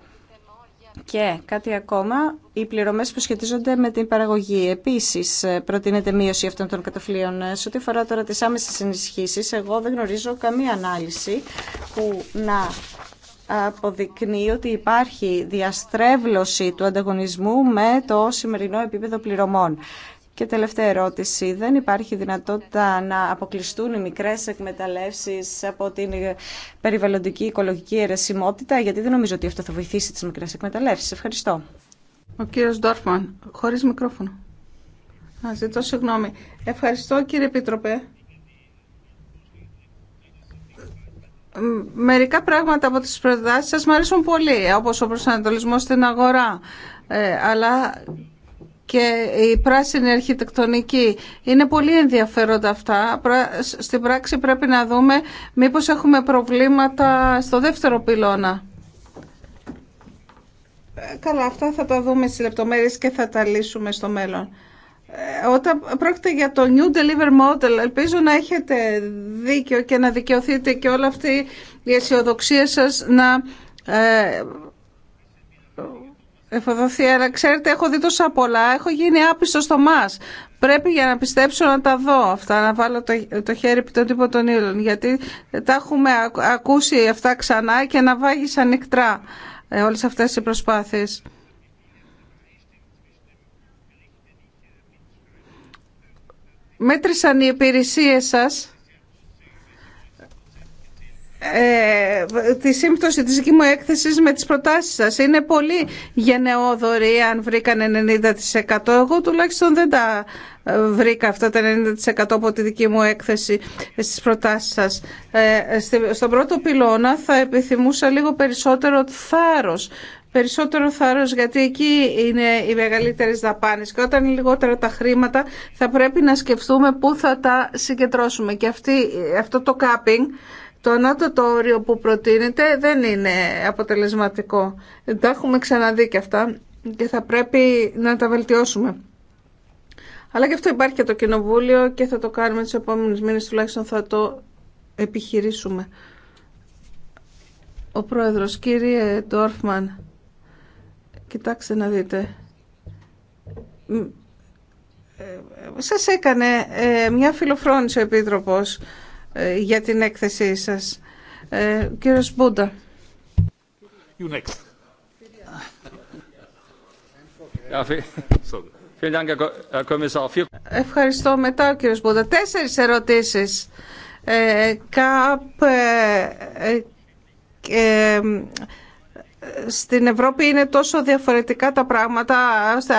Και κάτι ακόμα, οι πληρωμές που σχετίζονται με την παραγωγή. Επίσης, ε, προτείνεται μείωση αυτών των καταφλίων. Ε, σε ό,τι αφορά τώρα τις άμεσες ενισχύσεις, εγώ δεν γνωρίζω καμία ανάλυση που να αποδεικνύει ότι υπάρχει διαστρέβλωση του ανταγωνισμού με το σημερινό επίπεδο πληρωμών. Και τελευταία ερώτηση. Δεν υπάρχει δυνατότητα να αποκλειστούν οι μικρές εκμεταλλεύσεις από την περιβαλλοντική οικολογική αιρεσιμότητα, γιατί δεν νομίζω ότι αυτό θα βοηθήσει τις μικρές εκμεταλλεύσεις. Ευχαριστώ. Ο κύριος Ντόρφμαν, χωρίς μικρόφωνο. Α, ζητώ συγγνώμη. Ευχαριστώ κύριε Επίτροπε. Μερικά πράγματα από τις προτάσεις σας μου αρέσουν πολύ, όπως ο προσανατολισμός στην αγορά. Ε, αλλά και η πράσινη αρχιτεκτονική. Είναι πολύ ενδιαφέροντα αυτά. Στην πράξη πρέπει να δούμε μήπως έχουμε προβλήματα στο δεύτερο πυλώνα. Ε, καλά, αυτά θα τα δούμε στις λεπτομέρειες και θα τα λύσουμε στο μέλλον. Ε, όταν πρόκειται για το New Deliver Model, ελπίζω να έχετε δίκιο και να δικαιωθείτε και όλα αυτή η αισιοδοξία σας να ε, εφοδοθεί, αλλά ξέρετε έχω δει τόσα πολλά, έχω γίνει άπιστο στο μα. Πρέπει για να πιστέψω να τα δω αυτά, να βάλω το, το χέρι επί τον τύπο των ήλων, γιατί τα έχουμε ακούσει αυτά ξανά και να βάγει ανοιχτά ε, όλες αυτές οι προσπάθειες. Μέτρησαν οι υπηρεσίες σας ε, τη σύμπτωση της δική μου έκθεσης με τις προτάσεις σας. Είναι πολύ γενναιόδοροι αν βρήκαν 90%. Εγώ τουλάχιστον δεν τα ε, βρήκα αυτά τα 90% από τη δική μου έκθεση στις προτάσεις σας. Ε, στον πρώτο πυλώνα θα επιθυμούσα λίγο περισσότερο θάρρος περισσότερο θάρρος γιατί εκεί είναι οι μεγαλύτερες δαπάνε και όταν είναι λιγότερα τα χρήματα θα πρέπει να σκεφτούμε πού θα τα συγκεντρώσουμε και αυτό το κάπινγκ το ανώτατο όριο που προτείνεται δεν είναι αποτελεσματικό. Τα έχουμε ξαναδεί και αυτά και θα πρέπει να τα βελτιώσουμε. Αλλά και αυτό υπάρχει και το Κοινοβούλιο και θα το κάνουμε τις επόμενες μήνες, τουλάχιστον θα το επιχειρήσουμε. Ο Πρόεδρος, κύριε Ντόρφμαν, κοιτάξτε να δείτε. Ε, ε, σας έκανε ε, μια φιλοφρόνηση ο Επίτροπος ε, για την έκθεσή σας. Ε, κύριος Μπούντα. You next. Ευχαριστώ μετά ο κύριος Μπούντα. Τέσσερις ερωτήσεις. Ε, ΚΑΠ, ε, στην Ευρώπη είναι τόσο διαφορετικά τα πράγματα,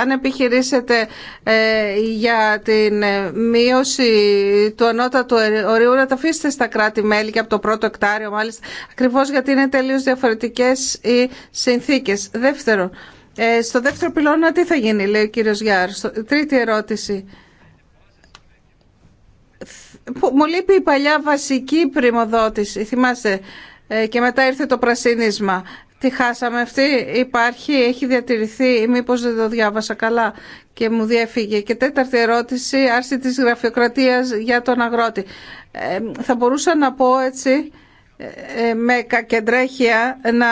αν επιχειρήσετε ε, για την ε, μείωση του ανώτατου ορίου, να τα αφήσετε στα κράτη-μέλη και από το πρώτο εκτάριο μάλιστα, ακριβώς γιατί είναι τελείως διαφορετικές οι συνθήκες. Δεύτερο, ε, στο δεύτερο πυλώνα τι θα γίνει, λέει ο κύριος Γιάρ. Τρίτη ερώτηση. Μου λείπει η παλιά βασική πρημοδότηση, θυμάστε, και μετά ήρθε το πρασίνισμα. Τη χάσαμε αυτή, υπάρχει, έχει διατηρηθεί ή μήπως δεν το διάβασα καλά και μου διέφυγε. Και τέταρτη ερώτηση, άρση της γραφειοκρατίας για τον αγρότη. Ε, θα μπορούσα να πω έτσι ε, ε, με κακεντρέχεια να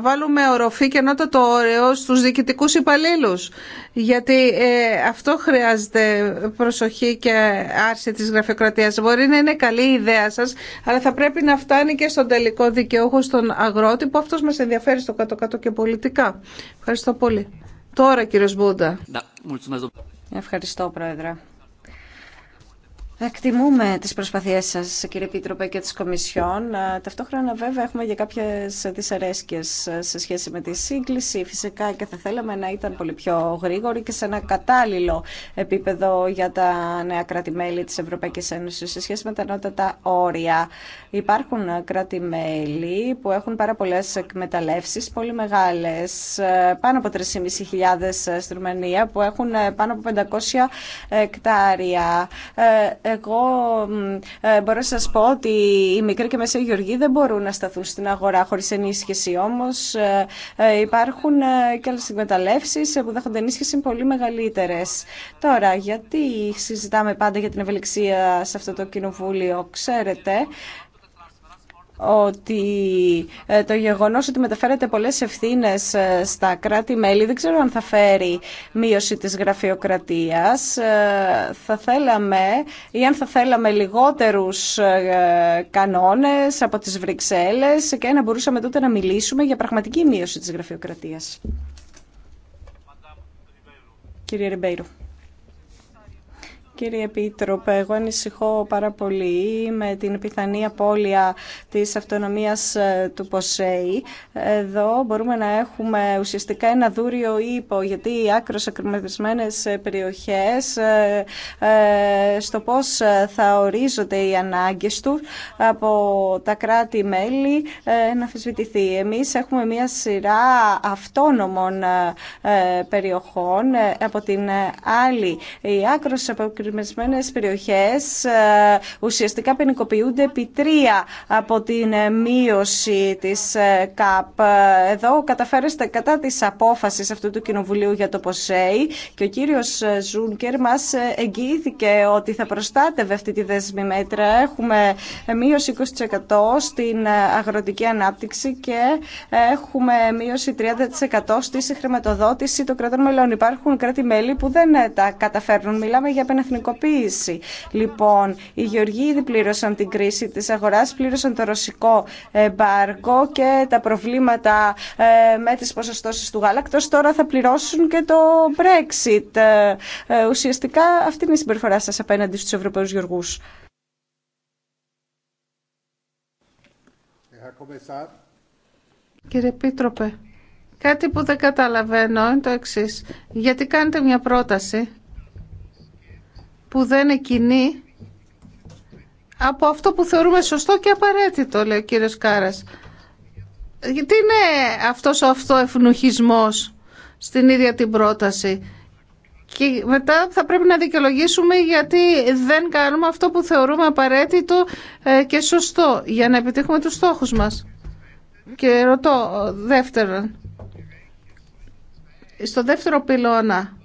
βάλουμε οροφή και νότα το όριο στους διοικητικούς υπαλλήλους γιατί ε, αυτό χρειάζεται προσοχή και άρση της γραφειοκρατίας. Μπορεί να είναι καλή η ιδέα σας αλλά θα πρέπει να φτάνει και στον τελικό δικαιούχο στον αγρότη που αυτός μας ενδιαφέρει στο κάτω-κάτω και πολιτικά. Ευχαριστώ πολύ. Τώρα κύριο Μπούντα. Ευχαριστώ πρόεδρε. Εκτιμούμε τις προσπαθίες σας, κύριε Πίτροπε, και της Κομισιόν. Ε, ταυτόχρονα, βέβαια, έχουμε για κάποιες δυσαρέσκειες ε, σε σχέση με τη σύγκληση. Φυσικά και θα θέλαμε να ήταν πολύ πιο γρήγορη και σε ένα κατάλληλο επίπεδο για τα νέα κράτη-μέλη της Ευρωπαϊκής Ένωσης σε σχέση με τα νότατα όρια. Υπάρχουν κράτη-μέλη που έχουν πάρα πολλέ εκμεταλλεύσει, πολύ μεγάλε, ε, πάνω από 3.500 στη Ρουμανία, που έχουν πάνω από 500 εκτάρια εγώ ε, μπορώ να σας πω ότι οι μικροί και μεσαίοι γεωργοί δεν μπορούν να σταθούν στην αγορά χωρίς ενίσχυση. Όμως ε, ε, υπάρχουν και άλλες εκμεταλλεύσεις που δέχονται ενίσχυση πολύ μεγαλύτερες. Τώρα, γιατί συζητάμε πάντα για την ευελιξία σε αυτό το κοινοβούλιο. Ξέρετε, ότι ε, το γεγονός ότι μεταφέρεται πολλές ευθύνες ε, στα κράτη-μέλη δεν ξέρω αν θα φέρει μείωση της γραφειοκρατίας. Ε, θα θέλαμε ή αν θα θέλαμε λιγότερους κανόνες από τις Βρυξέλλες και να μπορούσαμε τότε να μιλήσουμε για πραγματική μείωση της γραφειοκρατίας. Κύριε Ριμπέιρου. Κύριε Επίτροπε, εγώ ανησυχώ πάρα πολύ με την πιθανή απώλεια της αυτονομίας ε, του Ποσέη. Εδώ μπορούμε να έχουμε ουσιαστικά ένα δούριο ύπο, γιατί οι άκρος ακριματισμένες περιοχές ε, ε, στο πώς θα ορίζονται οι ανάγκες του από τα κράτη-μέλη να αφισβητηθεί. Εμείς έχουμε μια σειρά αυτόνομων περιοχών. Από την άλλη, οι Ορισμένε περιοχές ε, ουσιαστικά ποινικοποιούνται επί τρία από την ε, μείωση της ε, ΚΑΠ. Εδώ καταφέρεστε κατά τη απόφαση αυτού του Κοινοβουλίου για το ΠΟΣΕΙ και ο κύριος Ζούνκερ μας εγγυήθηκε ότι θα προστάτευε αυτή τη δέσμη μέτρα. Έχουμε μείωση 20% στην αγροτική ανάπτυξη και έχουμε μείωση 30% στη χρηματοδότηση των κρατών μελών. Υπάρχουν κράτη-μέλη που δεν τα καταφέρνουν. Μιλάμε για εθνικοποίηση. Λοιπόν, οι Γεωργοί ήδη πλήρωσαν την κρίση της αγοράς, πλήρωσαν το ρωσικό μπαρκό και τα προβλήματα ε, με τις ποσοστώσεις του γάλακτος. Τώρα θα πληρώσουν και το Brexit. Ε, ε, ουσιαστικά αυτή είναι η συμπεριφορά σας απέναντι στους Ευρωπαίους Γεωργούς. Κύριε Πίτροπε, κάτι που δεν καταλαβαίνω είναι το εξής. Γιατί κάνετε μια πρόταση που δεν είναι κοινή από αυτό που θεωρούμε σωστό και απαραίτητο, λέει ο κύριος Κάρας. Γιατί είναι αυτός ο αυτοεφνουχισμός στην ίδια την πρόταση. Και μετά θα πρέπει να δικαιολογήσουμε γιατί δεν κάνουμε αυτό που θεωρούμε απαραίτητο ε, και σωστό για να επιτύχουμε τους στόχους μας. Και ρωτώ δεύτερον, στο δεύτερο πυλώνα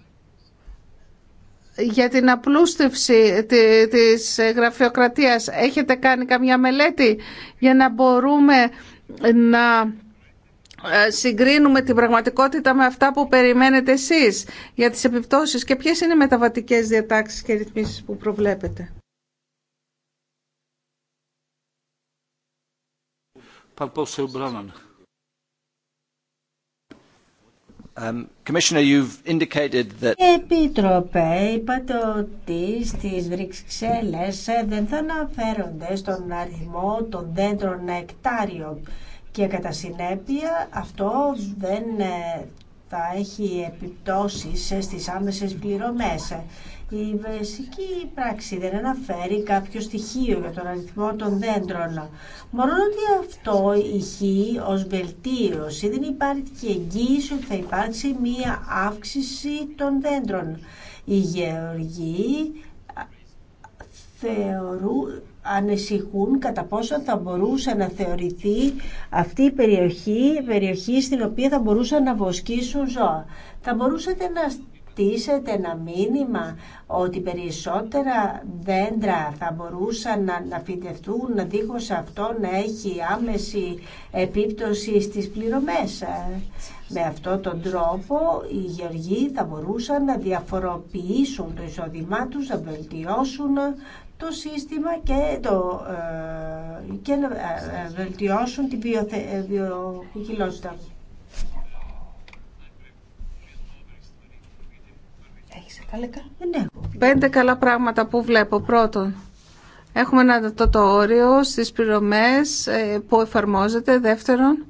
για την απλούστευση της γραφειοκρατίας. Έχετε κάνει καμιά μελέτη για να μπορούμε να ε, συγκρίνουμε την πραγματικότητα με αυτά που περιμένετε εσείς για τις επιπτώσεις και ποιες είναι οι μεταβατικές διατάξεις και ρυθμίσεις που προβλέπετε. Um, Επίτροπε, είπατε ότι στις Βρυξέλλες ε, δεν θα αναφέρονται στον αριθμό των δέντρων εκτάριων και κατά συνέπεια αυτό δεν ε, θα έχει επιπτώσεις ε, στις άμεσες πληρωμές. Η βασική πράξη δεν αναφέρει κάποιο στοιχείο για τον αριθμό των δέντρων. Μόνο ότι αυτό ηχεί ω βελτίωση. Δεν υπάρχει εγγύηση ότι θα υπάρξει μία αύξηση των δέντρων. Οι γεωργοί θεωρούν, κατά πόσο θα μπορούσε να θεωρηθεί αυτή η περιοχή, περιοχή στην οποία θα μπορούσαν να βοσκήσουν ζώα. Θα μπορούσατε να ένα μήνυμα ότι περισσότερα δέντρα θα μπορούσαν να, να φυτευτούν δίχως αυτό να έχει άμεση επίπτωση στις πληρωμές. Ε? Με αυτόν τον τρόπο οι γεωργοί θα μπορούσαν να διαφοροποιήσουν το εισόδημά τους, να βελτιώσουν το σύστημα και, ε, να ε, βελτιώσουν την βιοποικιλότητα. έχεις Πέντε καλά πράγματα που βλέπω. Πρώτον, έχουμε ένα το, το όριο στις πληρωμές ε, που εφαρμόζεται. Δεύτερον,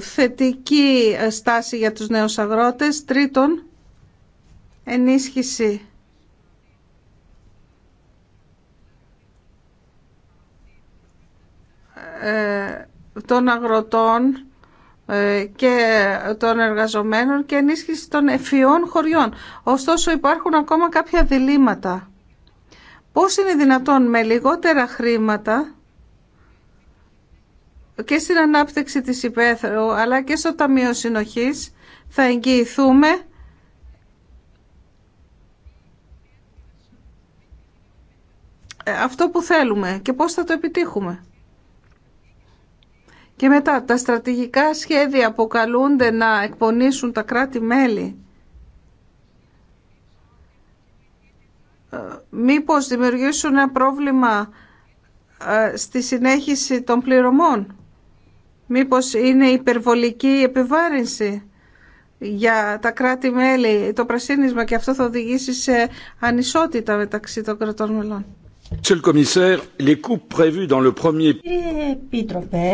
θετική στάση για τους νέους αγρότες. Τρίτον, ενίσχυση ε, των αγροτών ε, και των εργαζομένων και ενίσχυση των ευφυών χωριών. Ωστόσο υπάρχουν ακόμα κάποια διλήμματα. Πώς είναι δυνατόν με λιγότερα χρήματα και στην ανάπτυξη της υπαίθρου αλλά και στο Ταμείο Συνοχής θα εγγυηθούμε αυτό που θέλουμε και πώς θα το επιτύχουμε. Και μετά τα στρατηγικά σχέδια που καλούνται να εκπονήσουν τα κράτη-μέλη. Ε, μήπως δημιουργήσουν ένα πρόβλημα ε, στη συνέχιση των πληρωμών. Μήπως είναι υπερβολική επιβάρυνση για τα κράτη-μέλη το πρασίνισμα και αυτό θα οδηγήσει σε ανισότητα μεταξύ των κρατών μελών. Κύριε Επίτροπε,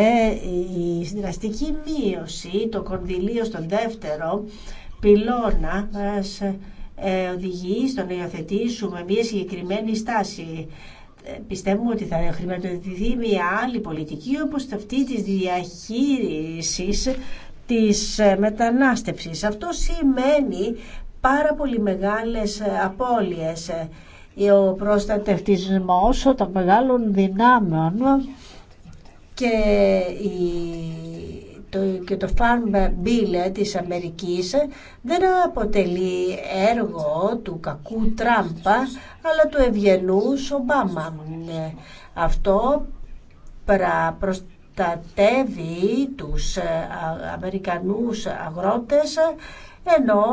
η συνδραστική μείωση το κονδυλίο στον δεύτερο πυλώνα μας ε, οδηγεί στο να υιοθετήσουμε μια συγκεκριμένη στάση. Ε, πιστεύουμε ότι θα χρηματοδοτηθεί μια άλλη πολιτική όπως αυτή της διαχείρισης της ε, μετανάστευσης. Αυτό σημαίνει πάρα πολύ μεγάλες απώλειες ο προστατευτισμός των μεγάλων δυνάμεων και, το, και το Farm Bill ε, της Αμερικής δεν αποτελεί έργο του κακού Τράμπα αλλά του ευγενούς Ομπάμα. Ε, αυτό προστατεύει τους ε, Αμερικανούς αγρότες ενώ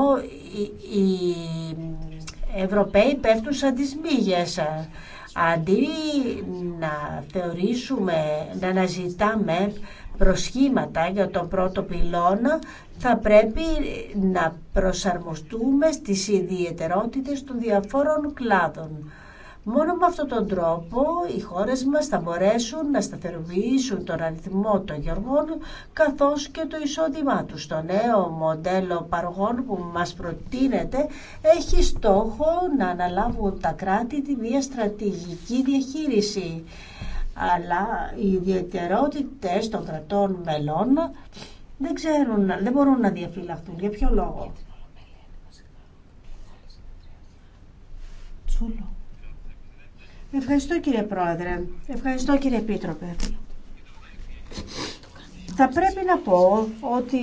οι Ευρωπαίοι πέφτουν σαν τις μύγες. Αντί να θεωρήσουμε, να αναζητάμε προσχήματα για τον πρώτο πυλώνα, θα πρέπει να προσαρμοστούμε στις ιδιαιτερότητες των διαφόρων κλάδων. Μόνο με αυτόν τον τρόπο οι χώρες μας θα μπορέσουν να σταθεροποιήσουν τον αριθμό των γεωργών καθώς και το εισόδημά τους. Το νέο μοντέλο παροχών που μας προτείνεται έχει στόχο να αναλάβουν τα κράτη τη μια στρατηγική διαχείριση. Αλλά οι ιδιαιτερότητες των κρατών μελών δεν, ξέρουν, δεν μπορούν να διαφυλαχθούν. Για ποιο λόγο. Ευχαριστώ κύριε Πρόεδρε. Ευχαριστώ κύριε Επίτροπε. Θα πρέπει να πω ότι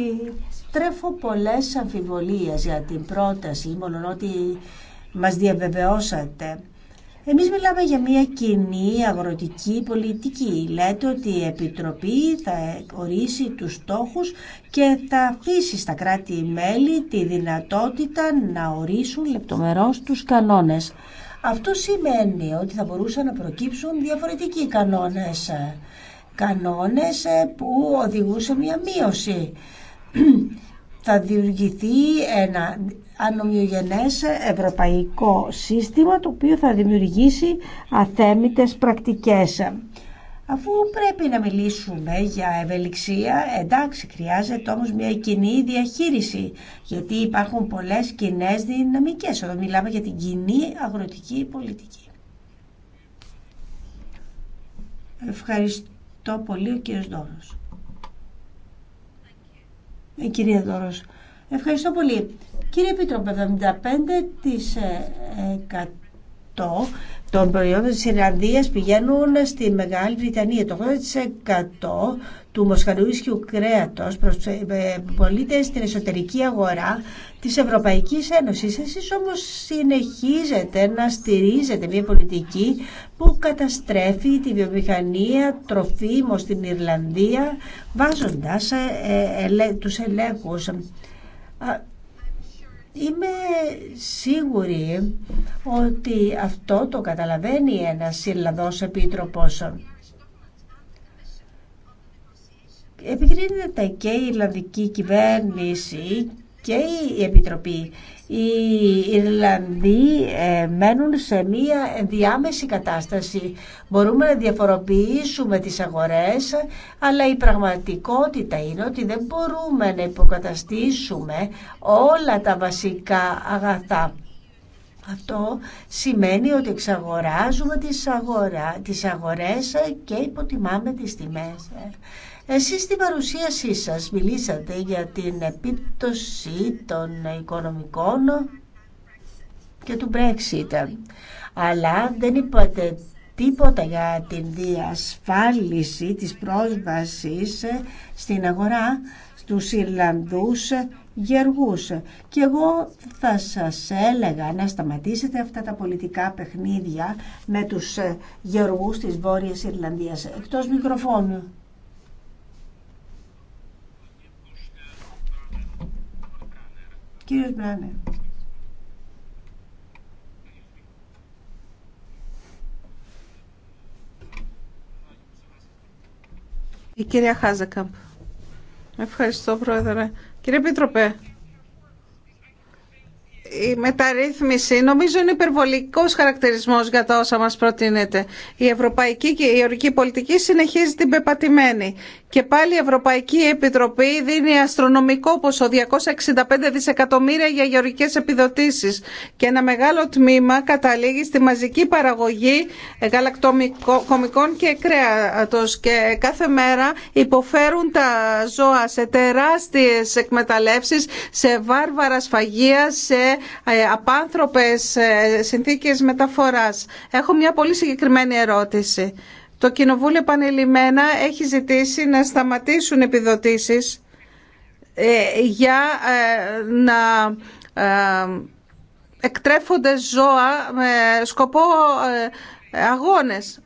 τρέφω πολλές αμφιβολίες για την πρόταση, μόνο ότι μας διαβεβαιώσατε. Εμείς μιλάμε για μια κοινή αγροτική πολιτική. Λέτε ότι η Επιτροπή θα ορίσει τους στόχους και θα αφήσει στα κράτη-μέλη τη δυνατότητα να ορίσουν λεπτομερώς τους κανόνες. Αυτό σημαίνει ότι θα μπορούσαν να προκύψουν διαφορετικοί κανόνες. Κανόνες ε, που οδηγούσαν μια μείωση. (clears throat) Θα δημιουργηθεί ένα ανομοιογενές ευρωπαϊκό σύστημα το οποίο θα δημιουργήσει αθέμητες πρακτικές. Αφού πρέπει να μιλήσουμε για ευελιξία, εντάξει, χρειάζεται όμως μια κοινή διαχείριση, γιατί υπάρχουν πολλές κοινέ δυναμικές. όταν μιλάμε για την κοινή αγροτική πολιτική. Ευχαριστώ πολύ ο κύριος Δόρος. Κύριε κυρία Δόρος. Ευχαριστώ πολύ. Κύριε Επίτροπε, 75% των προϊόντων της Ιρλανδίας πηγαίνουν στη Μεγάλη Βρυτανία. Το 80% του μοσχαρούισκιου κρέατος προς ε, ε, στην εσωτερική αγορά της Ευρωπαϊκής Ένωσης. Εσείς όμως συνεχίζετε να στηρίζετε μια πολιτική που καταστρέφει τη βιομηχανία τροφίμων στην Ιρλανδία βάζοντας ε, τους ελέγχους Είμαι σίγουρη ότι αυτό το καταλαβαίνει ένας Ιρλανδός Επίτροπος. Επικρίνεται και η Ιρλανδική κυβέρνηση και η Επιτροπή οι Ιρλανδοί ε, μένουν σε μία διάμεση κατάσταση. Μπορούμε να διαφοροποιήσουμε τις αγορές, αλλά η πραγματικότητα είναι ότι δεν μπορούμε να υποκαταστήσουμε όλα τα βασικά αγαθά. Αυτό σημαίνει ότι εξαγοράζουμε τις, αγορά, τις αγορές και υποτιμάμε τις τιμές. Εσείς στην παρουσίασή σας μιλήσατε για την επίπτωση των οικονομικών και του Brexit. Αλλά δεν είπατε τίποτα για την διασφάλιση της πρόσβασης στην αγορά στους Ιρλανδούς γεργούς. Και εγώ θα σας έλεγα να σταματήσετε αυτά τα πολιτικά παιχνίδια με τους γεργούς της Βόρειας Ιρλανδίας. Εκτός μικροφώνου. Η κυρία Χάζεκαμπ. Ευχαριστώ, Πρόεδρε. Κύριε Πίτροπε, η μεταρρύθμιση νομίζω είναι υπερβολικός χαρακτηρισμός για τα όσα μας προτείνεται. Η ευρωπαϊκή και η ορική πολιτική συνεχίζει την πεπατημένη και πάλι η Ευρωπαϊκή Επιτροπή δίνει αστρονομικό ποσό 265 δισεκατομμύρια για γεωργικές επιδοτήσεις και ένα μεγάλο τμήμα καταλήγει στη μαζική παραγωγή ε, γαλακτοκομικών και κρέατος και κάθε μέρα υποφέρουν τα ζώα σε τεράστιες εκμεταλλεύσεις, σε βάρβαρα σφαγεία, σε ε, απάνθρωπες ε, συνθήκες μεταφοράς. Έχω μια πολύ συγκεκριμένη ερώτηση. Το Κοινοβούλιο επανειλημμένα έχει ζητήσει να σταματήσουν επιδοτήσεις ε, για ε, να ε, εκτρέφονται ζώα με σκοπό αγώνες.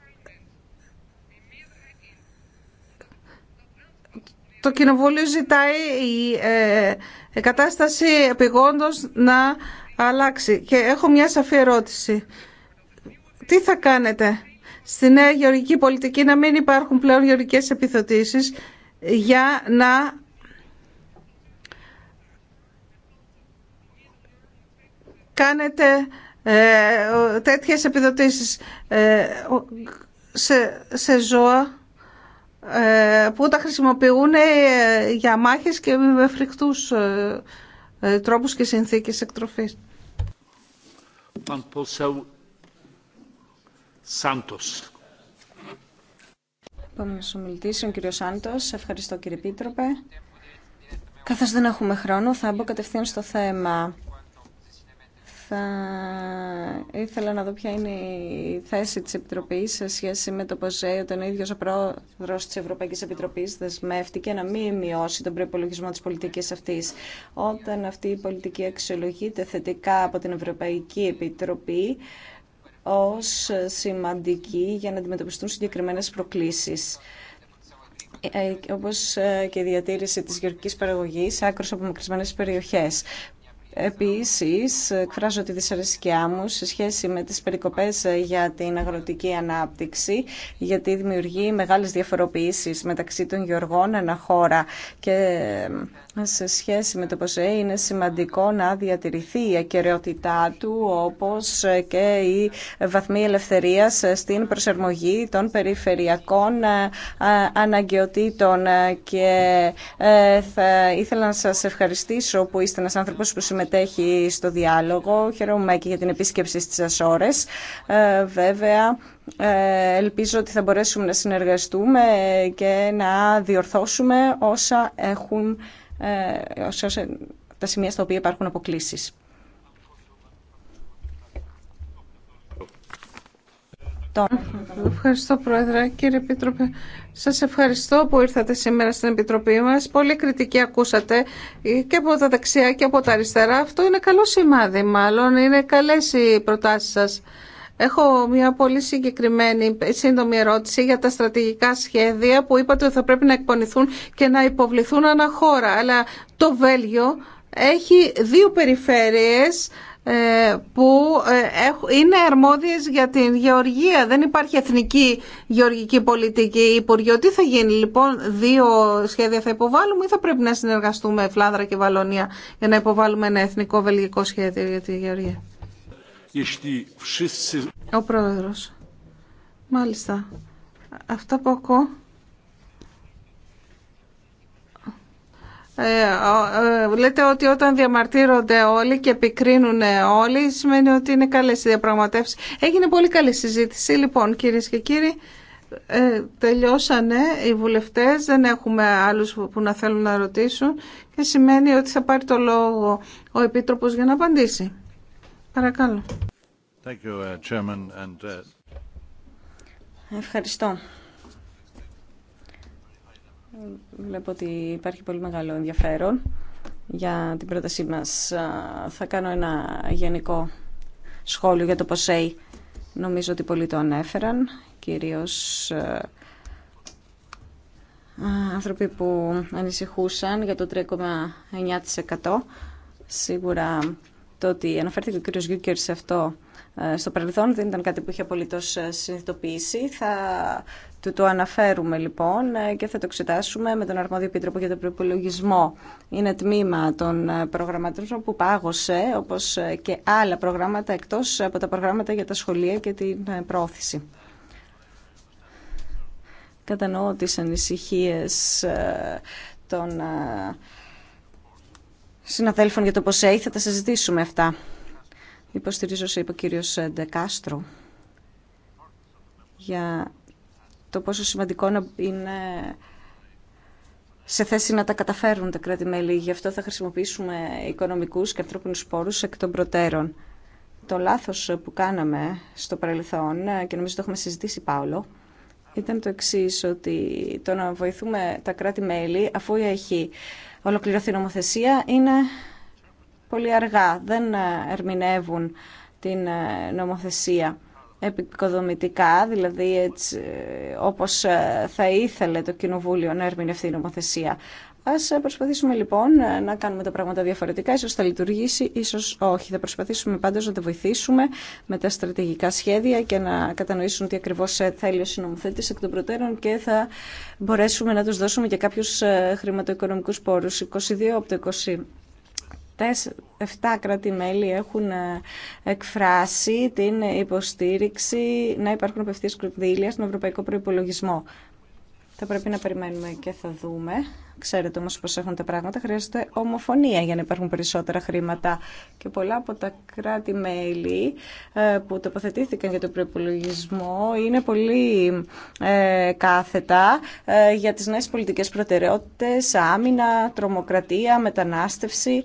Το Κοινοβούλιο ζητάει η κατάσταση επιγόντως να αλλάξει. Και έχω μια σαφή ερώτηση. Τι θα κάνετε στη νέα γεωργική πολιτική να μην υπάρχουν πλέον γεωργικές επιθετήσεις για να κάνετε ε, τέτοιες επιδοτήσεις ε, σε, σε ζώα ε, που τα χρησιμοποιούν ε, για μάχες και με φρικτούς τρόπους και συνθήκες εκτροφής. Σάντος. ο Ευχαριστώ κύριε Πίτροπε. Καθώς δεν έχουμε χρόνο, θα μπω κατευθείαν στο θέμα. Θα ήθελα να δω ποια είναι η θέση της Επιτροπής σε σχέση με το ΠΟΖΕΙ. ο ίδιο ο πρόεδρος της Ευρωπαϊκής Επιτροπής δεσμεύτηκε να μην μειώσει τον προπολογισμό της πολιτικής αυτής. Όταν αυτή η πολιτική αξιολογείται θετικά από την Ευρωπαϊκή Επιτροπή, ως σημαντική για να αντιμετωπιστούν συγκεκριμένες προκλήσεις ε, ε, όπως ε, και η διατήρηση της γεωργικής παραγωγής άκρως από μακρισμένες περιοχές. Επίσης, εκφράζω τη δυσαρεσκιά μου σε σχέση με τις περικοπές για την αγροτική ανάπτυξη, γιατί δημιουργεί μεγάλες διαφοροποιήσεις μεταξύ των γεωργών ανά χώρα και ε, σε σχέση με το πως ε, είναι σημαντικό να διατηρηθεί η ακαιρεότητά του, όπως ε, και η βαθμή ελευθερίας στην προσαρμογή των περιφερειακών αναγκαιοτήτων. Και θα ήθελα να σας ευχαριστήσω που είστε ένας άνθρωπος που συμμετέχει συμμετέχει στο διάλογο. Χαίρομαι και για την επίσκεψη στις Ασόρες. Ε, βέβαια, ε, ελπίζω ότι θα μπορέσουμε να συνεργαστούμε και να διορθώσουμε όσα έχουν ε, όσα, τα σημεία στα οποία υπάρχουν αποκλήσεις. Ευχαριστώ, Πρόεδρε. Κύριε Επίτροπε, σας ευχαριστώ που ήρθατε σήμερα στην Επιτροπή μας. Πολύ κριτική ακούσατε ε, και από τα δεξιά και από τα αριστερά. Αυτό είναι καλό σημάδι μάλλον. Είναι καλέ οι προτάσει σα. Έχω μια πολύ συγκεκριμένη σύντομη ερώτηση για τα στρατηγικά σχέδια που είπατε ότι θα πρέπει να εκπονηθούν και να υποβληθούν ανά χώρα. Αλλά το Βέλγιο έχει δύο περιφέρειες ε, που ε, είναι αρμόδιες για την γεωργία. Δεν υπάρχει εθνική γεωργική πολιτική υπουργείο. Τι θα γίνει λοιπόν, δύο σχέδια θα υποβάλουμε ή θα πρέπει να συνεργαστούμε Φλάνδρα και Βαλονία για να υποβάλουμε ένα εθνικό βελγικό σχέδιο για τη γεωργία. Ο πρόεδρος. Μάλιστα. Αυτά που ακούω Ε, ε, λέτε ότι όταν διαμαρτύρονται όλοι και επικρίνουν όλοι σημαίνει ότι είναι καλέ οι διαπραγματεύσει. Έγινε πολύ καλή συζήτηση. Λοιπόν, κύριε και κύριοι, ε, τελειώσανε οι βουλευτές, δεν έχουμε άλλους που να θέλουν να ρωτήσουν και σημαίνει ότι θα πάρει το λόγο ο Επίτροπος για να απαντήσει. Παρακαλώ. Thank you, uh, and... Uh, Ευχαριστώ. Βλέπω ότι υπάρχει πολύ μεγάλο ενδιαφέρον για την πρότασή μας. Θα κάνω ένα γενικό σχόλιο για το ΠΟΣΕΙ. Νομίζω ότι πολλοί το ανέφεραν, κυρίως ε, άνθρωποι που ανησυχούσαν για το 3,9%. Σίγουρα το ότι αναφέρθηκε ο κύριος Γιούκερ σε αυτό ε, στο παρελθόν δεν ήταν κάτι που είχε απολύτως ε, συνειδητοποιήσει. Θα του το αναφέρουμε λοιπόν ε, και θα το εξετάσουμε με τον Αρμόδιο Επίτροπο για τον Προπολογισμό. Είναι τμήμα των ε, προγραμματών που πάγωσε, όπως ε, και άλλα προγράμματα εκτός από τα προγράμματα για τα σχολεία και την πρόθεση. Κατανοώ τις ανησυχίες των συναδέλφων για το πώς έχει, θα τα συζητήσουμε αυτά. Υποστηρίζω, σε είπε ο κύριος Ντεκάστρο, για το πόσο σημαντικό είναι σε θέση να τα καταφέρουν τα κράτη-μέλη. Γι' αυτό θα χρησιμοποιήσουμε οικονομικούς και ανθρώπινους πόρους εκ των προτέρων. Το λάθος που κάναμε στο παρελθόν, και νομίζω το έχουμε συζητήσει, Πάολο, ήταν το εξή ότι το να βοηθούμε τα κράτη-μέλη, αφού έχει ολοκληρωθεί η νομοθεσία, είναι πολύ αργά. Δεν ερμηνεύουν την νομοθεσία επικοδομητικά, δηλαδή έτσι ε, όπως ε, θα ήθελε το Κοινοβούλιο να ερμηνευτεί η νομοθεσία. Ας ε, προσπαθήσουμε λοιπόν να κάνουμε τα πράγματα διαφορετικά, ίσως θα λειτουργήσει, ίσως όχι. Θα προσπαθήσουμε πάντως να τα βοηθήσουμε με τα στρατηγικά σχέδια και να κατανοήσουν τι ακριβώς θέλει ο συνομοθέτης εκ των προτέρων και θα μπορέσουμε να τους δώσουμε και κάποιους χρηματοοικονομικούς πόρους. 22 από το 20 εφτα 7 κράτη-μέλη έχουν ε, εκφράσει την υποστήριξη να υπάρχουν απευθείας κονδύλια στον ευρωπαϊκό προϋπολογισμό. Θα πρέπει να περιμένουμε και θα δούμε. Ξέρετε όμως πώς έχουν τα πράγματα. Χρειάζεται ομοφωνία για να υπάρχουν περισσότερα χρήματα. Και πολλά από τα κράτη-μέλη ε, που τοποθετήθηκαν για τον προπολογισμό είναι πολύ ε, κάθετα για τις νέες πολιτικές προτεραιότητες, άμυνα, τρομοκρατία, μετανάστευση.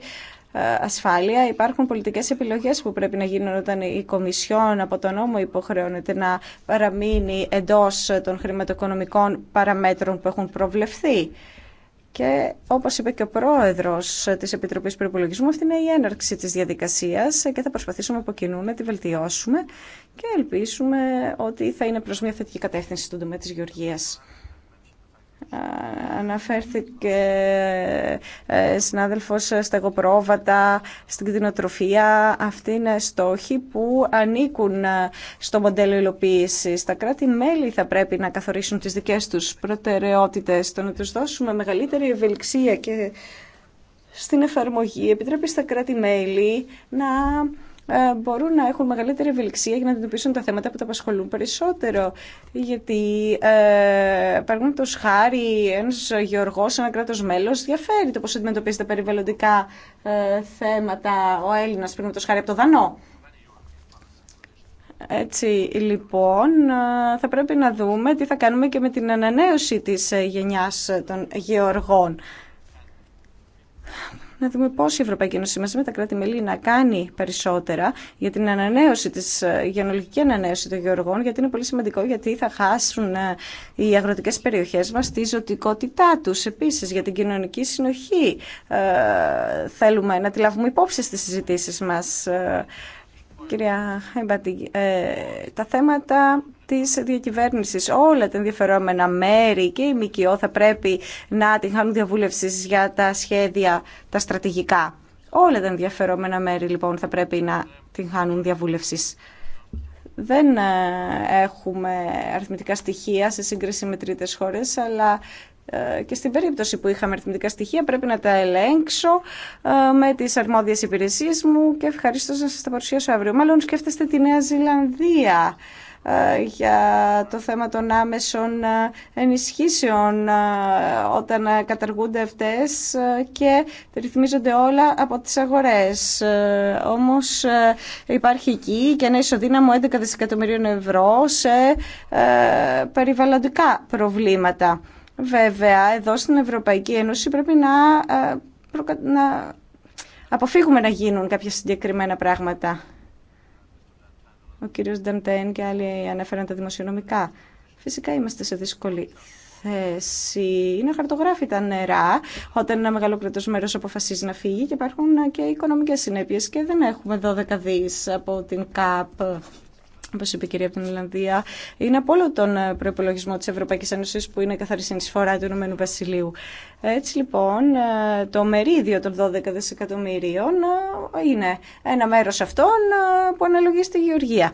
Ε, ασφάλεια. Υπάρχουν πολιτικέ επιλογέ που πρέπει να γίνουν όταν η Κομισιόν από τον νόμο υποχρεώνεται να παραμείνει εντό των χρηματοοικονομικών παραμέτρων που έχουν προβλεφθεί. Και όπω είπε και ο πρόεδρο τη Επιτροπή Προπολογισμού, αυτή είναι η έναρξη τη διαδικασία και θα προσπαθήσουμε από κοινού να τη βελτιώσουμε και ελπίσουμε ότι θα είναι προ μια θετική κατεύθυνση στον τομέα τη Γεωργία. Αναφέρθηκε ε, συνάδελφος ε, στα εγωπρόβατα, στην κτηνοτροφία. Αυτοί είναι στόχοι που ανήκουν ε, στο μοντέλο υλοποίηση. Τα κράτη-μέλη θα πρέπει να καθορίσουν τις δικές τους προτεραιότητες, το να τους δώσουμε μεγαλύτερη ευελιξία και στην εφαρμογή επιτρέπει στα κράτη-μέλη να ε, μπορούν να έχουν μεγαλύτερη ευελιξία για να αντιμετωπίσουν τα θέματα που τα απασχολούν περισσότερο. Γιατί, ε, παραδείγματο χάρη, ένα γεωργό, ένα κράτο μέλο, διαφέρει το πώ αντιμετωπίζει τα περιβαλλοντικά ε, θέματα ο Έλληνα, παραδείγματο χάρη, από το Δανό. Έτσι λοιπόν ε, θα πρέπει να δούμε τι θα κάνουμε και με την ανανέωση της γενιάς των γεωργών να δούμε πώ η Ευρωπαϊκή Ένωση μαζί με τα κράτη-μελή να κάνει περισσότερα για την ανανέωση της, γενολογική ανανέωση των γεωργών, γιατί είναι πολύ σημαντικό, γιατί θα χάσουν ε, οι αγροτικές περιοχές μα τη ζωτικότητά του. Επίσης, για την κοινωνική συνοχή ε, θέλουμε να τη λάβουμε υπόψη στις συζητήσει μας. Ε, κυρία Χαϊμπατή, ε, τα θέματα Τη διακυβέρνηση, Όλα τα ενδιαφερόμενα μέρη και η ΜΚΟ θα πρέπει να την χάνουν διαβούλευση για τα σχέδια, τα στρατηγικά. Όλα τα ενδιαφερόμενα μέρη λοιπόν θα πρέπει να την χάνουν διαβούλευση. Δεν ε, έχουμε αριθμητικά στοιχεία σε σύγκριση με τρίτες χώρες, αλλά ε, και στην περίπτωση που είχαμε αριθμητικά στοιχεία πρέπει να τα ελέγξω ε, με τις αρμόδιες υπηρεσίες μου και ευχαριστώ να σας τα παρουσιάσω αύριο. Μάλλον σκέφτεστε τη Νέα Ζηλανδία. Ε, για το θέμα των άμεσων ε, ενισχύσεων ε, όταν καταργούνται αυτές και ρυθμίζονται όλα από τις αγορές. Όμως υπάρχει εκεί και ένα ισοδύναμο 11 δισεκατομμυρίων ευρώ σε περιβαλλοντικά προβλήματα. Βέβαια, εδώ στην Ευρωπαϊκή Ένωση πρέπει να, να αποφύγουμε να γίνουν κάποια συγκεκριμένα πράγματα. Ο κύριος Νταντέν και άλλοι ανέφεραν τα δημοσιονομικά. Φυσικά είμαστε σε δύσκολη θέση. Είναι χαρτογράφητα νερά όταν ένα μεγάλο μέρος αποφασίζει να φύγει και υπάρχουν και οικονομικές συνέπειες και δεν έχουμε 12 δις από την ΚΑΠ όπω είπε η κυρία από την Ολλανδία, είναι από όλο τον ε, προπολογισμό τη Ευρωπαϊκή Ένωση που είναι καθαρή συνεισφορά του Ηνωμένου Βασιλείου. Έτσι λοιπόν ε, το μερίδιο των 12 δισεκατομμυρίων ε, είναι ένα μέρο αυτών που αναλογεί στη Γεωργία.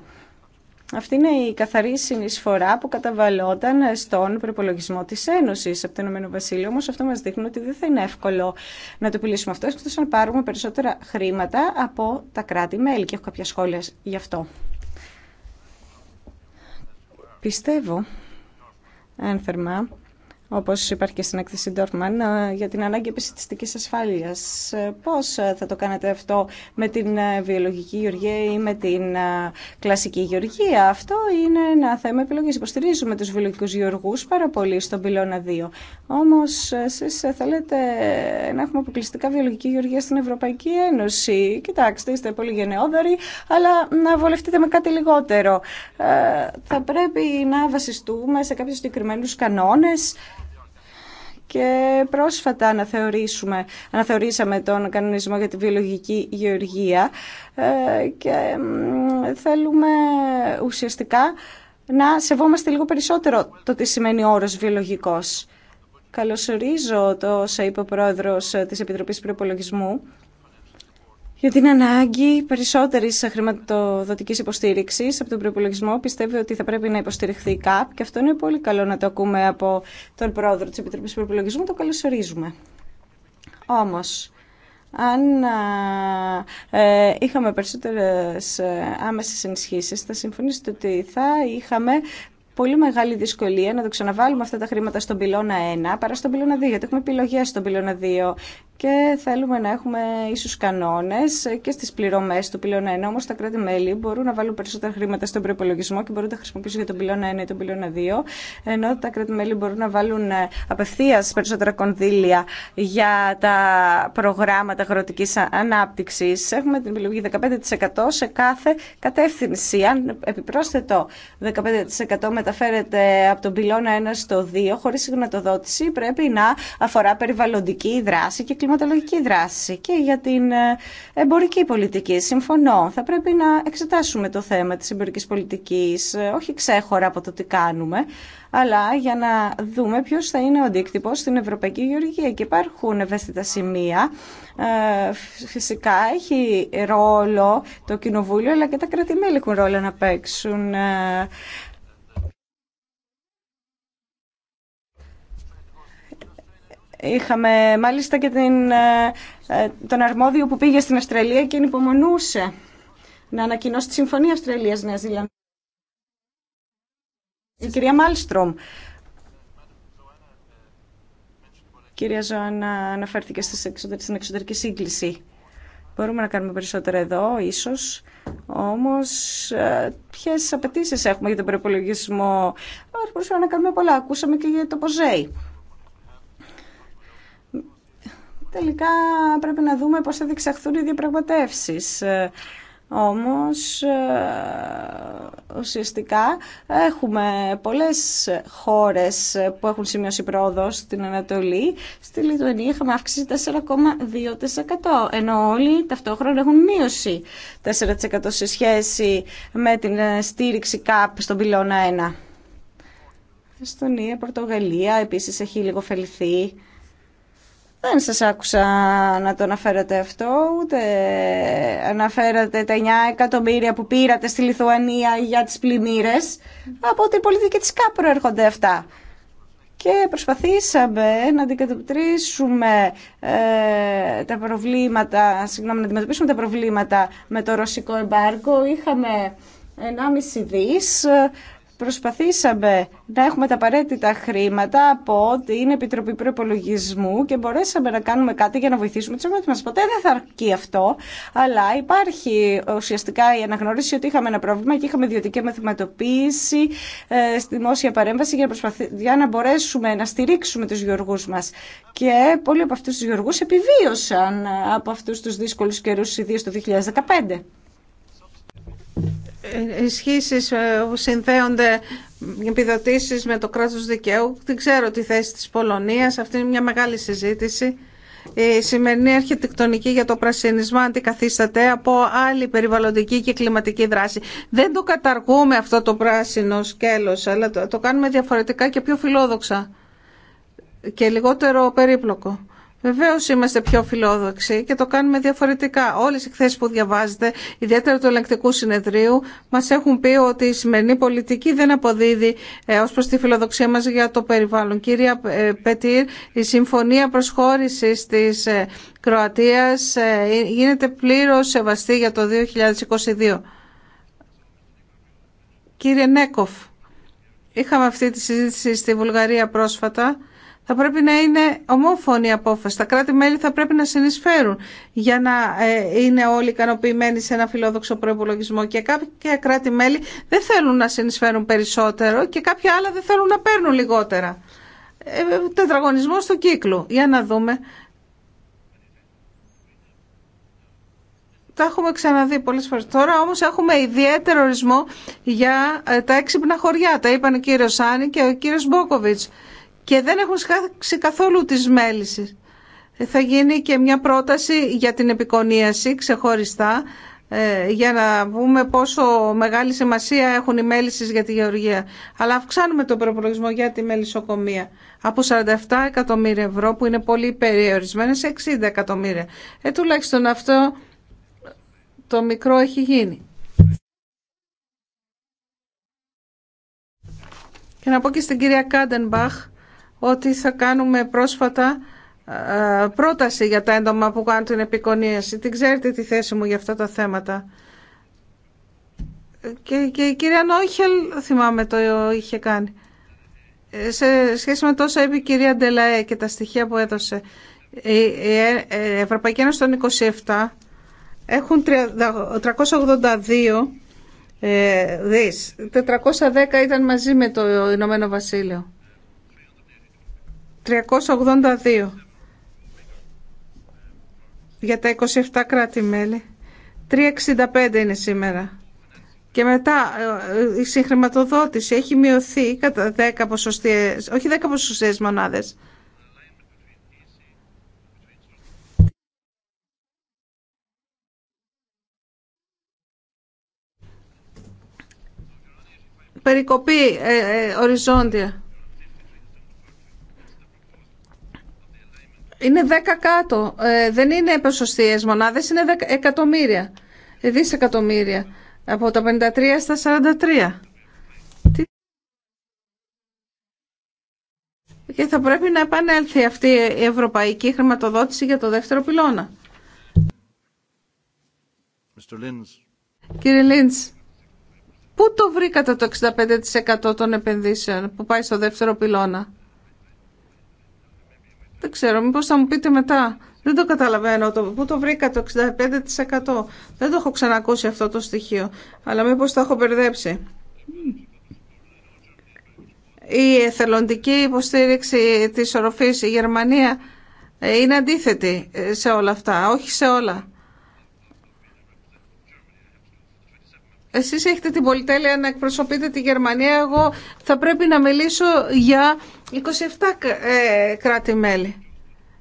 Αυτή είναι η καθαρή συνεισφορά που καταβαλόταν στον προπολογισμό τη Ένωση από το Ηνωμένο Βασίλειο. Όμω αυτό μα δείχνει ότι δεν θα είναι εύκολο να το πουλήσουμε αυτό, εκτό αν πάρουμε περισσότερα χρήματα από τα κράτη-μέλη. Και έχω κάποια σχόλια γι' αυτό. Πιστεύω ένθερμα Όπω υπάρχει και στην έκθεση Ντόρφμαν, ε, για την ανάγκη επιστημιστική ασφάλεια. Ε, Πώ ε, θα το κάνετε αυτό με την βιολογική γεωργία ή με την κλασική γεωργία. Αυτό είναι ένα θέμα επιλογή. Υποστηρίζουμε του βιολογικού γεωργού πάρα πολύ στον πυλώνα 2. Όμω, εσεί θέλετε να έχουμε αποκλειστικά βιολογική γεωργία στην Ευρωπαϊκή Ένωση. Κοιτάξτε, είστε πολύ γενναιόδοροι, αλλά να βολευτείτε με κάτι λιγότερο. θα πρέπει να βασιστούμε σε κάποιου συγκεκριμένου κανόνε και πρόσφατα αναθεωρήσουμε, αναθεωρήσαμε τον κανονισμό για τη βιολογική γεωργία ε, και θέλουμε ουσιαστικά να σεβόμαστε λίγο περισσότερο το τι σημαίνει όρος βιολογικός. Καλωσορίζω το όσα είπε πρόεδρος ε, της Επιτροπής Προπολογισμού για την ανάγκη περισσότερη χρηματοδοτική υποστήριξη από τον προπολογισμό. Πιστεύει ότι θα πρέπει να υποστηριχθεί η ΚΑΠ και αυτό είναι πολύ καλό να το ακούμε από τον πρόεδρο τη Επιτροπή Προπολογισμού. Το καλωσορίζουμε. Όμω, αν ε, είχαμε περισσότερε ε, άμεσε ενισχύσει, θα συμφωνήσετε ότι θα είχαμε πολύ μεγάλη δυσκολία να το ξαναβάλουμε αυτά τα χρήματα στον πυλώνα 1 παρά στον πυλώνα 2, γιατί έχουμε επιλογέ στον πυλώνα 2 και θέλουμε να έχουμε ίσους κανόνες και στις πληρωμές του πυλώνα 1, όμως τα κράτη-μέλη μπορούν να βάλουν περισσότερα χρήματα στον προπολογισμό και μπορούν να τα χρησιμοποιήσουν για τον πυλώνα 1 ή τον πυλώνα 2, ενώ τα κράτη-μέλη μπορούν να βάλουν ε, απευθείας περισσότερα κονδύλια για τα προγράμματα αγροτικής ανάπτυξης. Έχουμε την επιλογή 15% σε κάθε κατεύθυνση. Αν επιπρόσθετο 15% μεταφέρεται από τον πυλώνα 1 στο 2 χωρίς συγνατοδότηση, πρέπει να αφορά περιβαλλοντική δράση και εγκληματολογική δράση και για την ε, εμπορική πολιτική. Συμφωνώ, θα πρέπει να εξετάσουμε το θέμα της εμπορικής πολιτικής, ε, όχι ξέχωρα από το τι κάνουμε, αλλά για να δούμε ποιος θα είναι ο αντίκτυπος στην Ευρωπαϊκή Γεωργία. Και υπάρχουν ευαίσθητα σημεία. Ε, φυσικά έχει ρόλο το Κοινοβούλιο, αλλά και τα κρατημέλη έχουν ρόλο να παίξουν. Είχαμε μάλιστα και την, ε, ε, τον αρμόδιο που πήγε στην Αυστραλία και ενυπομονούσε να ανακοινώσει τη Συμφωνία Αυστραλίας-Νέα Ζηλανδία. Η κυρία Μάλστρομ. Η κυρία Ζωάννα αναφέρθηκε στην εξωτερική σύγκληση. Μπορούμε να κάνουμε περισσότερα εδώ, ίσως. Όμω, ε, ποιε απαιτήσει έχουμε για τον προπολογισμό. Μπορούμε να κάνουμε πολλά. Ακούσαμε και για το ΠΟΖΕΙ τελικά πρέπει να δούμε πώς θα διεξαχθούν οι διαπραγματεύσεις. Ε, όμως, ε, ουσιαστικά, έχουμε πολλές χώρες που έχουν σημειώσει πρόοδο στην Ανατολή. Στη Λιτουανία είχαμε αύξηση 4,2%, ενώ όλοι ταυτόχρονα έχουν μείωση 4% σε σχέση με την ε, στήριξη ΚΑΠ στον πυλώνα 1. Εστονία, Πορτογαλία επίσης έχει λίγο φελθεί. Δεν σας άκουσα να το αναφέρατε αυτό, ούτε αναφέρατε τα 9 εκατομμύρια που πήρατε στη Λιθουανία για τις πλημμύρες. Από την πολιτική της ΚΑΠΡΟ έρχονται αυτά. Και προσπαθήσαμε να αντικατοπτρίσουμε ε, τα προβλήματα, συγγνώμη, να αντιμετωπίσουμε τα προβλήματα με το ρωσικό εμπάργκο. Είχαμε 1,5 δις Προσπαθήσαμε να έχουμε τα απαραίτητα χρήματα από είναι Επιτροπή Προπολογισμού και μπορέσαμε να κάνουμε κάτι για να βοηθήσουμε του αγρότε μα. Ποτέ δεν θα αρκεί αυτό, αλλά υπάρχει ουσιαστικά η αναγνώριση ότι είχαμε ένα πρόβλημα και είχαμε ιδιωτική μαθηματοποίηση ε, στη δημόσια παρέμβαση για να, να μπορέσουμε να στηρίξουμε τους γεωργού μας. Και πολλοί από αυτούς τους γεωργού επιβίωσαν από αυτούς τους δύσκολους καιρού, ιδίω το 2015 ενισχύσεις που ε, συνδέονται επιδοτήσεις με το κράτος δικαίου. Δεν ξέρω τη θέση της Πολωνίας. Αυτή είναι μια μεγάλη συζήτηση. Η σημερινή αρχιτεκτονική για το πρασινισμό αντικαθίσταται από άλλη περιβαλλοντική και κλιματική δράση. Δεν το καταργούμε αυτό το πράσινο σκέλος, αλλά το, το κάνουμε διαφορετικά και πιο φιλόδοξα και λιγότερο περίπλοκο. Βεβαίω είμαστε πιο φιλόδοξοι και το κάνουμε διαφορετικά. Όλε οι εκθέσει που διαβάζετε, ιδιαίτερα του ελεγκτικού συνεδρίου, μα έχουν πει ότι η σημερινή πολιτική δεν αποδίδει ε, ω προ τη φιλοδοξία μα για το περιβάλλον. Κυρία ε, Πετήρ, η συμφωνία προσχώρηση τη ε, Κροατία γίνεται πλήρω σεβαστή για το 2022. Κύριε Νέκοφ, είχαμε αυτή τη συζήτηση στη Βουλγαρία πρόσφατα θα πρέπει να είναι ομόφωνη η απόφαση. Τα κράτη-μέλη θα πρέπει να συνεισφέρουν για να ε, είναι όλοι ικανοποιημένοι σε ένα φιλόδοξο προπολογισμό. Και κάποια κράτη-μέλη δεν θέλουν να συνεισφέρουν περισσότερο και κάποια άλλα δεν θέλουν να παίρνουν λιγότερα. Ε, τετραγωνισμό του κύκλου. Για να δούμε. Τα έχουμε ξαναδεί πολλές φορές. Τώρα όμως έχουμε ιδιαίτερο ορισμό για ε, τα έξυπνα χωριά. Τα είπαν ο κύριος Σάνη και ο κύριο Μπόκοβιτς και δεν έχουν σχάσει καθόλου τις μέλησης. Ε, θα γίνει και μια πρόταση για την επικονίαση ξεχωριστά ε, για να δούμε πόσο μεγάλη σημασία έχουν οι μέλησεις για τη γεωργία. Αλλά αυξάνουμε τον προπολογισμό για τη μελισσοκομεία από 47 εκατομμύρια ευρώ που είναι πολύ περιορισμένα σε 60 εκατομμύρια. Ε, τουλάχιστον αυτό το μικρό έχει γίνει. Και να πω και στην κυρία Κάντενμπαχ ότι θα κάνουμε πρόσφατα πρόταση για τα έντομα που κάνουν την επικονίαση. Την ξέρετε τη θέση μου για αυτά τα θέματα. Και, και η κυρία Νόιχελ, θυμάμαι το είχε κάνει. Ε, σε σχέση με τόσα είπε η κυρία Ντελαέ και τα στοιχεία που έδωσε. Η ε, Ευρωπαϊκή Ένωση των 27 έχουν 382 ε, δις. 410 ήταν μαζί με το Ηνωμένο Βασίλειο. 382 για τα 27 κράτη-μέλη. 3,65 είναι σήμερα. Και μετά ε, η συγχρηματοδότηση έχει μειωθεί κατά 10 ποσοστιαίες, όχι 10 ποσοστιαίες μονάδες. Περικοπή ε, ε, οριζόντια. Είναι 10 κάτω. Ε, δεν είναι ποσοστίε μονάδες, είναι εκατομμύρια. Ε, δισεκατομμύρια. Από τα 53 στα 43. Και θα πρέπει να επανέλθει αυτή η ευρωπαϊκή χρηματοδότηση για το δεύτερο πυλώνα. Κύριε Λίντ, πού το βρήκατε το 65% των επενδύσεων που πάει στο δεύτερο πυλώνα. Δεν ξέρω, μήπως θα μου πείτε μετά. Δεν το καταλαβαίνω. Το, πού το βρήκα το 65%. Δεν το έχω ξανακούσει αυτό το στοιχείο. Αλλά μήπως το έχω μπερδέψει. Η εθελοντική υποστήριξη της οροφής, η Γερμανία, ε, είναι αντίθετη ε, σε όλα αυτά. Όχι σε όλα. Εσείς έχετε την πολυτέλεια να εκπροσωπείτε τη Γερμανία. Εγώ θα πρέπει να μιλήσω για 27 ε, κράτη-μέλη.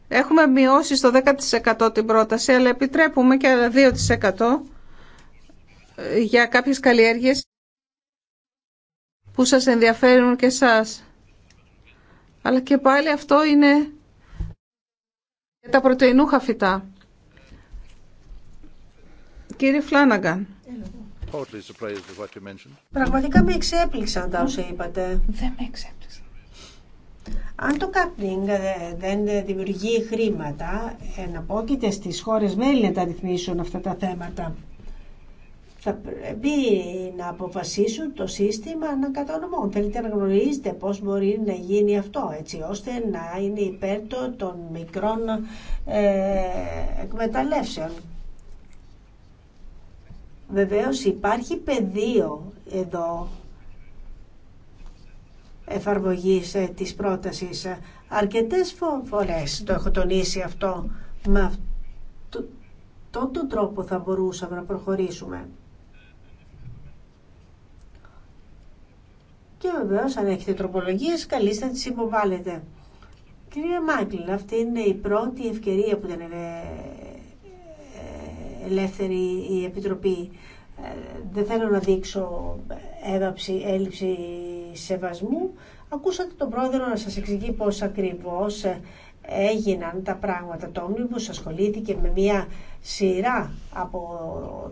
Έχουμε μειώσει στο 10% την πρόταση, αλλά επιτρέπουμε και 2% ε, για κάποιες καλλιέργειες που σας ενδιαφέρουν και σας. Αλλά και πάλι αυτό είναι τα πρωτεϊνούχα φυτά. Κύριε Φλάναγκαν. Πραγματικά με εξέπληξαν τα όσα είπατε. Δεν με εξέπληξαν. Αν το κάπνινγκ δεν δημιουργεί χρήματα, εναπόκειται στι χώρες μέλη να τα ρυθμίσουν αυτά τα θέματα. Θα πρέπει να αποφασίσουν το σύστημα ανακατανομών. Θέλετε να γνωρίζετε πώς μπορεί να γίνει αυτό, έτσι ώστε να είναι υπέρ των μικρών ε, εκμεταλλεύσεων. Βεβαίως υπάρχει πεδίο εδώ εφαρμογής ε, της πρότασης. Ε, αρκετές φορές το έχω τονίσει αυτό. Με αυτόν τον τρόπο θα μπορούσαμε να προχωρήσουμε. Και βεβαίω αν έχετε τροπολογίες καλείστε να τις υποβάλλετε. Κυρία αυτή είναι η πρώτη ευκαιρία που δεν ε, ελεύθερη η Επιτροπή δεν θέλω να δείξω έδαψη έλλειψη σεβασμού. Ακούσατε τον πρόεδρο να σας εξηγεί πώς ακριβώς ε, έγιναν τα πράγματα. Το Omnibus ασχολήθηκε με μια σειρά από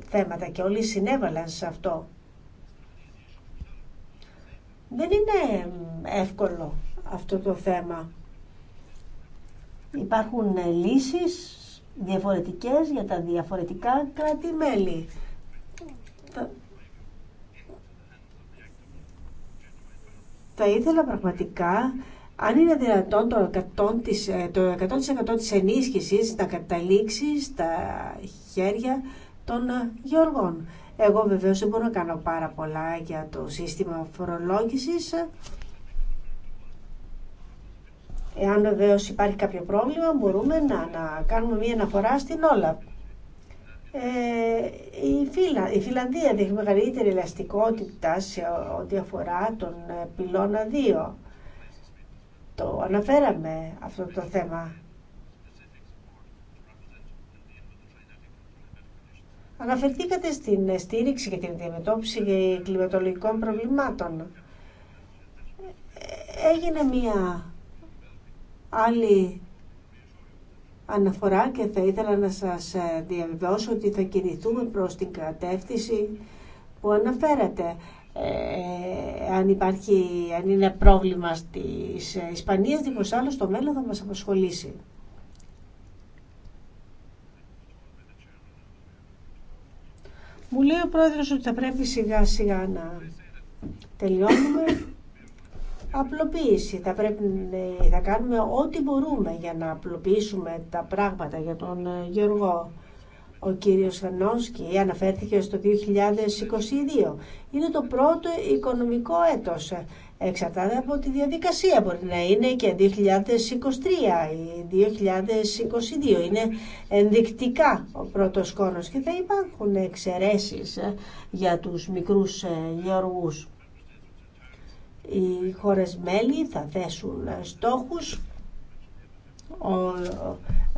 θέματα και όλοι συνέβαλαν σε αυτό. Δεν είναι εύκολο αυτό το θέμα. Υπάρχουν ε, λύσεις διαφορετικές για τα διαφορετικά κράτη-μέλη θα... ήθελα πραγματικά αν είναι δυνατόν το 100%, της, ε, το 100 της ενίσχυσης να καταλήξει στα χέρια των ε, γεωργών. Εγώ βεβαίω δεν μπορώ να κάνω πάρα πολλά για το σύστημα φορολόγησης. Εάν βεβαίω υπάρχει κάποιο πρόβλημα μπορούμε να, να κάνουμε μία αναφορά στην όλα. Ε, η, Φιλα... η Φιλανδία έχει μεγαλύτερη ελαστικότητα σε ό,τι αφορά τον ε, πυλώνα 2. Το αναφέραμε αυτό το θέμα. Αναφερθήκατε στην ε, στήριξη και την αντιμετώπιση κλιματολογικών προβλημάτων. Έγινε μία άλλη αναφορά και θα ήθελα να σας ε, διαβεβαιώσω ότι θα κινηθούμε προς την κατεύθυνση που αναφέρατε. Ε, ε, αν, υπάρχει, αν είναι πρόβλημα της Ισπανίας, δίχως άλλο στο μέλλον θα μας απασχολήσει. Μου λέει ο πρόεδρος ότι θα πρέπει σιγά σιγά να τελειώνουμε απλοποίηση. Θα, πρέπει, ε, θα κάνουμε ό,τι μπορούμε για να απλοποιήσουμε τα πράγματα για τον ε, Γιώργο. Ο κύριος Φενόσκι αναφέρθηκε στο 2022. Είναι το πρώτο οικονομικό έτος. Εξαρτάται από τη διαδικασία. Μπορεί να είναι και 2023 ή 2022. Είναι ενδεικτικά ο πρώτος κόνος και θα υπάρχουν εξαιρέσεις ε, για τους μικρούς γεωργούς. Οι χώρες μέλη θα θέσουν ε, στόχους. Ο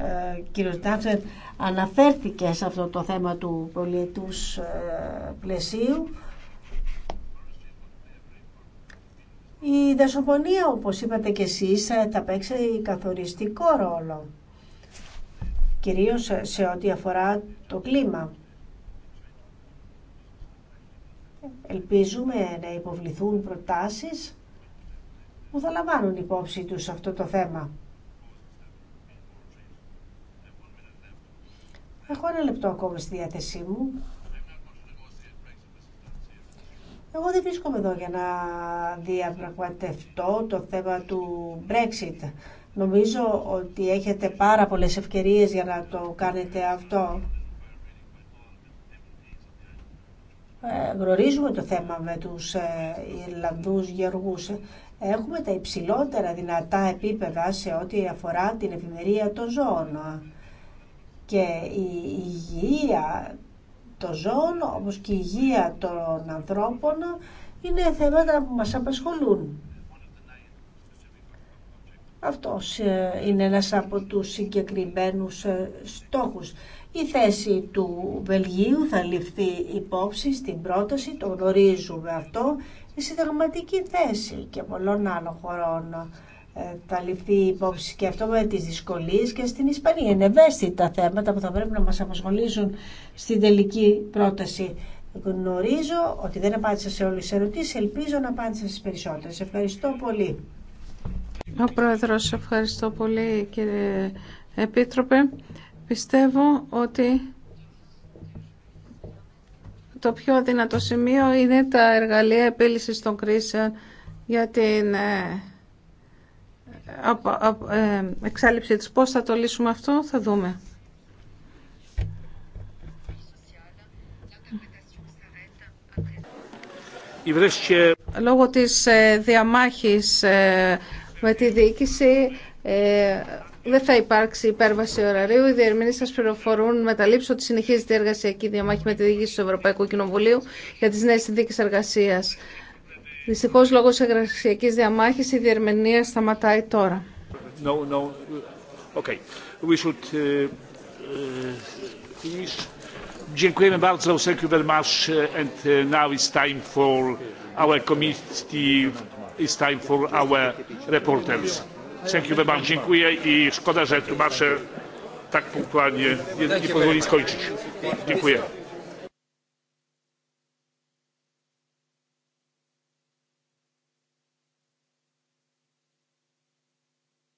ε, κύριος Τάτσερ αναφέρθηκε σε αυτό το θέμα του πολιετούς ε, πλαισίου. Η δασοπονία, όπως είπατε και εσείς, ε, θα παίξει καθοριστικό ρόλο, κυρίως σε ό,τι αφορά το κλίμα. Ελπίζουμε να υποβληθούν προτάσεις που θα λαμβάνουν υπόψη τους αυτό το θέμα. Έχω ένα λεπτό ακόμα στη διάθεσή μου. Εγώ δεν βρίσκομαι εδώ για να διαπραγματευτώ το θέμα του Brexit. Νομίζω ότι έχετε πάρα πολλές ευκαιρίες για να το κάνετε αυτό. Ε, γνωρίζουμε το θέμα με τους ε, Ιρλανδούς γεωργούς. Ε, έχουμε τα υψηλότερα δυνατά επίπεδα σε ό,τι αφορά την ευημερία των ζώων. Και η υγεία των ζώων, όπως και η υγεία των ανθρώπων, είναι θέματα που μας απασχολούν. Αυτός είναι ένας από τους συγκεκριμένους στόχους. Η θέση του Βελγίου θα ληφθεί υπόψη στην πρόταση, το γνωρίζουμε αυτό, η συνταγματική θέση και πολλών άλλων χωρών ε, θα ληφθεί υπόψη και αυτό με τις δυσκολίες και στην Ισπανία. Είναι ευαίσθητα θέματα που θα πρέπει να μας απασχολήσουν στην τελική πρόταση. Γνωρίζω ότι δεν απάντησα σε όλες τις ερωτήσεις, ελπίζω να απάντησα στις περισσότερες. Ευχαριστώ πολύ. Ο Πρόεδρος, ευχαριστώ πολύ κύριε Επίτροπε. Πιστεύω ότι το πιο δυνατό σημείο είναι τα εργαλεία επίλυσης των κρίσεων για την ε, ε, εξάλληψη της. Πώς θα το λύσουμε αυτό, θα δούμε. Λόγω της ε, διαμάχης με τη διοίκηση δεν θα υπάρξει υπέρβαση ωραρίου. Οι διερμηνεί σα πληροφορούν με τα λήψη ότι συνεχίζεται η εργασιακή διαμάχη με τη διοίκηση του Ευρωπαϊκού Κοινοβουλίου για τι νέε συνθήκε εργασία. Δυστυχώ, λόγω εργασιακή διαμάχη, η διερμηνία σταματάει τώρα. No, no. Okay. We should, uh, uh, Dziękujemy bardzo. Thank you very much. And e, now it's time for our committee. It's time for our reporters. Dziękuję Wam, dziękuję i szkoda, że tłumaczę tak punktualnie nie, nie pozwoli skończyć. Dziękuję.